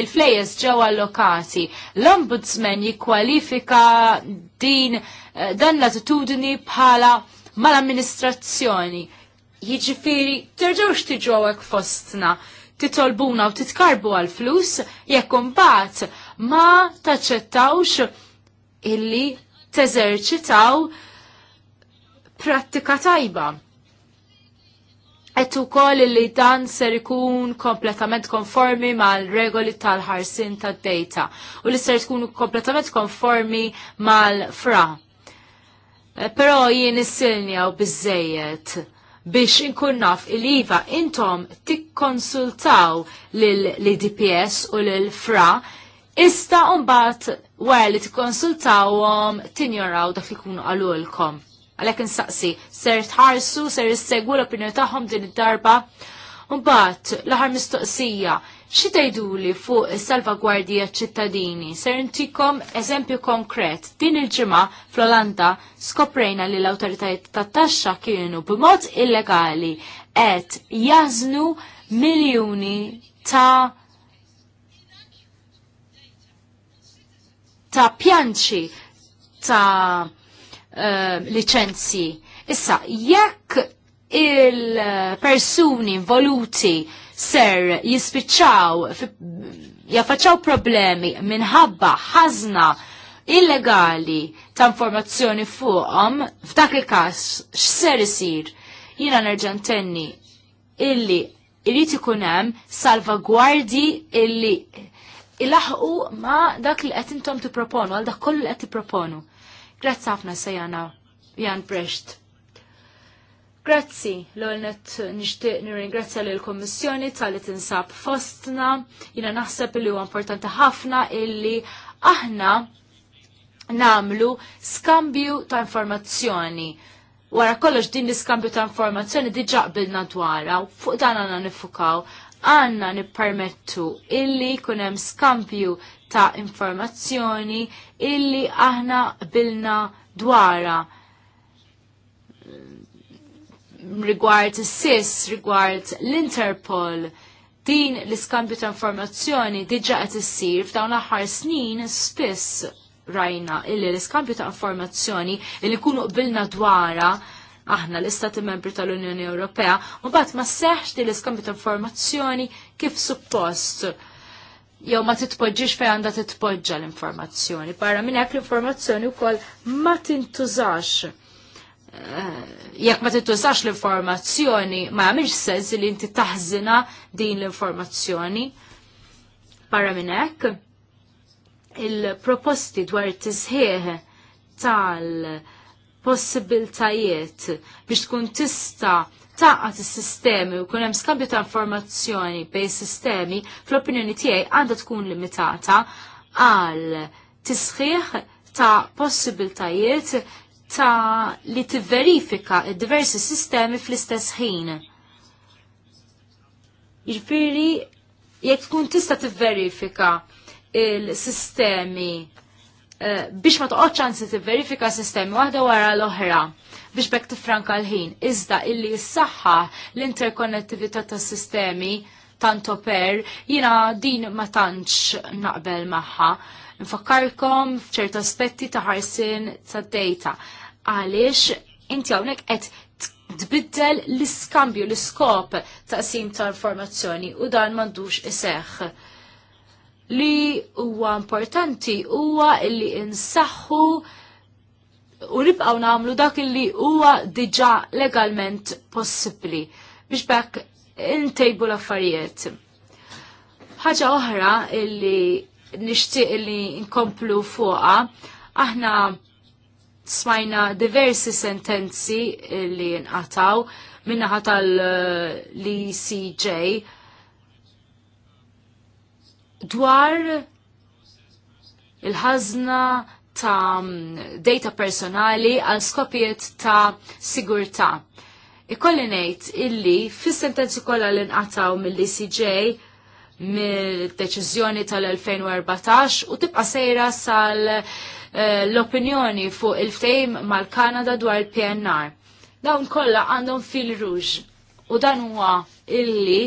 il-flejes ġew allokati, l-ombudsman jikkwalifika din eh, dan l-attitudni bħala mal-amministrazzjoni. Jiġifieri terġgħux tiġu hekk fostna titolbuna u titkarbu għal flus jekk imbagħad ma taċċettawx illi teżerċitaw prattika tajba. Et ukoll illi dan ser ikun kompletament konformi mal-regoli tal-ħarsin tad-data u li ser tkun kompletament konformi mal-fra. Eh, Pero jien is-silnja u bizzejiet biex inkun naf il-IVA intom tikkonsultaw l-DPS u l-FRA ista unbat wara li tikkonsultawhom tinjoraw dak li kunu għalulkom. Għalhekk insaqsi, ser tħarsu, ser issegwu l-opinjoni tagħhom din id-darba Mbagħad l-aħħar mistoqsija, xi tgħiduli fuq is-salvagwardija ċittadini? Ser intikom eżempju konkret. Din il-ġimgħa fl-Olanda skoprejna li l-awtoritajiet tat-taxxa kienu b'mod illegali qed jażnu miljuni ta' ta' pjanċi ta' uh, Issa, jekk il-persuni voluti ser jispiċċaw jaffaċaw problemi minħabba ħazna illegali ta' informazzjoni fuqhom, f'dak il-każ x'ser isir jiena nerġantenni illi irrid ikun hemm salvagwardji illi ilaħqu ma' dak li qed intom tipproponu għal dak kollu qed tipproponu. Grazzi ħafna sejjana Jan Brecht. Grazzi, l-għolnet nishtiq nirringrazzja l kommissjoni tal-li tinsab fostna, jina naħseb li huwa importanti ħafna illi aħna namlu skambju ta' informazzjoni. Wara kollox din l skambju ta' informazzjoni diġa qbilna dwarha u fuq dan għanna nifukaw għanna nippermettu illi kunem skambju ta' informazzjoni illi aħna bilna dwara rigward is-SIS, rigward l-Interpol, din l-iskambju ta' informazzjoni diġa qed issir f'dawn l-aħħar snin spiss rajna illi l-iskambju ta' informazzjoni illi kunu qbilna dwara aħna l-istati membri tal-Unjoni Ewropea, u bat ma seħx di l-iskambju ta' informazzjoni kif suppost jew ma titpoġġix fejn għandha titpoġġa l-informazzjoni. Barra minn hekk l-informazzjoni wkoll ma tintużax jekk ma tittużax l-informazzjoni, ma jagħmilx sens li inti taħżina din l-informazzjoni. Barra minn hekk, il-proposti dwar it-tisħieħ tal-possibiltajiet biex tkun tista' taqqat is-sistemi u kunem skambju ta' informazzjoni bej sistemi fl-opinjoni tiegħi għandha tkun limitata għal tisħiħ ta' possibiltajiet ta' li tivverifika diversi sistemi fl-istess ħin. Jirfiri, jekk tkun tista' tivverifika il-sistemi eh, biex ma toqgħodx anzi tivverifika sistemi waħda wara l-oħra biex bekk tifranka l-ħin. Iżda illi s-saħħa l-interkonnettività tas sistemi tant oper, jina din ma tantx naqbel magħha. Nfakkarkom f'ċerti aspetti ta' ħarsin ta' data għaliex inti hawnhekk qed tbiddel l-iskambju, l-iskop ta' sim ta' informazzjoni u dan m'għandux iseħħ. Li huwa importanti huwa li insaħħu u nibqgħu nagħmlu dak li huwa diġà legalment possibbli biex bekk intejbu l-affarijiet. Ħaġa oħra illi nixtieq li nkomplu fuqha aħna smajna diversi sentenzi li nqataw minnaħa tal-ECJ dwar il-ħazna ta' mm, data personali għal skopijiet ta' sigurta. Ikolli ngħid illi fis-sentenzi kollha li nqataw mill-ECJ mill-deċiżjoni tal-2014 u tibqa' sejra sal- Eh, l-opinjoni fuq il-ftejm mal-Kanada dwar il-PNR. Dawn kollha għandhom fil ruġ u dan huwa illi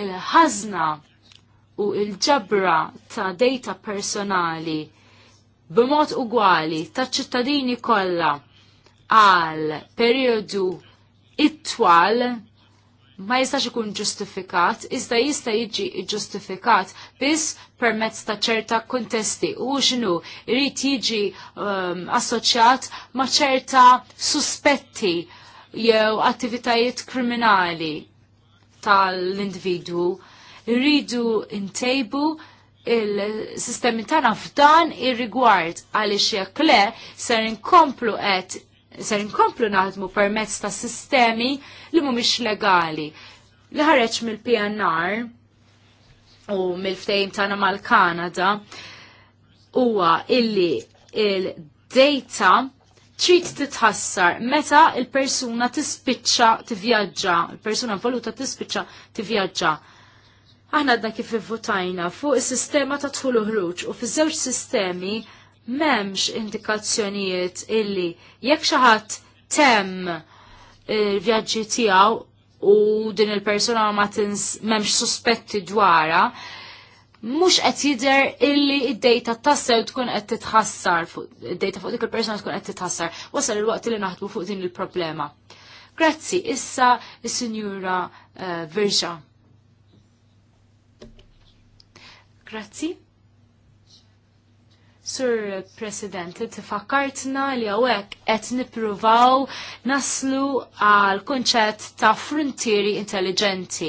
il ħazna u il-ġabra ta' data personali b'mod ugwali ta' ċittadini kollha għal periodu it-twal ma jistax ikun ġustifikat, iżda jista' jiġi ġustifikat biss permezz ta' ċerta kuntesti u x'inhu irid jiġi um, assoċjat ma' ċerta suspetti jew attivitajiet kriminali tal-individwu. Rridu ntejbu il-sistemi tagħna f'dan ir-rigward għaliex jekk le ser inkomplu qed ser inkomplu naħdmu permezz ta' sistemi li mhumiex legali. Li ħareġ mill-PNR u mill-ftejim tagħna mal-Kanada huwa illi il-data trid titħassar meta il-persuna tispiċċa tivvjaġġa, il-persuna voluta tispiċċa tivvjaġġa. Aħna għadna kif votajna fuq is-sistema ta' tħul u ħruġ u fiż-żewġ sistemi memx indikazzjonijiet illi jekk xi ħadd temm eh, il-vjaġġi tiegħu u din il-persuna ma tins memx suspetti dwara, mhux qed jidher illi id-dejta tassew tkun qed titħassar fuq id-dejta fuq dik il persona tkun qed titħassar. Wasal il-waqt li naħdmu fuq din il-problema. Grazzi, issa il sinjura uh, eh, Virja. Grazzi. Sur President, tifakkartna li għawek qed nipruvaw naslu għal kunċett ta' frontieri intelligenti,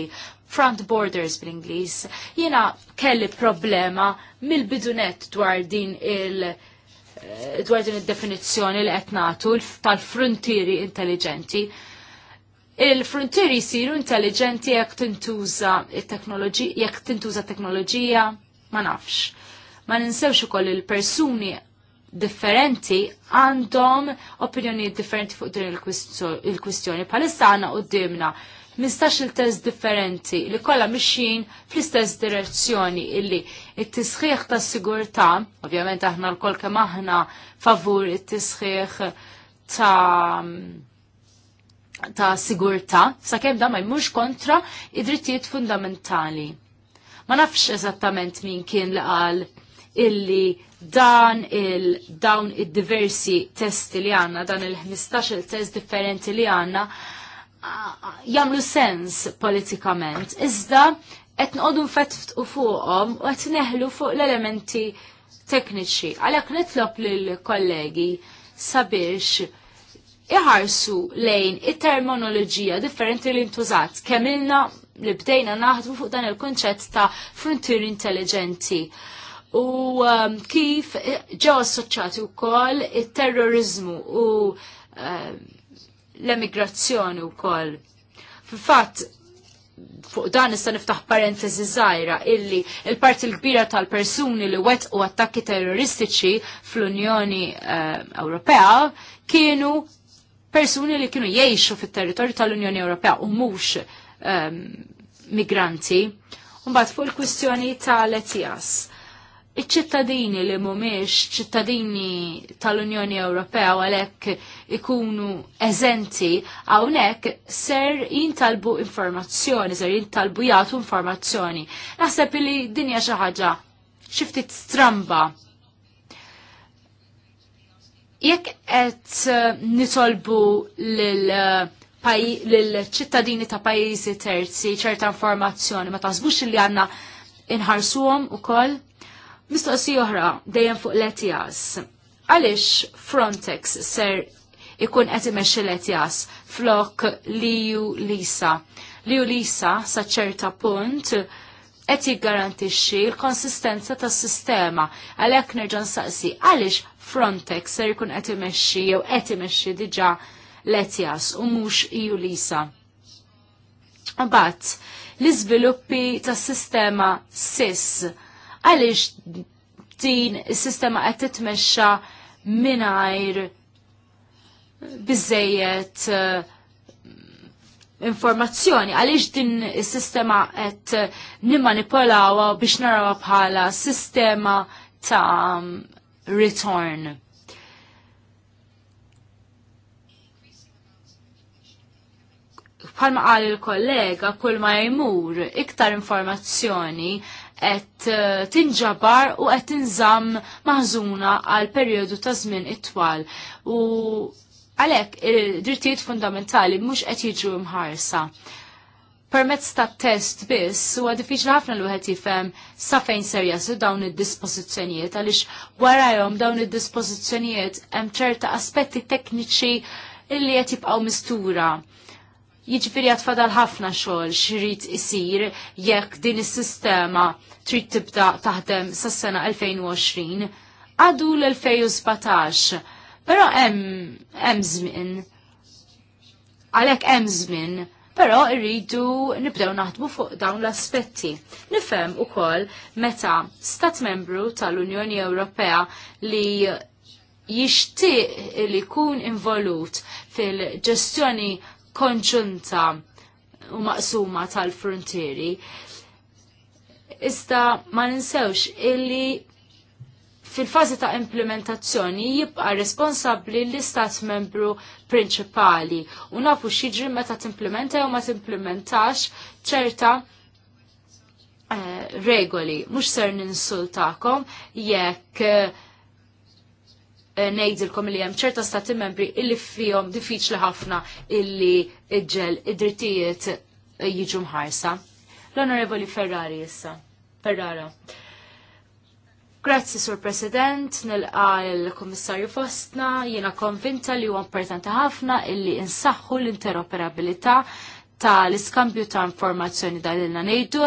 front borders bl-Inglis. Jena kelli problema mill-bidunet dwar din il- eh, dwar din id-definizzjoni li qed nagħtu tal-frontieri intelligenti. Il-frontieri jsiru intelligenti jekk tintuża t teknoloġija jekk tintuża teknoloġija ma nafx ma ninsewx ukoll il-persuni differenti għandhom opinjoni differenti fuq din il-kwistjoni. Palissa għanna u dimna mistax il-test differenti li kolla mixin fl-istess direzzjoni illi it-tisħiħ ta' sigurta, ovvjament aħna l-kol kem aħna favur it-tisħiħ ta' ta' sigurta, sakemm da ma jmux kontra id-drittijiet fundamentali. Ma nafx eżattament min kien li qal illi dan il dawn id-diversi testi li għanna, dan il-15 test differenti li għanna, jamlu sens politikament. Iżda, qed nqodu u fuqhom u qed neħlu fuq l-elementi tekniċi. Għalhekk nitlob lill-kollegi sabiex iħarsu lejn it-terminoloġija differenti li ntużat. Kemmilna li bdejna naħdmu fuq dan il-konċett ta' frontier intelligenti u um, kif ġew assoċjati wkoll it-terrorizmu u um, l-emigrazzjoni wkoll. Fil-fatt fuq dan nista' niftaħ parentesi żgħira illi il-parti l-kbira tal-persuni li wet u attakki terroristiċi fl-Unjoni um, Ewropea kienu persuni li kienu jgħixu fit-territorju tal-Unjoni Ewropea u mhux migranti. bat fuq il-kwistjoni tal-ETIAS iċ-ċittadini li mhumiex ċittadini tal-Unjoni Ewropea għalhekk ikunu eżenti hawnhekk ser jintalbu informazzjoni, ser jintalbu jagħtu informazzjoni. Naħseb li dinja xi ħaġa xi ftit stramba jekk qed nitolbu lil lill-ċittadini ta' pajjiżi terzi ċerta informazzjoni ma taħsbux li għandna inħarsuhom ukoll? Mistoqsi oħra dejjem fuq l-ETIAS. Għaliex Frontex ser ikun qed imexxi l-ETIAS flok Liju Lisa. Liju Lisa sa ċerta punt qed jiggarantixxi l-konsistenza tas-sistema għalhekk nerġa' nsaqsi għaliex Frontex ser ikun qed imexxi jew qed imexxi diġà l-ETIAS u mhux EU Lisa. Mbagħad l-iżviluppi tas-sistema SIS għaliex din is-sistema qed titmexxa mingħajr bizzejiet eh, informazzjoni għaliex din is-sistema qed nimmanipolawha biex narawha bħala sistema ta' return. Palma għal il-kollega kull ma jmur iktar informazzjoni qed eh, tinġabar u qed tinżamm maħżuna għal perjodu ta' żmien it-twal. U għalhekk ir-drittijiet fundamentali mhux qed jiġu mħarsa. Permezz ta' test biss huwa diffiċli ħafna l wieħed jifhem sa fejn ser jasu dawn id-dispożizzjonijiet għaliex warajhom dawn id-dispożizzjonijiet hemm ċerta aspetti tekniċi illi qed jibqgħu mistura Jiġifieri għatfadal ħafna xogħol xrid isir jekk din is-sistema trid tibda taħdem sas-sena 2020 għadu l-2017. Però hemm hemm żmien. Għalhekk hemm żmien Però irridu nibdew naħdmu fuq dawn l-aspetti. Nifhem ukoll meta stat membru tal-Unjoni Ewropea li jixtieq li jkun involut fil-ġestjoni konċunta u maqsuma tal-frontieri. Iżda ma ninsewx illi fil-fazi ta' implementazzjoni jibqa' responsabbli l-istat membru prinċipali u nafu x'jiġri meta timplementa jew ma timplementax ċerta eh, regoli. Mhux ser ninsultakom jekk eh, Eh, ngħidilkom li hemm ċerta stati membri illi fihom diffiċli ħafna illi iġġel id-drittijiet eh, jiġu mħarsa. L-Onorevoli Ferrari issa. Ferrara. Grazzi, Sur President, nilqa l-Komissarju Fostna, jiena konvinta li huwa importanti ħafna illi insaħħu l-interoperabilità tal-iskambju ta' informazzjoni dal-ilna ngħidu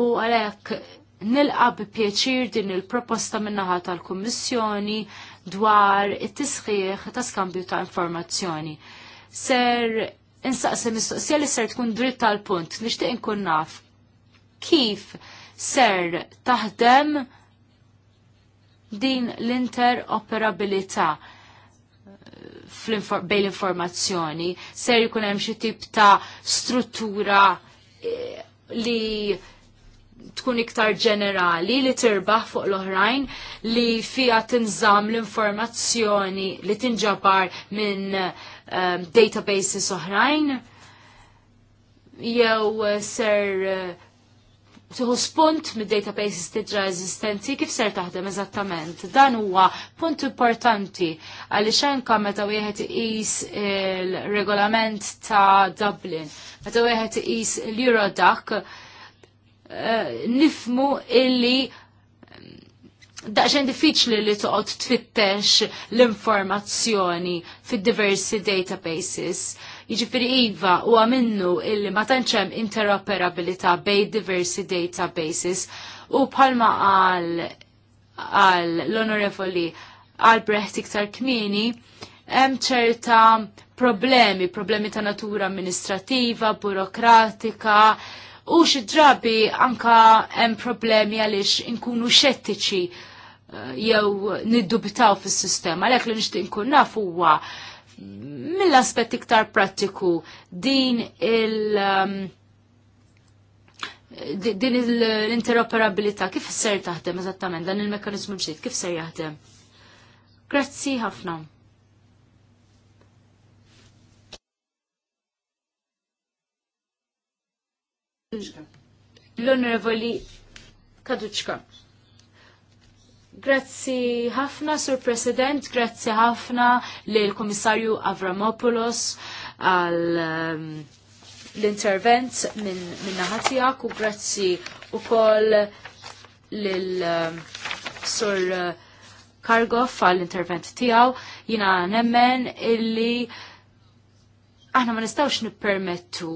u għalhekk nilqa bi pjaċir din il-proposta minnaħa tal-Kummissjoni dwar it-tisħiħ ta' skambju ta' informazzjoni. Ser insaqsi mistoqsija li ser tkun dritt tal-punt, nixtieq inkun naf kif ser taħdem din l-interoperabilità eh, bejn l-informazzjoni, ser jkun hemm xi tip ta' struttura eh, li tkun iktar ġenerali li tirbaħ fuq l-oħrajn li fija tinżam l-informazzjoni li tinġabar minn um, databases oħrajn jew eh, ser uh, eh, tuħu spunt mid databases tiġra eżistenti kif ser taħdem eżattament. Dan huwa punt importanti għaliex anke meta wieħed iqis il-regolament ta' Dublin, meta wieħed iqis l-Eurodac, Eh, nifmu illi ehm, daċen diffiċli li toqgħod twittex l-informazzjoni fid-diversi databases. Jiġifieri iva huwa minnu illi ma tantx hemm interoperabilità bejn diversi databases u bħalma għal għal l-onorevoli Albrecht iktar kmini hemm ċerta problemi, problemi ta' natura amministrativa, burokratika, u xi drabi anka hemm problemi għaliex inkunu xettiċi eh, jew niddubitaw fis-sistema. Għalhekk li nixtieq inkun naf huwa mill-aspett iktar prattiku din il- ehm, din l-interoperabilità kif ser taħdem eżattament dan il mekkanizmu ġdid kif ser jaħdem? Grazzi ħafna. l-Onorevoli Kaduċka. Grazzi ħafna, Sur President, grazzi ħafna l-Komissarju Avramopoulos għal um, l-intervent minn min naħatijak u grazzi u koll l-Sur um, Kargoff għal l-intervent tijaw. Jina nemmen illi aħna ma nistawx nippermettu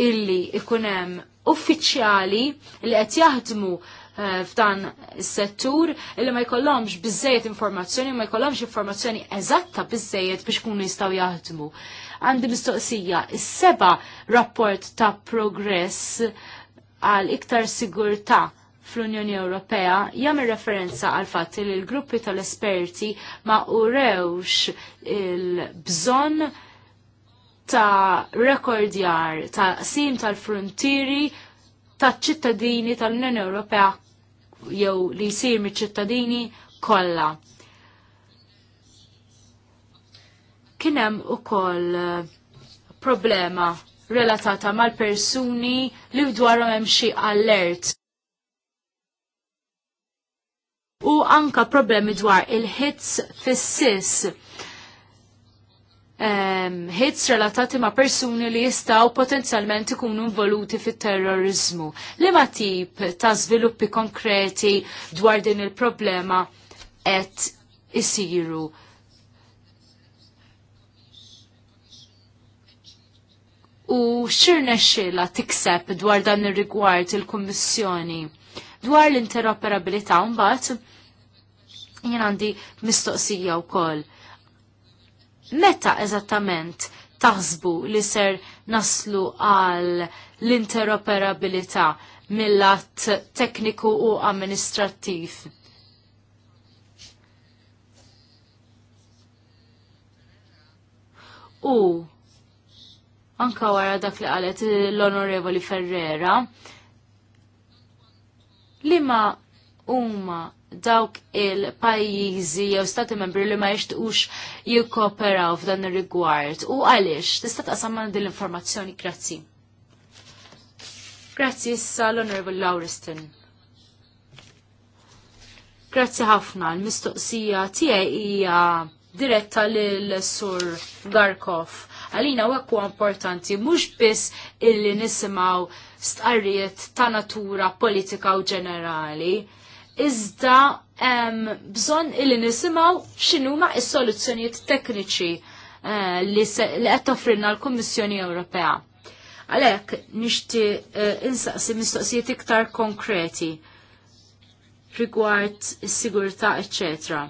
illi ikunem uffiċjali li qed jaħdmu eh, f'dan is-settur illi ma jkollhomx biżejjed informazzjoni, ma jkollhomx informazzjoni eżatta biżejjed biex kunu jistgħu jaħdmu. Għandi mistoqsija, is-seba rapport ta' progress għal iktar sigurtà fl-Unjoni Ewropea jagħmel referenza għal fatt li l-gruppi tal-esperti ma urewx il-bżonn ta' jar ta' sin tal-frontieri ta' ċittadini tal-Unjoni Ewropea jew li jsir miċ-ċittadini kollha. Kien hemm ukoll eh, problema relatata mal-persuni li dwarhom hemm xi allert. U anka problemi dwar il-ħits fis-sis hits relatati ma' persuni li jistaw potenzjalment ikunu involuti fit-terrorizmu. ma' tip ta' sviluppi konkreti dwar din il-problema qed isiru? U xirne xilla tikseb dwar dan ir-rigward il-Kummissjoni dwar l-interoperabilità mbagħad jien għandi mistoqsija wkoll Meta eżattament taħsbu li ser naslu għal l-interoperabilità mill-att tekniku u amministrattiv? U anka wara dak li qalet l-Onorevoli Ferrera, li ma huma dawk il-pajjiżi jew stati membri li ma jixtiequx jikkooperaw f'dan ir-rigward. U għaliex tista' taqsam ma' din l-informazzjoni grazzi. Grazzi issa l-Onorevol Lauriston. Grazzi ħafna, l-mistoqsija tiegħi hija diretta lil sur Garkov. Għalina u għakku importanti mhux biss illi nisimgħu stqarrijiet ta' natura politika u ġenerali, iżda bżonn illi nisimgħu x'inhuma s-soluzzjonijiet tekniċi uh, li qed toffrinna l-Kummissjoni Ewropea. Għalhekk nishti uh, eh, insaqsi mistoqsijiet iktar konkreti rigward is-sigurtà, eccetera.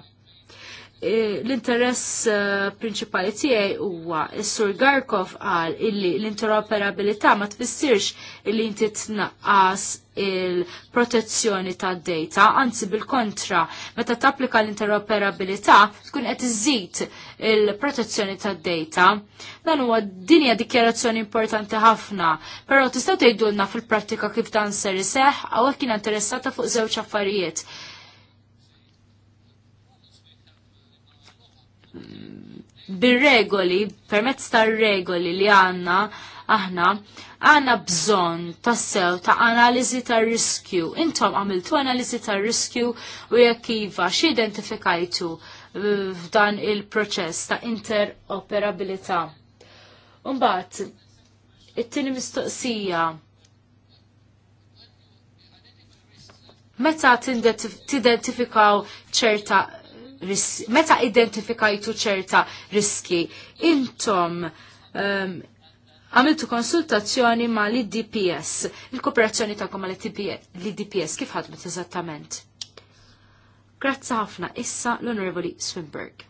Eh, l-interess eh, prinċipali tiegħi huwa s-Sur Garkov qal illi l-interoperabilità ma tfissirx illi inti tnaqqas il-protezzjoni tad data, anzi bil-kontra, meta tapplika l-interoperabilità tkun qed iżid il-protezzjoni tad data. Dan huwa dinja dikjarazzjoni importanti ħafna, però tista' tgħidulna fil-prattika kif dan ser iseħħ hawnhekk kien interessata fuq żewġ affarijiet bir-regoli, permezz tar-regoli li għanna, aħna, għanna bżon tassew ta' analizi tar riskju. Intom għamiltu analizi tar riskju u jekk iva x'identifikajtu uh, f'dan il-proċess ta' interoperabilità. Umbat, it-tieni mistoqsija meta tidentifikaw ċerta meta identifikajtu ċerta riski, intom ehm, għamiltu konsultazzjoni ma l-DPS, il-kooperazzjoni ta' koma l-DPS, kif ħadmet eżattament? Grazzi ħafna, issa l-Onorevoli Swinburg.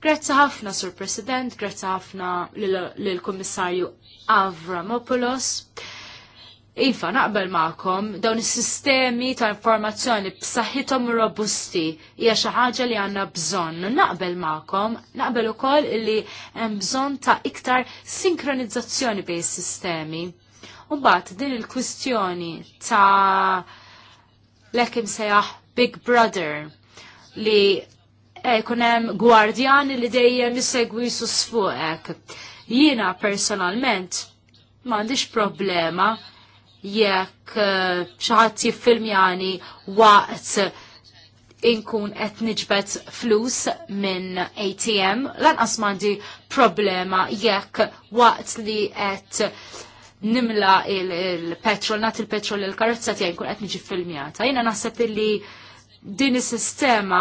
Grazzi ħafna, Sur President, grazzi ħafna l kummissarju Avramopoulos. Iva, naqbel ma'kom, dawn is-sistemi ta' informazzjoni b'saħħithom robusti hija xi ħaġa li għandna bżonn. Naqbel ma'kom, naqbel ukoll li hemm bżonn ta' iktar sinkronizzazzjoni bejn is-sistemi. U mbagħad din il-kwistjoni ta' l-ekim sejaħ Big Brother li eh, jkun hemm gwardjani li dejjem isegwi sfuqek. Jiena personalment m'għandix problema jekk eh, xaħat jani waqt inkun qed niġbet flus minn ATM, lanqas m'għandi problema jekk waqt li qed nimla il-petrol, nat il-petrol il-karozza tiegħi nkun qed niġi filmjata. Jiena naħseb li din is-sistema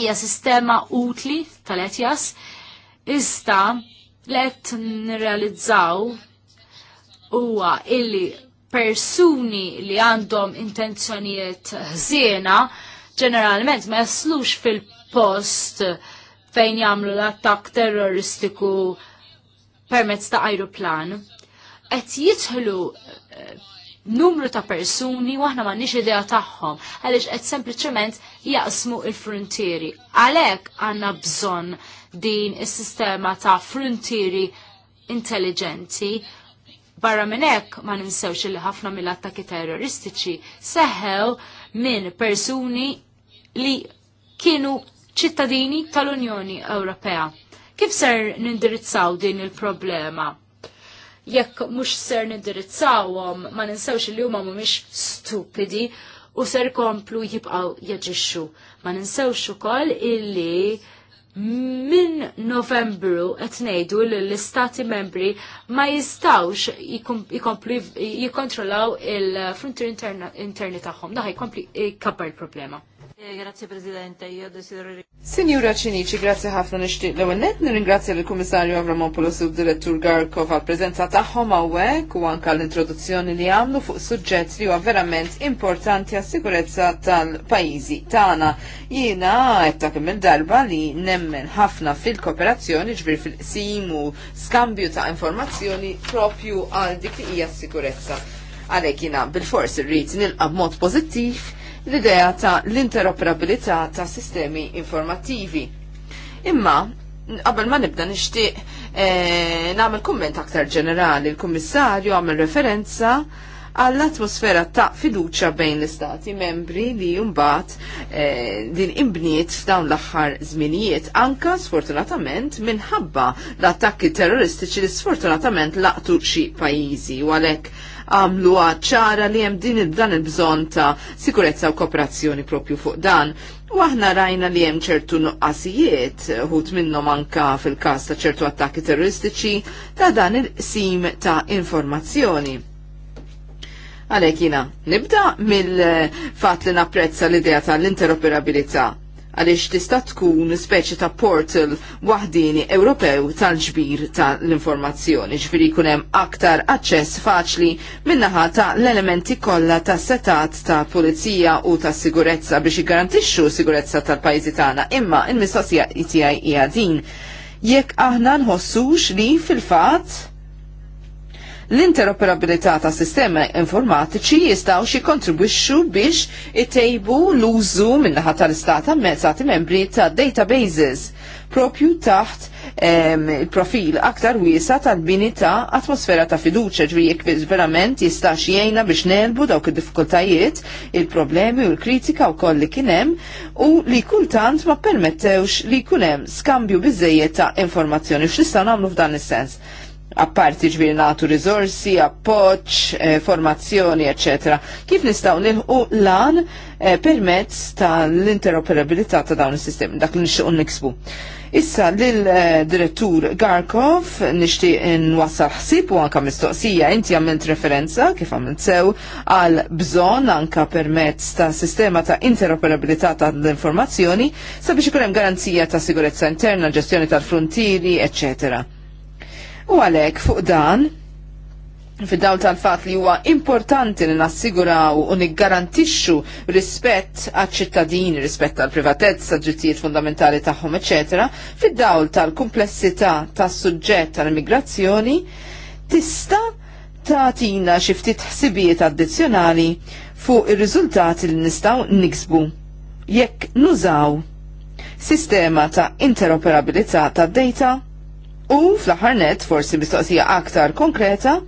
hija sistema utli tal-etjas iżda let nirrealizzaw huwa illi persuni li għandhom intenzjonijiet ħżiena ġeneralment ma jaslux fil-post fejn jagħmlu l attakk terroristiku permezz ta' ajruplan. Qed jidħlu eh, numru ta' persuni u aħna m'għandniex idea tagħhom għaliex qed sempliċement jaqsmu l-frontieri. Għalhekk għandna bżonn din is-sistema ta' frontieri intelligenti Barra minn hekk ma ninsewx li ħafna mill-attakki terroristiċi seħħew minn persuni li kienu ċittadini tal-Unjoni Ewropea. Kif ser nindirizzaw din il-problema? Jekk mhux ser nindirizzawhom ma ninsewx li huma mhumiex stupidi u ser komplu jibqaw jaġixxu. Ma ninsewx ukoll illi minn Novembru qed ngħidu li l-istati membri ma jistawx jikontrollaw jikkontrollaw il-frontier interni tagħhom. Daħ jkompli kabbar il-problema. Eh, grazie Presidente, io desidero... Signora Cinici, grazie ħafna nixtieq l-ewwel net nirringrazzja lill-Kummissarju Avramopoulos u d-Direttur Garkov għall preżenza tagħhom hawnhekk u anke l-introduzzjoni li għamlu fuq suġġett li huwa verament importanti għas sikurezza tal-pajjiżi tagħna. Jiena qed ta' kemm darba li nemmen ħafna fil-kooperazzjoni ġbir fil-qsim u skambju ta' informazzjoni propju għal dik li hija s-sikurezza. Għalhekk jiena bil forsi irrid nilqa' b'mod pożittiv l-idea ta' l-interoperabilità ta' sistemi informattivi. Imma, qabel ma nibda nixtieq eh, nagħmel kumment aktar ġenerali, il-Kummissarju għamel referenza għall-atmosfera ta' fiduċa bejn l-istati membri li jumbat eh, din imbniet f'dawn l-axħar żminijiet anka sfortunatament minħabba l-attakki terroristiċi li sfortunatament laqtu xi pajjiżi u għalhekk għamlu ċara li hemm din dan il-bżonn ta' sikurezza u kooperazzjoni propju fuq dan. U aħna rajna li hemm ċertu nuqqasijiet, hut minnhom anka fil-każ ta' ċertu attakki terroristiċi ta' dan il-sim ta' informazzjoni. Għalek jina, nibda mill-fat li napprezza l-idea tal-interoperabilità għaliex tista' tkun speċi ta' portal wahdini Ewropew tal-ġbir tal-informazzjoni, ġviri jkun hemm aktar aċċess faċli minnaħa ta' l-elementi kollha ta' setat ta' pulizija u ta' sigurezza biex jiggarantixxu sigurezza tal-pajjiżi tagħna, imma l mistoqsija ITI hija din. Jekk aħna nħossux li fil-fatt L-interoperabilità ta' sistema informatiċi jistaw xie kontribwixxu biex it-tejbu l-użu minnaħa tal-istata mezzati membri ta' databases propju taħt il-profil aktar wiesa tal-bini ta' atmosfera ta' fiduċa ġri verament jista' xiejna biex nelbu dawk id-diffikultajiet, il-problemi u l-kritika u koll li kienem u li kultant ma permettewx li kunem skambju bizzejiet ta' informazzjoni x'nistgħu nagħmlu f'dan is-sens apparti ġbir natu rizorsi, appoċ, eh, formazzjoni, ecc. Kif nistaw nilħu lan eh, permezz tal-interoperabilità ta' dawn is-sistemi, dak li nixtiequ niksbu. Issa l eh, direttur Garkov nixtieq nwassal ħsib u anka mistoqsija inti għamilt referenza kif għamilt sew għal bżonn anka permezz ta' sistema ta' interoperabilità ta' l informazzjoni sabiex ikun hemm garanzija ta' sigurezza interna, ġestjoni tal-frontieri, eccetera U għalek fuq dan, fid-dawl tal-fat li huwa importanti li nassiguraw u niggarantixxu rispett għaċ-ċittadini, rispett għal-privatezza, ġittijiet fundamentali tagħhom, eċetera, fid-dawl tal-kumplessità tas-suġġett tal-immigrazzjoni, tista' tagħtina xi ftit ħsibijiet addizzjonali fuq ir-riżultati li nistgħu niksbu jekk nużaw sistema ta' interoperabilità tad-data U fl-aħħar net, forsi mistoqsija aktar konkreta,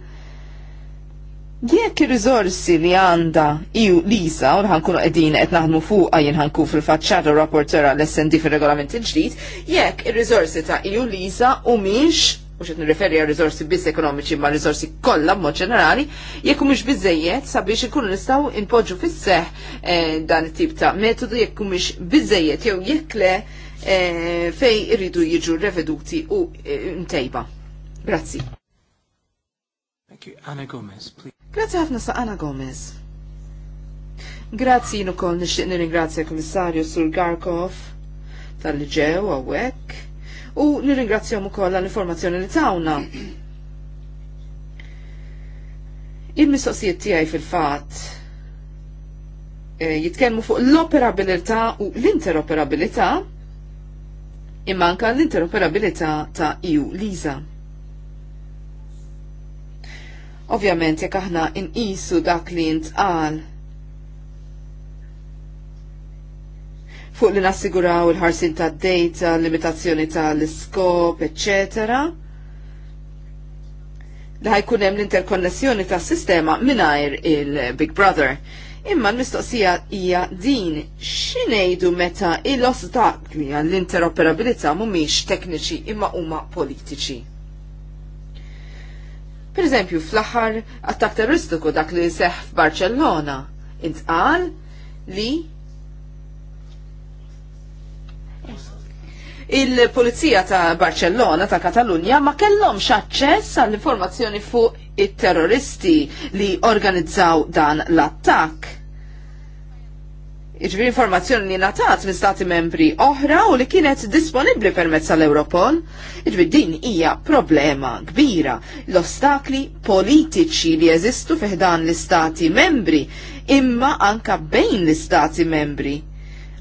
jekk ir rizorsi li għandha ju lisa u ħankunu qegħdin qed naħdmu fuq għajin ħankun fil-fatt u rapportera l-SND fir-regolament il-ġdid, jekk ir rizorsi ta' ju lisa u miex u xet nirreferi għal rizorsi bis ekonomiċi ma rizorsi kollha mod ġenerali, jekk mhux biżejjed sabiex ikunu nistgħu inpoġġu fis eh, dan it-tip ta' metodu jekk mhux biżejjed jew jekk le Eh, fej irridu jiġu reveduti u ntejba. Eh, Grazzi. Thank you. Anna Gomez, please. Grazzi ħafna sa' Anna Gomez. Grazzi nukol nixtieq nirringrazzja Kummissarju Sur Garkov tal-li ġew hawnhekk u nirringrazzjahom ukoll għall-informazzjoni li tawna. Il-mistoqsijiet tiegħi fil-fatt eh, jitkellmu fuq l-operabilità u l-interoperabilità imma anka l-interoperabilità ta' EU Lisa. Ovvjament jekk aħna inqisu dak li ntqal fuq li nassiguraw il-ħarsin ta' data, limitazzjoni ta' l-iskop, etc. Li ħajkun hemm l-interkonnessjoni ta' sistema mingħajr il-Big Brother. Imma l-mistoqsija hija din x'ngħidu meta l-ostakli għall-interoperabilità mhumiex tekniċi imma huma politiċi. Per eżempju, fl-aħħar attak terroristiku dak li seħ f'Barcellona intqal li il-Polizija ta' Barċellona ta' Katalunja ma kellhomx aċċess għall-informazzjoni fuq it-terroristi li organizzaw dan l-attak. Iġbir informazzjoni li natat minn stati membri oħra u li kienet disponibli permezz tal-Europol, iġbir din hija problema kbira l-ostakli politiċi li jeżistu fiħdan l-istati membri imma anka bejn l-istati membri,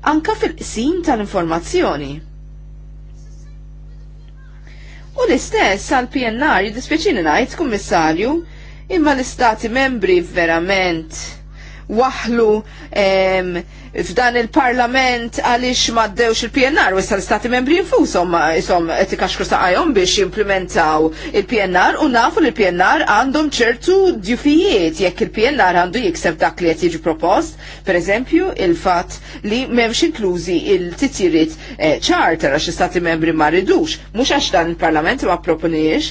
anka fil-qsim tal-informazzjoni. U l-istess għal PNR jiddispjaċini ngħid, kummissarju, imma l-istati membri verament waħlu f'dan il-parlament għaliex maddewx il-PNR, u l-stati membri infusom, jisom, etika xkru għajom biex implementaw il-PNR u nafu li il-PNR għandhom ċertu djufijiet jekk il-PNR għandu jikseb dak li jtiġi propost, per eżempju, il-fat li memx inklużi il-titjiriet eh, ċarter għax stati membri ma mux għax dan il-parlament ma proponiex,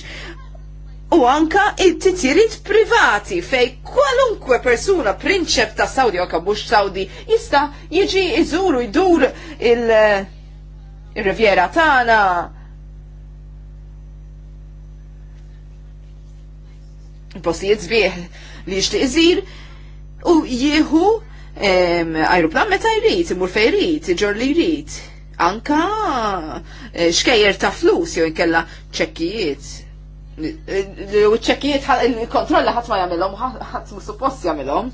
u anka il titirit privati fej kwalunkwe persuna prinċep ta' Saudi u kabux Saudi jista jiġi iżuru jdur il riviera il tagħna. postijiet li jixtieq iżir u jieħu ajruplan meta jrid, imur fej jrid, iġor li jrid. Anka eh, xkejjer ta' flus jew jkella ċekkijiet L-ċekkijiet il-kontrolla ħadd ma jagħmilhom, ħadd suppost jamilom.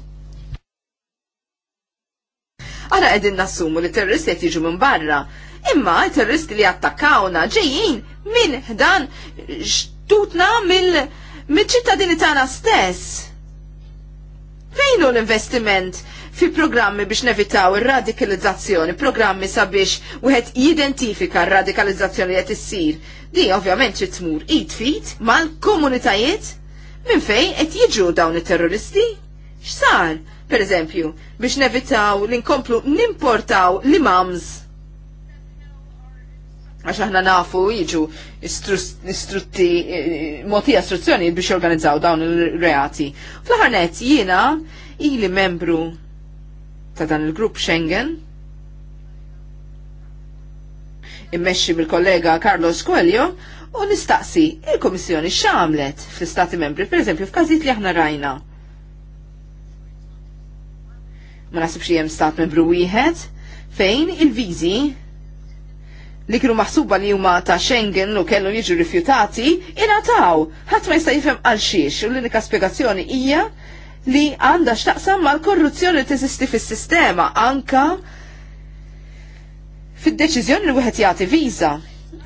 Ara qegħdin nassumu li terroristi qed jiġu minn barra, imma terroristi li attakkawna ġejjin minn dan xtutna mill-ċittadini tagħna stess. Fejnu l-investiment? fi programmi biex nevitaw ir-radikalizzazzjoni, programmi sabiex wieħed jidentifika r-radikalizzazzjoni li issir. Di ovvjament xi tmur id fit mal-komunitajiet minn fejn qed jiġu dawn it-terroristi. X'sar, per eżempju, biex nevitaw li nkomplu nimportaw l-imams għax aħna nafu jiġu istrutti, eh, moti istruzzjoni biex jorganizzaw dawn il-reati. Fl-ħarnet jiena ili membru ta' dan il-grupp Schengen. Immexxi bil-kollega Carlos Coelho u nistaqsi il-Komissjoni x'għamlet fl-Istati Membri, pereżempju f'każijiet li aħna rajna. Ma nasibx li hemm stat membru wieħed fejn il-viżi li kienu maħsuba li huma ta' Schengen u kellu jiġu rifjutati, ingħataw ħadd ma jista' jifhem għal xiex u l-unika spjegazzjoni hija li għandha x'taqsam mal-korruzzjoni li teżisti fis-sistema anka fid-deċiżjoni li wieħed jagħti viza.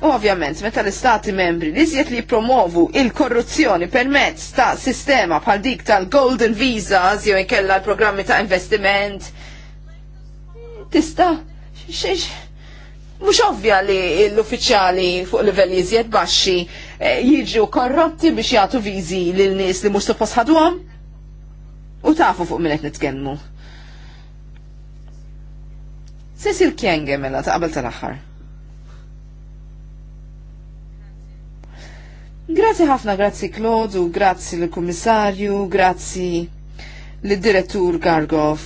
U ovvjament, meta l-istati membri li zjet li promovu il-korruzzjoni permezz ta' sistema bħal dik tal-Golden Visa, jew jkella l-programmi ta' investiment, tista' xiex. Mux ovvja li l-uffiċjali fuq livelli iżjed baxxi eh, jiġu korrotti biex jagħtu viżi l nies li mhux suppost ħadhom? U tafu fuq minnet nitkellmu. Cecil Kienge mela ta' qabel tal-aħħar. Grazzi ħafna, grazzi Klodu, grazzi l-Kummissarju, grazzi l-Direttur Gargov.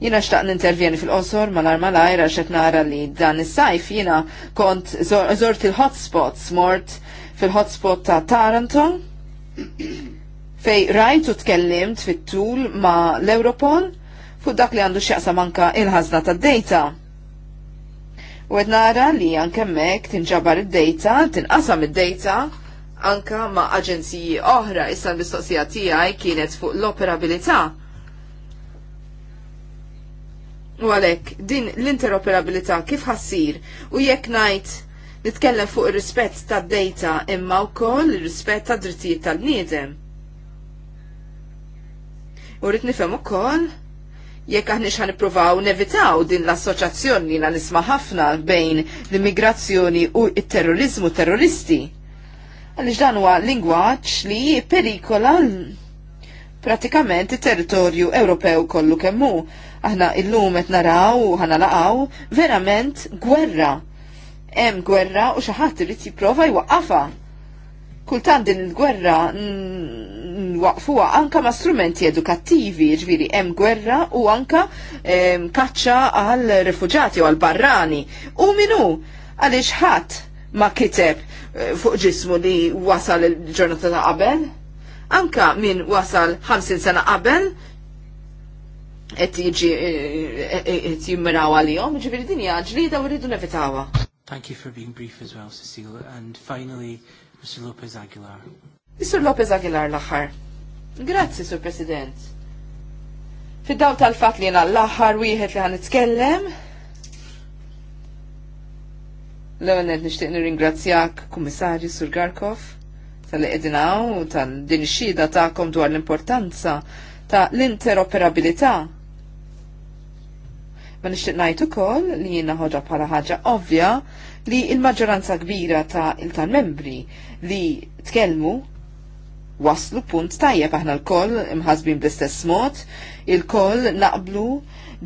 Jina xtaq n-intervjeni fil-qosor malar lajra xet nara li dan is-sajf jina kont zort il-hotspots mort fil-hotspot ta' Taranto fej rajt u tkellimt fit-tul ma l-Europol fuq dak li għandu xjaqsa manka il-ħazna ta' data. U għed nara li għankemmek tinġabar id-data, tinqasam id-data anka ma' aġenziji oħra issa l-mistoqsija tiegħi kienet fuq l-operabilità. U għalek, din l-interoperabilità kif ħassir u jekk najt nitkellem fuq ir-rispett tad-data imma wkoll ir-rispett tad-drittijiet tal-bniedem U rrit nifhem ukoll jekk aħna xan nippruvaw nevitaw din l-assoċjazzjoni li nisma' ħafna bejn l-immigrazzjoni u t-terrorizmu terroristi. Għaliex dan huwa lingwaġġ li perikola pratikament it-territorju Ewropew kollu kemmu. Aħna illum qed naraw u ħana verament gwerra. Hemm gwerra u xi ħadd irid jipprova jwaqqafha. Kultant din il-gwerra mm, waqfuwa anka ma' strumenti edukattivi, ġviri jiġifieri hemm gwerra u anka ehm, kaċċa għal rifuġati u għal barrani. U minu għaliex ħadd ma kiteb eh, fuq ġismu li wasal il-ġurnata ta' qabel, anka min wasal 50 sena qabel, qed jiġi eh, eh, għal-jom, ġviri jiġifieri din hija ġlida u rridu nevitawha. Thank you for being brief as well, Cecile. And finally, Mr. Lopez Aguilar. Mr. Lopez Aguilar l-aħħar. Grazzi, Sur President. Fid-daw tal-fat li jena l-axar wieħed li ħanitkellem. L-għonet nishtiq nir-ingrazzjak, Kummissarju Sur Garkov, tal-li edinaw, tal-din xida ta'kom dwar l-importanza ta' l-interoperabilità. Ma nixtieq ngħid ukoll li jiena ħoġa bħala ħaġa ovvja li l maġġoranza kbira ta' il-tal-membri li tkellmu waslu punt tajjeb aħna l-koll imħazbin bl-istess mod, il-koll naqblu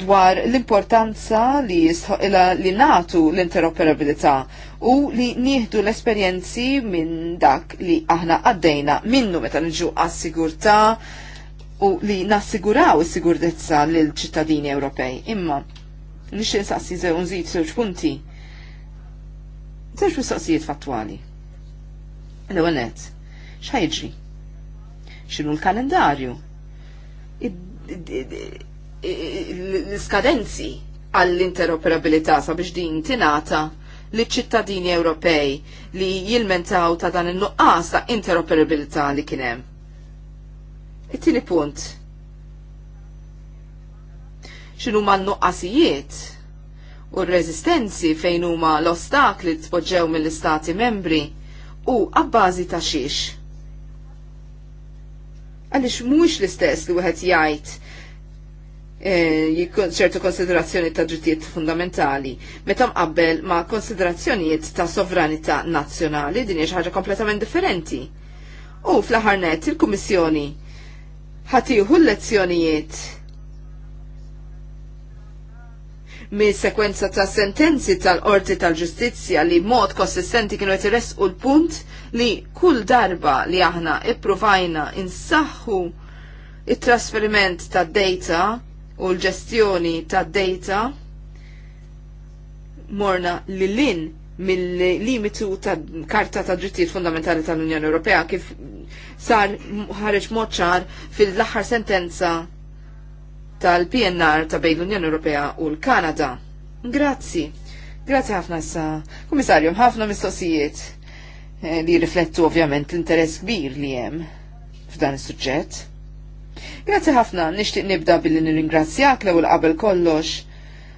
dwar l-importanza li li natu l-interoperabilità u li nieħdu l-esperjenzi minn dak li aħna għaddejna minnu meta nġu għas-sigurtà u li nassiguraw is-sigurtezza lill ċittadini Ewropej. Imma nix insaqsi zew nżid żewġ punti. Żewġ mistoqsijiet fattwali. L-ewwel nett, x'ħajġri? xinu l-kalendarju, l-skadenzi għall-interoperabilità sabiex din tinata li ċittadini Ewropej li jilmentaw ta' dan il-nuqqas ta' interoperabilità li kienem. It-tini punt. Xinu ma' nuqqasijiet u r-rezistenzi fejn huma l-ostakli tpoġġew mill-istati membri u għabbażi ta' xiex Għaliex mux l-istess li wieħed jgħid eh, ċertu konsiderazzjoni ta' ġittijiet fundamentali, meta mqabbel ma' konsiderazzjonijiet ta' sovranità nazzjonali din hija ħaġa kompletament differenti. U fl-aħħar net il-Kummissjoni ħatiħu l-lezzjonijiet minn sekwenza ta' sentenzi tal-Qorti tal-Ġustizzja li mod konsistenti kienu jtiress u l-punt li kull darba li aħna ipprovajna insaħħu il trasferiment ta' data u l-ġestjoni ta' data morna li l-in mill-limitu ta' karta ta' drittijiet fundamentali tal-Unjoni Ewropea kif sar ħareġ moċar fil-aħħar sentenza tal-PNR ta' bejn l-Unjoni Ewropea u l-Kanada. Grazzi. Grazzi ħafna sa. Kummissarju ħafna mistoqsijiet eh, li riflettu ovvjament l-interess kbir li hemm f'dan is-suġġett. Grazzi ħafna, nixtieq nibda billi nirringrazzjak l-ewwel qabel kollox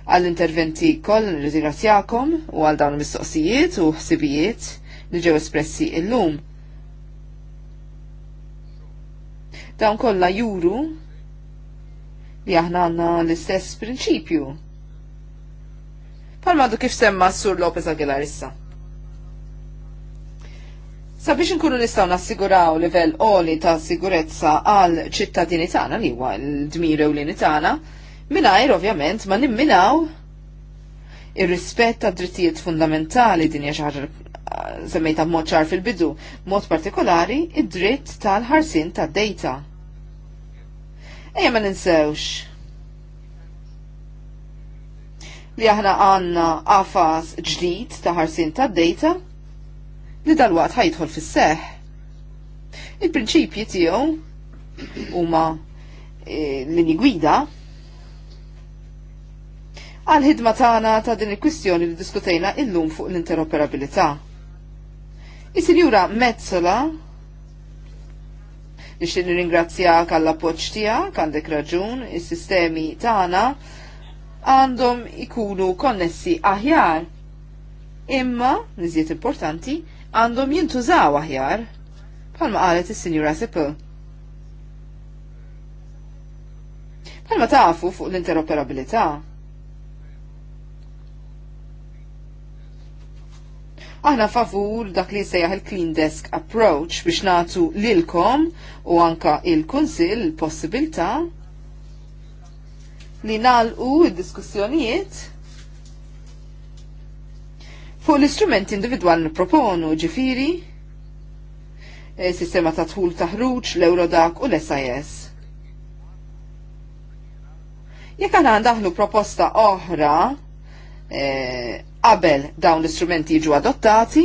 għall-interventi koll nirringrazzjakom u għal dawn il-mistoqsijiet u ħsibijiet li ġew espressi illum. Dawn kollha juru li aħna għanna l-istess prinċipju. Palma du kif semma Sur Lopez Aguilar issa. Sabiex nkunu nistaw nassiguraw livell oli ta' sigurezza għal ċittadini tagħna li huwa l-dmir ewlieni tagħna, mingħajr ovvjament ma nimminaw ir-rispett ta' drittijiet fundamentali din hija xi ħaġa semmejta b'mod ċar fil-bidu, mod partikolari id-dritt tal-ħarsin tad-dejta. Ejja ma ninsewx li aħna għanna għafas ġdid ta' ħarsin ta' data li dal-waqt ħajtħol fis seħ Il-prinċipji tiegħu huma e, linji gwida għal ħidma tagħna ta' din il-kwistjoni li diskutejna illum fuq l-interoperabilità. Is-Sinjura Mezzola Nixtieq nirringrazzja għall appoġġ tiegħek għandek raġun, is-sistemi tagħna għandhom ikunu konnessi aħjar. Imma, nizjiet importanti, għandhom jintużaw aħjar. Palma qalet is-Sinjura Sippel. Palma tafu fuq l-interoperabilità Aħna favur dak li sejjaħ il-Clean Desk Approach biex natu lilkom u anka il-Kunsil possibilta li nalqu id-diskussjonijiet fuq l-istrument individwal proponu ġifiri e, sistema ta' tħul taħruġ, l-Eurodac u l-SIS. Jekk għana għandahlu proposta oħra, e, qabel dawn l-istrumenti jiġu adottati,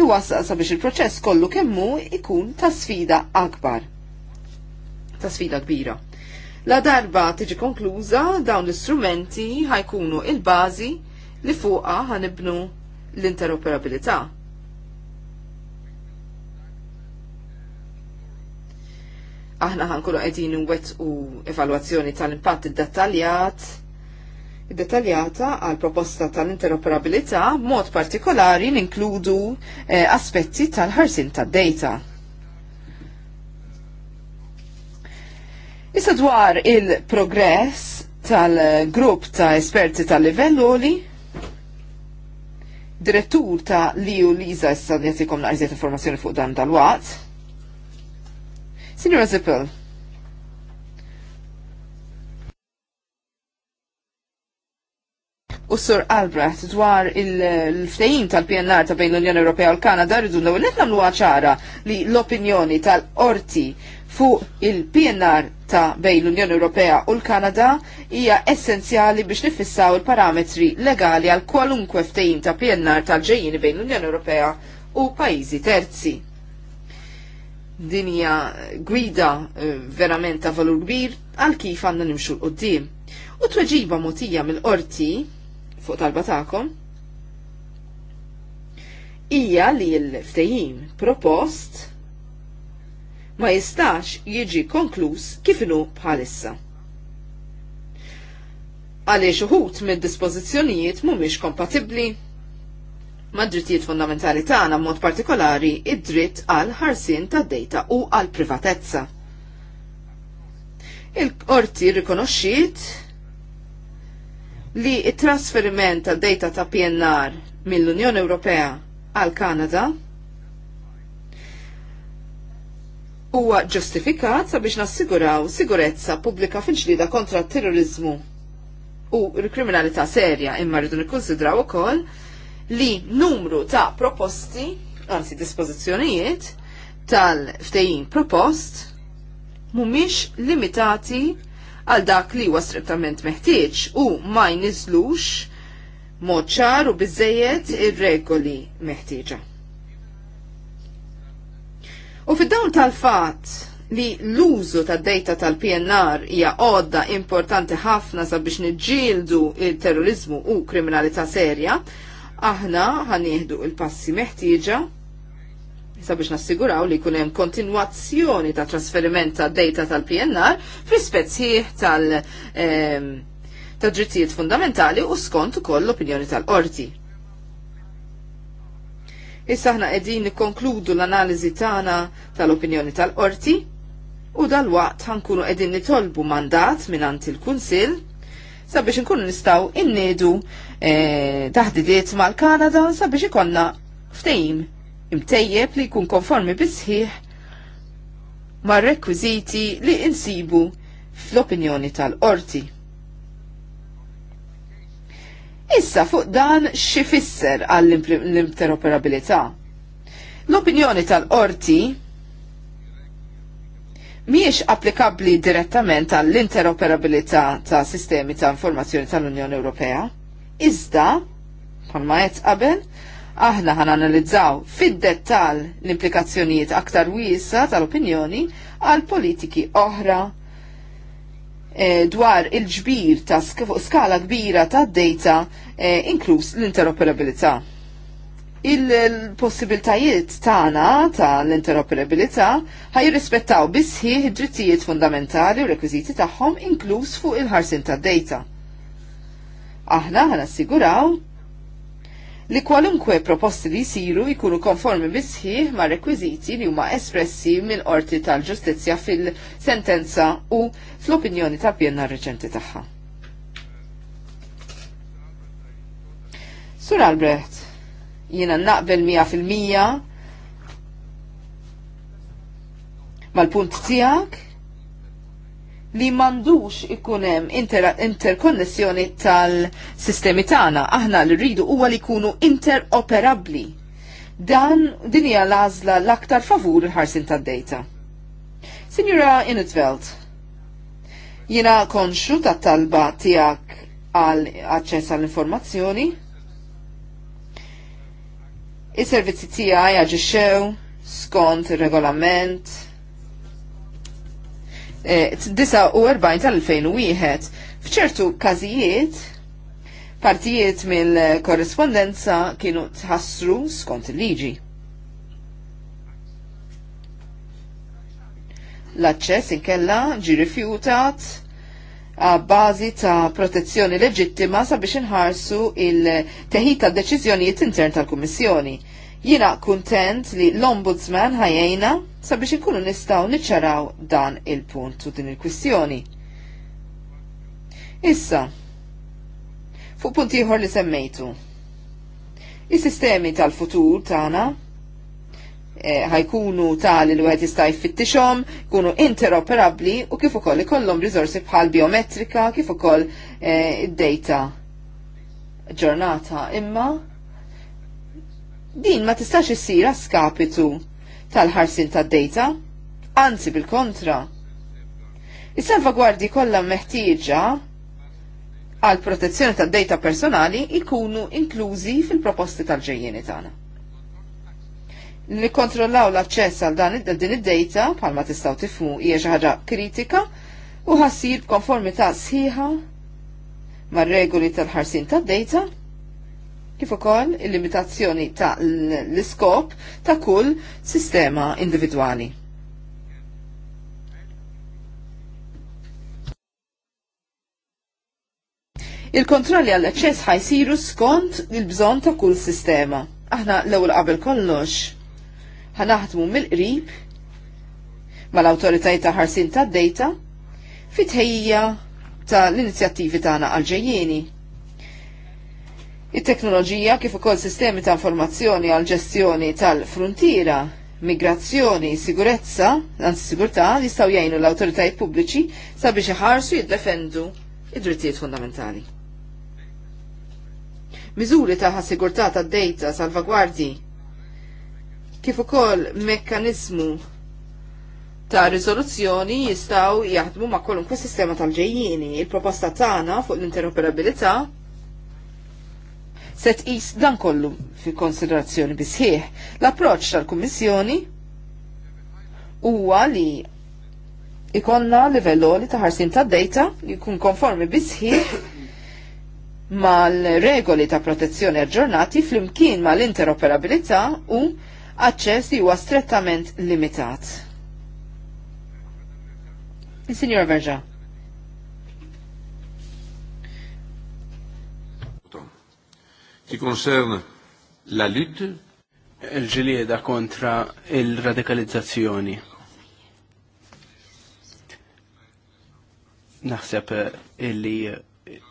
iwassa sabiex il-proċess kollu kemmu ikun ta' sfida akbar. Ta' sfida kbira. La darba tiġi konkluża dawn l-istrumenti ħajkunu il-bażi li fuqa ħanibnu l-interoperabilità. Aħna ħankunu qegħdin wet u evalwazzjoni tal-impatt id-dettaljat dettaljata għal proposta tal-interoperabilità mod partikolari ninkludu eh, aspetti tal-ħarsin tad-data. Issa dwar il-progress tal-grupp ta' esperti tal-livelloli, direttur ta' Liu Liza issa jagħtikom naqriżiet informazzjoni fuq dan tal-waqt. Signora Zippel, u Sur Albrecht dwar il-ftejim tal-PNR ta' bejn l-Unjoni Ewropea u l-Kanada rridu l ewwel nagħmlu ċara li l-opinjoni tal-qorti fuq il-PNR ta' bejn l-Unjoni Ewropea u l-Kanada hija essenzjali biex nifissaw il-parametri legali għal kwalunkwe ftejim ta' PNR tal-ġejjini bejn l-Unjoni Ewropea u pajjiżi terzi. Dinja gwida eh, verament ta' valur kbir għal kif għandna nimxu l-qoddim. U tweġiba motija mill-qorti fuq talba tagħkom hija li l-ftehim propost ma jistax jiġi konkluż kif inhu bħalissa għaliex uħut mid dispożizzjonijiet mhumiex kompatibbli ma' drittijiet fundamentali tagħna mod partikolari id-dritt għal ħarsien tad-dejta u għal privatezza. Il-qorti rikonoxxiet li t trasferiment ta' data ta' PNR mill-Unjoni Ewropea għal Kanada huwa ġustifikat sabiex nassiguraw sigurezza pubblika fil-ġlida kontra t terrorizmu u l-kriminalità serja imma rridu nikkonsidraw ukoll li numru ta' proposti, anzi dispożizzjonijiet tal ftejin propost mhumiex limitati għal dak li huwa strettament meħtieġ u ma jniżlux mod ċar u biżejjed ir-regoli meħtieġa. U fid-dawn tal-fatt li l-użu ta' data tal-PNR hija għodda importanti ħafna sabiex niġġieldu il-terrorizmu u kriminalità serja, aħna ħanieħdu il-passi meħtieġa sabiex nassiguraw li kunem kontinuazzjoni ta' trasferiment ta' data tal-PNR fl-ispezzieħ tal- ehm, ta' drittijiet fundamentali u skont ukoll l-opinjoni tal-qorti. Issa ħna qegħdin nikkonkludu l-analiżi tagħna tal-opinjoni tal-qorti u dal-waqt ħankunu qegħdin nitolbu mandat mingħand il-Kunsill sabiex nkunu nistaw innedu eh, taħdidiet mal-Kanada sabiex ikonna ftejim imtejjeb li jkun konformi bisħiħ ma' rekwiziti li insibu fl-opinjoni tal-qorti. Issa fuq dan xifisser għall-interoperabilità. L-opinjoni tal-qorti miex applikabli direttament għall-interoperabilità ta' sistemi ta' informazzjoni tal-Unjoni Ewropea, iżda, palma qed qabel, Aħna ħan analizzaw fid-dettal l-implikazzjonijiet aktar wiesa tal-opinjoni għal politiki oħra e, dwar il-ġbir ta' skala kbira ta' data e, eh, inkluż l-interoperabilità il-possibiltajiet tagħna ta' l-interoperabilità ħajrispettaw bisħieħ id-drittijiet fundamentali u rekwiżiti tagħhom inkluż fuq il-ħarsin tad-data. Aħna ħanassiguraw li kwalunkwe proposti li jisiru jkunu konformi bisħiħ ma' rekwiziti li huma espressi mill qorti tal-ġustizzja fil-sentenza u fl-opinjoni ta' pjenna reċenti tagħha. Sur Albrecht, jiena naqbel 100% mal-punt tiegħek li mandux ikunem interkonnessjoni inter tal-sistemi tagħna. Aħna li rridu huwa li jkunu interoperabbli. Dan din hija l-għażla l-aktar favur il-ħarsin tad-data. Signora Inutveld, jina konxu ta' talba tijak għal aċċess għall informazzjoni Is-servizzi tijaj jaġixxew skont ir-regolament 49 eh, tal-2001. F'ċertu każijiet, partijiet mill-korrespondenza kienu tħassru skont il-liġi. L-aċċess inkella ġi rifjutat bażi ta' protezzjoni leġittima sabiex inħarsu il-teħid tad deċiżjonijiet intern tal-Kummissjoni Jina kuntent li l-ombudsman ħajjajna sabiex ikunu nistaw niċċaraw dan il-punt u din il-kwistjoni. Issa, fuq punti ieħor li semmejtu. Is-sistemi tal-futur tagħna eh, ħajkunu e, tali li wieħed jista' jfittixhom, jkunu interoperabbli u kif ukoll ikollhom riżorsi bħal biometrika, kif ukoll eh, id-data ġurnata imma Din ma tistax issira skapitu tal-ħarsin tad-data, anzi bil-kontra. Is-salvagwardji kollha meħtieġa għal protezzjoni tad-data personali ikunu inklużi fil-proposti tal-ġejjeni tagħna. Li kontrollaw l-aċċess għal dan din id-data bħalma tistgħu tifmu hija xi ħaġa kritika u ħassir b'konformità sħiħa mar-regoli tal-ħarsin tad-data kif ukoll il-limitazzjoni ta' l-iskop ta' kull sistema individwali. Il-kontrolli għall eċċess ħajsiru skont il-bżon ta' kull sistema. Aħna l-ewwel qabel kollox ħanaħdmu mill-qrib mal-awtoritajiet ta' ħarsin tad-dejta fit-tħejja tal-inizjattivi tagħna għal-ġejjieni it-teknoloġija kif ukoll sistemi ta' informazzjoni għal ġestjoni tal-frontiera, migrazzjoni, sigurezza, anzi sigurtà jistgħu jgħinu l-awtoritajiet pubbliċi sabiex iħarsu jiddefendu id-drittijiet fundamentali. Miżuri ta' sigurtà tad-dejta salvagwardi kif ukoll mekkaniżmu ta' rizoluzzjoni jistgħu jaħdmu ma' kwalunkwe sistema tal-ġejjini. Il-proposta tagħna fuq l-interoperabilità se tqis dan kollu fi konsiderazzjoni bisħieħ. L-approċċ tal-Kummissjoni huwa li ikonna livelloli li ta' ħarsin ta' data li jkun konformi bisħieħ mal-regoli ta' protezzjoni aġġornati flimkien mal-interoperabilità u aċċess li huwa strettament limitat. il Signor Verġa. qui concerne la lutte il-ġilieda kontra il-radikalizzazzjoni. Naħseb illi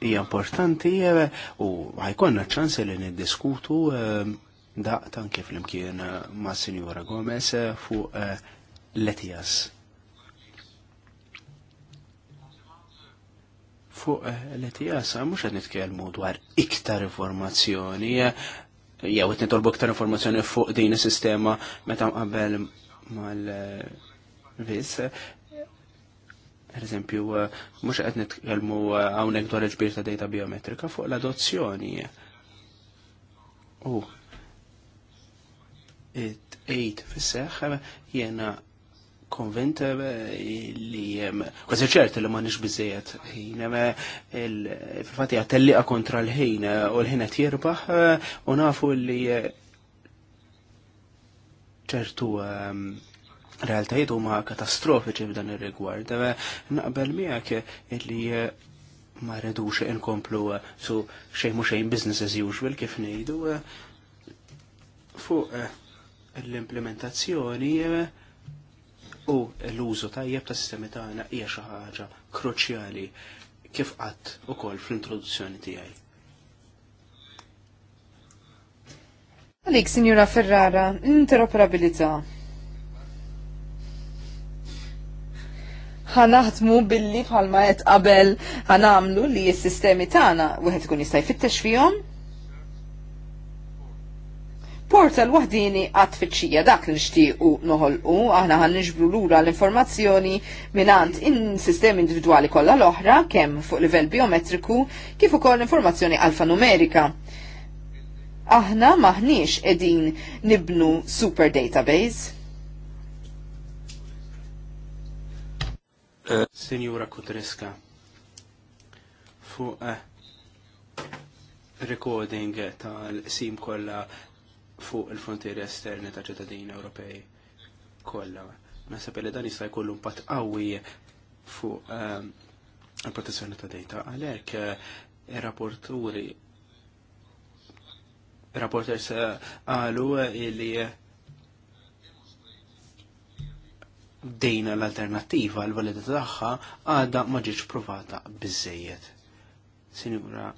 hija importanti eh, u ħajkonna ċans li niddiskutu eh, daqt anke fl-imkien ma' Sinjora Gomez eh, fuq l-Etijas. Fuq eh, l-ETS, eh, mux għed nitkelmu dwar iktar informazzjoni, eh, jew għed nitolbu iktar informazzjoni fuq din is-sistema meta qabel mal-vis. Per eżempju, mhux qed nitkellmu hawnhekk dwar il-ġbir ta' data biometrika fuq l-adozzjoni. U it-tqejt fis-seħħ jiena Konvent eh, li kważi ċert li ma nix bizzejet ħin eh, il-fatti għatelliqa kontra l-ħin eh, u l-ħin qed jirbaħ u nafu li ċertu realtajiet huma katastrofiċi f'dan ir-rigward. Naqbel miegħek li ma redux inkomplu su xejn mhux xejn business as usual kif ngħidu fuq l-implementazzjoni u l-użu tajjeb ta' sistemi tagħna hija xi ħaġa kruċjali kif qatt ukoll fl-introduzzjoni tiegħi. Għalik, Signora Ferrara, interoperabilità. ħanaħdmu billi bħalma qed qabel ħanamlu li s-sistemi tagħna wieħed ikun jista' jfittex fihom portal wahdini għat fitxija dak li noħol noħolqu, aħna għan nġbru lura l-informazzjoni minant in sistemi individuali kollha l-oħra, kemm fuq livell biometriku, kif ukoll informazzjoni alfanumerika. Aħna maħniex edin nibnu super database. Uh, eh. Signora fuq eh, recording tal-sim kolla fuq il-frontieri esterni ta' ċittadini Ewropej kollha. Nasab li dan jista' jkollu impatt qawwi fuq ehm, il-protezzjoni ta' dejta Għalhekk eh, ir-rapporturi rapporters għalu eh, li eh, dejna l-alternativa l valida tagħha għadha ma ġietx provata biżejjed. Sinjura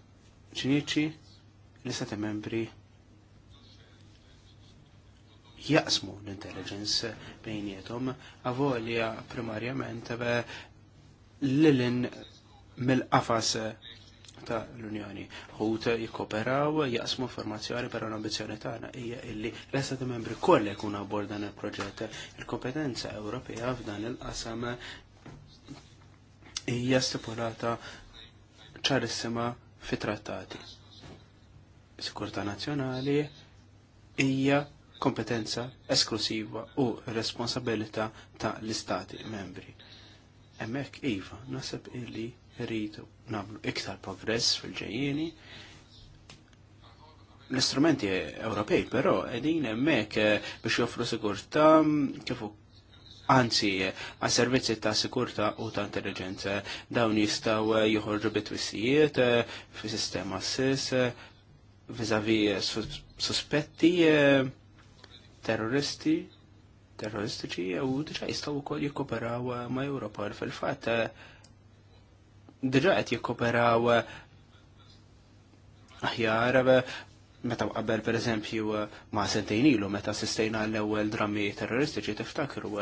Ċiniċi, l-istati membri jaqsmu l-intelligence bejnietom avolja primarjament l-lin mill-qafas ta' l-Unjoni. Għut jikoperaw, jaqsmu informazzjoni per l-ambizjoni tagħna hija illi l estat membri kollha jkunu abbord dan il-proġett. Il-kompetenza Ewropea f'dan il-qasam hija stipulata ċarissima fit-trattati. Sikurta nazzjonali hija kompetenza esklusiva u responsabilità ta' l-istati membri. Emmek Iva, nasab illi rridu namlu iktar progress fil-ġejjeni. L-istrumenti Ewropej, però, edin emmek eh, biex joffru sigurta kif Anzi, eh, għas servizzi ta' sikurta u ta' intelligenza dawn jistaw eh, juħorġu bitwissijiet fi sistema SIS, vizavi suspetti terroristi terroristiċi u diġa jistaw ukoll jikkoperaw ma' Europol fil-fatt diġa qed jikkoperaw aħjar meta qabel pereżempju ma' sentejn ilu meta sistejna l-ewwel drammi terroristiċi tiftakru u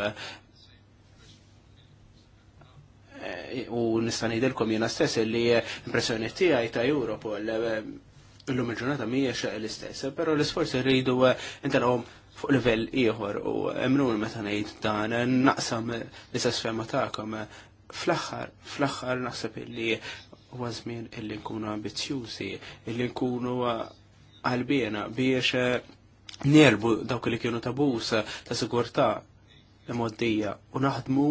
nista' ngħidilkom jiena stess li impressjoni tiegħi ta' Europol l-lum il-ġurnata mhijiex l-istess, però l-isforzi rridu intalhom fuq livell ieħor u emrun meta ngħid dan naqsam l-istess ferma tagħkom fl-aħħar fl-aħħar naħseb illi huwa żmien illi nkunu ambizzjużi, illi nkunu għalbiena biex nerbu dawk li kienu tabus ta' sigurtà l-moddija u naħdmu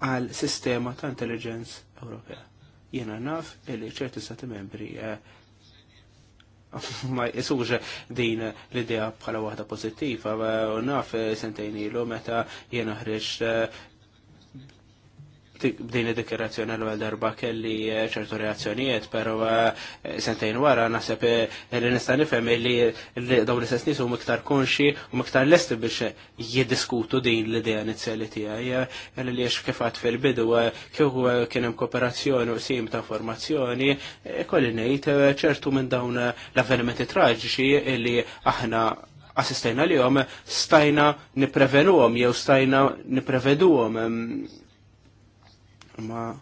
għal sistema ta' intelligence Ewropea. Jiena naf illi ċerti stati membri eh, ma jisux din l-idea bħala waħda pozittiva, u naf eh, sentejn ilu meta jena ħriġ eh, b'din id-dikirazzjoni l darba kelli eh, ċertu reazzjonijiet, pero eh, sentejn wara naħseb eh, li nista' nifhem li dawn l-istess nies huma iktar konxi u iktar lesti biex jiddiskutu din l-idea inizjali tiegħi. Għalli li kif għad fil-bidu kieku kien hemm kooperazzjoni u sim ta' formazzjoni, kolli ngħid ċertu minn dawn l-avvenimenti traġiċi li aħna assistejna li jom stajna niprevenuhom jew stajna nipreveduhom ehm, ma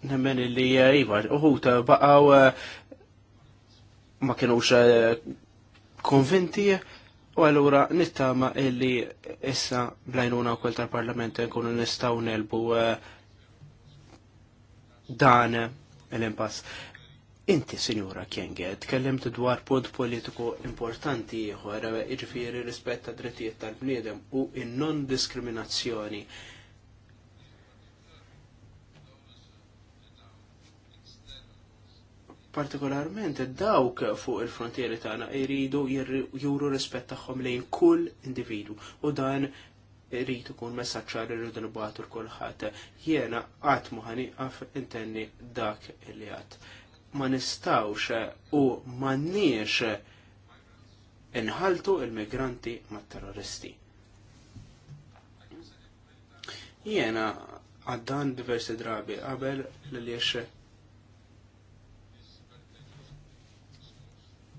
nemmen li eh, iva, uħuta eh, baqaw eh, ma xa konvinti u għallura nittama illi issa blajnuna u kol tal-parlament nkunu nistaw nelbu dan l-impass. Inti, Sinjura Kienge, tkellimt dwar punt politiku importanti ieħor, iġifiri rispett drittijiet tal-bniedem u in-non-diskriminazzjoni. partikolarment dawk fuq il-frontieri tagħna jridu juru rispett tagħhom lejn kull individu u dan irid ikun messaġġ ċar rridu nibgħatu kulħadd. Jiena qatt ma ħanieqaf intenni dak li qatt. Ma nistgħux u m'għandniex inħaltu il-migranti mat-terroristi. Jiena għaddan diversi drabi qabel li liex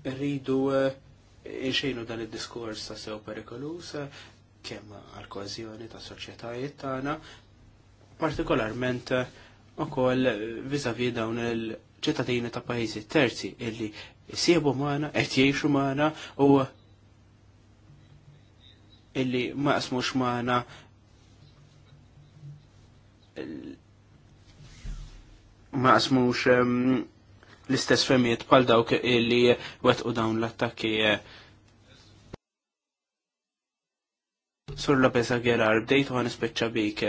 rridu eh, xejnu dan id-diskors ta' sew perikolus eh, kemm għal-kohezjoni ta' soċjetajiet tagħna, partikolarment eh, ukoll vis-à-vis dawn il-ċittadini ta' pajjiżi terzi illi jsibu magħna, qed jgħixu magħna u illi ma qasmux magħna ma qasmux ehm, l-istess femmiet pal dawk li wet u dawn l-attakki Sur la pesa għerar, bdejt għan ispeċa bik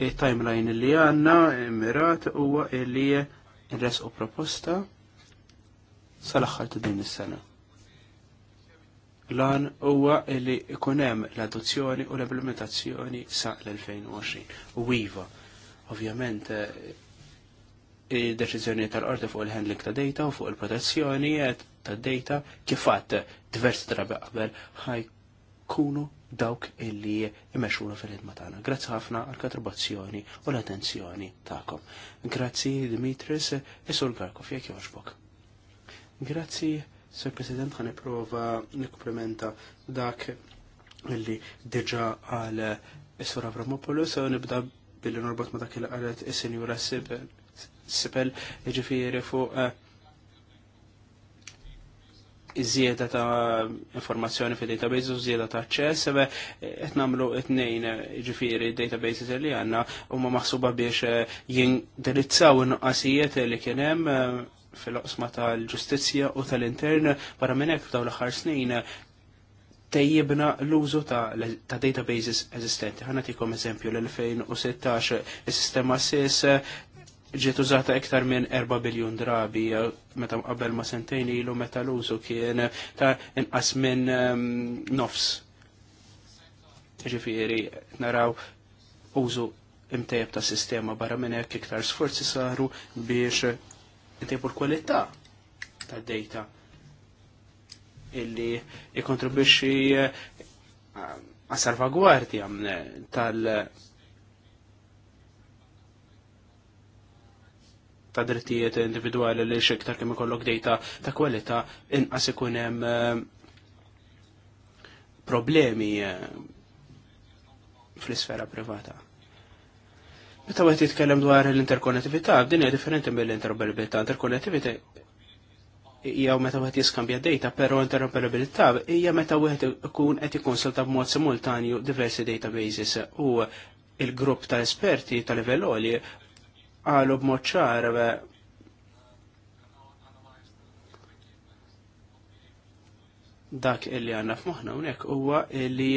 il-timeline li għanna, mirat u li res u proposta sal-axħar ta' din is-sena. Lan huwa li ikunem l-adozzjoni u l-implementazzjoni sa' l-2020. U iva, ovvjament, il-deċizjoni tal-qorti fuq il-handling ta' data u fuq il-protezzjoni ta' data kifatt diversi drabi qabel ħajkunu dawk illi imexxuna fil-ħidma tagħna. Grazzi ħafna għal katrobazzjoni u l-attenzjoni tagħkom. Grazzi Dimitris Sul Garkov jekk jogħġbok. Grazzi, Sir President, ħan ipprova nikkumplementa dak illi diġà għal Isur Avramopoulos u nibda billi norbot ma dak il qalet is-Sinjura Sibel sipel ġifiri fuq eh, iż-żieda ta' informazzjoni fi database u żieda ta' ċess, eh, qed nagħmlu t tnejn eh, ġifieri databases li għandna huma maħsuba biex jindirizzaw in-nuqqasijiet li kien hemm fil-oqsma tal-ġustizzja u tal-intern barra minn hekk f'dawn l-aħħar snin tejjibna l-użu ta', ta databases eżistenti. Ħana tikom eżempju l-2016 il-sistema SIS ġiet użata iktar minn 4 biljun drabi meta qabel ma sentejn ilu meta l-użu kien ta' inqas minn ehm, nofs. Ġifieri naraw użu imtejb ta' sistema barra minn hekk iktar sforzi saru biex intejbu l-kwalità ta' data illi ikontribwixxi ehm, għas salvagwardja tal- ta' drittijiet individwali li xiktar kemm ikollok dejta ta' kwalità inqas ikun hemm eh, problemi eh, fl-isfera privata. Meta għet jitkellem dwar l-interkonnettività, din hija differenti mill-interoperabilità. Interkonnettività hija meta wieħed jiskambja data, però interoperabilità hija meta wieħed ikun qed ikkonsulta b'mod simultanju diversi databases u il-grupp ta' esperti ta' livell għoli għalu b'mod ċar dak illi għanna f'moħna unek huwa illi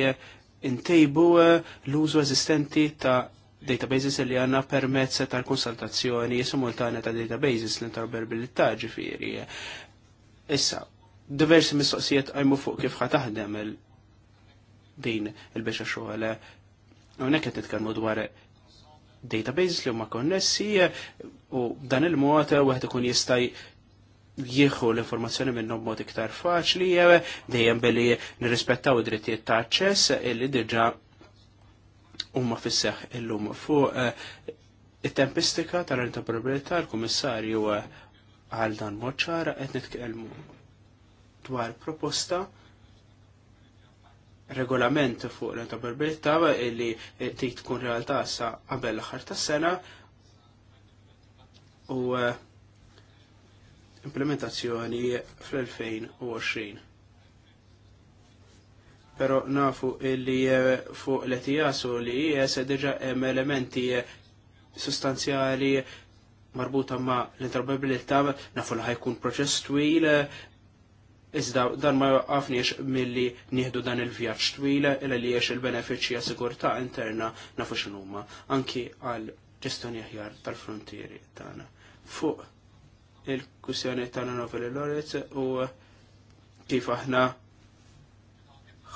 intejbu eh, l-użu eżistenti ta' databases illi għanna permezz tal-konsultazzjoni simultanja ta' databases l-interoperabilità ġifiri. Issa, diversi mistoqsijiet għajmu fuq kif taħdem din il-beċa xogħol. Unek qed dwar databases li huma konnessi u dan il-mod wieħed ikun jista' jieħu l-informazzjoni minnhom mod iktar faċli dejjem billi nirrispettaw id-drittijiet ta' aċċess illi diġà huma fisseħ illum fuq eh, it-tempistika tal-interoperabilità l-Kummissarju eh, għal dan moċċara qed nitkellmu dwar proposta regolament fuq l-interoperabilità li trid tkun realtà sa qabel l-aħħar tas-sena u eh, implementazzjoni fl-2020. Pero nafu illi eh, fuq l-ETIAS u li jes diġa hemm elementi eh, sostanzjali marbuta ma l-interoperabilità nafu li ħajkun proċess twil Iżda dan ma għafniex milli nieħdu dan il-vjaġġ twila illa li jiex il-benefiċċji sigurtà interna nafu x'inhuma anki għal ġestjoni aħjar tal-frontieri tagħna. Fuq il-kussjoni tagħna Noveli Lorez u kif aħna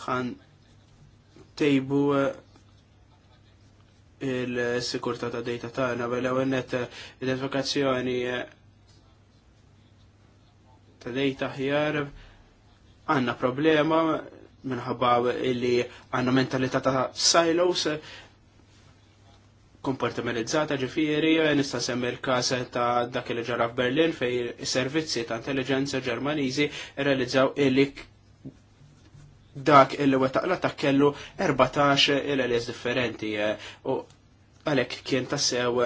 ħan tejbu eh, il-sikurta ta' dejta tagħna bella għennet eh, identifikazzjoni eh, ta' dejta ħjar għanna problema minħabba illi għanna mentalità ta' silos kompartimentizzata ġifieri, nista' semmi l-każ ta' dak li ġara f'Berlin fej servizzi ta' intelligenza Ġermaniżi realizzaw illi dak illi wetaqla ta' kellu 14 il-elies differenti u għalek kien tassew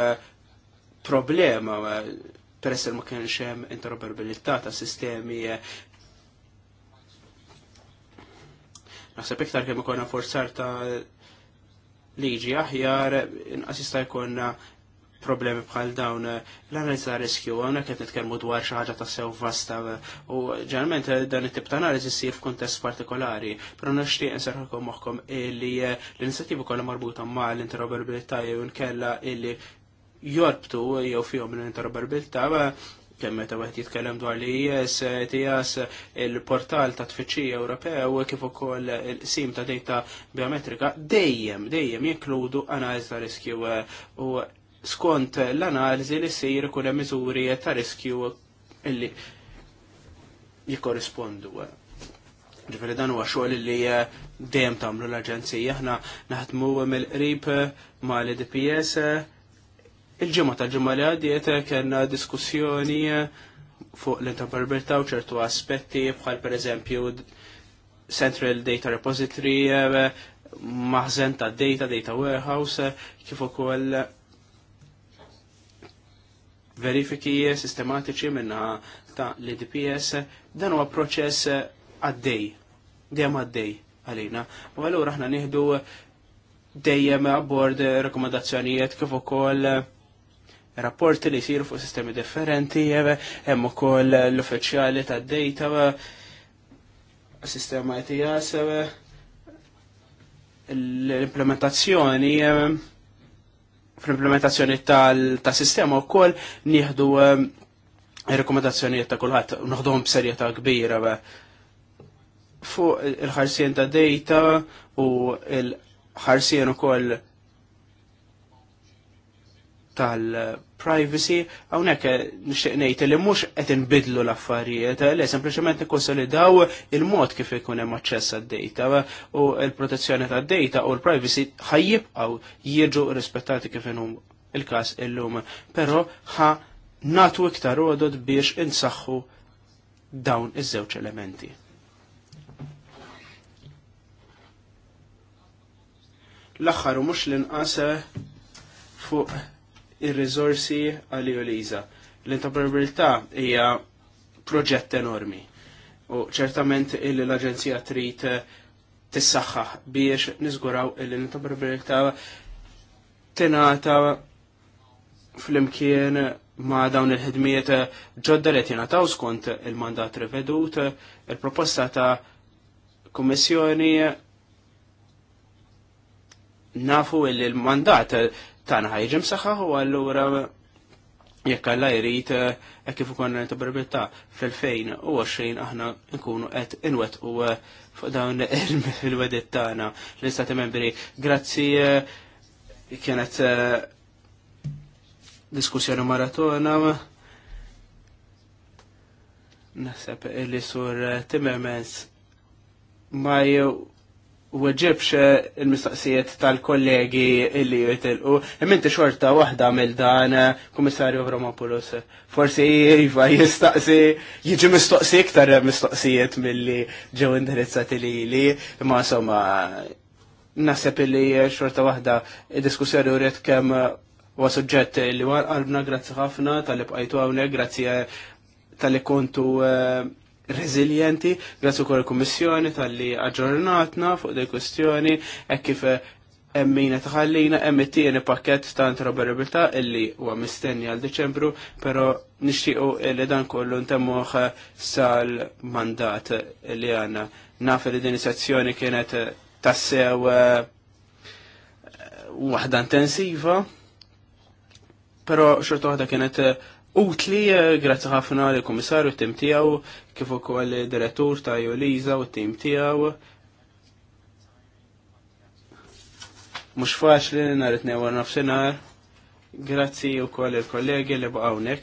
problema peress ma kienx hemm interoperabilità ta' sistemi Naħseb iktar kemm ikonna forzar ta' liġi aħjar, inqas jista' jkun problemi bħal dawn l-analiz ta' riskju, għana qed nitkellmu dwar xi ħaġa ta' sew vasta u ġeneralment dan it-tip ta' analiz issir f'kuntest partikolari, però nixtieq inserħilkom moħħkom illi l-inizjattivi kollha marbuta ma' l-interoperabilità jew nkella illi jorbtu jew fihom l-interoperabilità kemm meta wieħed jitkellem dwar li jes tijas e e il-portal ta' tfittxija Ewropew kif ukoll il sim ta' data biometrika dejjem dejjem jinkludu analiż ta' riskju eh, u skont l-analiżi li ssir ikun hemm miżuri ta' riskju illi jikkorrispondu. Ġifieri dan huwa xogħol li dejjem tagħmlu l-aġenzija aħna naħdmu mill-qrib mal-DPS Il-ġimgħa tal-ġimgħa li għaddiet kena diskussjoni fuq l-interoperabilità u ċertu aspetti bħal pereżempju Central Data Repository, maħżen ta' data, data warehouse, kif ukoll verifiki sistematiċi minna ta' l-DPS, dan huwa proċess għaddej, dejjem għaddej għalina. U għallura aħna nieħdu dejjem abbord rekomendazzjonijiet kif ukoll rapporti li jisiru fuq sistemi differenti, hemm ukoll l-uffiċjali ta' data sistema ITS, l-implementazzjoni fl-implementazzjoni ta' sistema u koll nieħdu eh, rekomendazzjonijiet ta' kulħadd naħdhom b'serjetà kbira fuq il-ħarsien ta' data u il-ħarsien ukoll tal-privacy, hawnhekk nixtieq ngħid li mhux qed inbidlu l-affarijiet, li sempliċement nikkonsolidaw il-mod kif ikun hemm aċċess għad-data u l-protezzjoni tad-data u l-privacy ħajjibqgħu jiġu rispettati kif inhum il-każ illum, però ħa natu iktar għodod biex insaħħu dawn iż-żewġ elementi. l-axħar u mux l-inqas fuq ir għalli u liża. L-interoperabilità hija proġett enormi. U ċertament illi l-Aġenzija trid tissaħħa biex niżguraw illi l-interoperabilità tingħata fl-imkien ma dawn il-ħidmiet ġodda li jingħataw skont il-mandat rivedut, il-proposta ta' kummissjoni nafu illi l-mandat tagħna ħajġem saħħa u allura jekk alla jrid eh, kif ukoll interoperabilità fl-2020 aħna nkunu qed inwettqu eh, fuq dawn il-wedet tagħna l-Istati Membri. Grazzi eh, kienet diskussjoni maratona il li sur Timmermans ma jew weġibx eh, il-mistaqsijiet tal-kollegi illi jitilqu. Imminti xorta wahda mill dan eh, komissarju Vromopoulos. Forsi Iva jistaqsi, jiġi mistoqsi iktar mistoqsijiet mill-li ġew indirizzati li li. Ma somma, nasib illi xorta wahda diskussjoni uriet kem u suġġett li għal għalbna grazzi ħafna tal-li bqajtu għawne, grazzi eh, tal-li kontu reżiljenti, grazzi ukoll il-Kummissjoni tal-li aġġornatna fuq dei kwestjoni hekk kif emmina tħallina hemm it-tieni pakkett ta' interoperabilità illi huwa mistenni għal Deċembru, però nixtiequ li dan kollu ntemmuh sal-mandat li għandna. Naf li din is-sezzjoni kienet tassew eh, waħda intensiva, però xorta waħda kienet utli, eh, grazzi ħafna li komissarju tim tijaw, kif ukoll direttur ta' Joliza u tim tijaw. Mux faċli li narit newa nafsenar. grazzi u koll il-kollegi li baqawnek.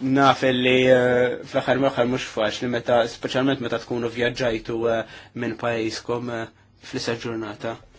naf li eh, fl-axar meħar mux faċ li meta, specialment meta tkunu vjaġġajtu eh, minn pajiskom fl-issa ġurnata.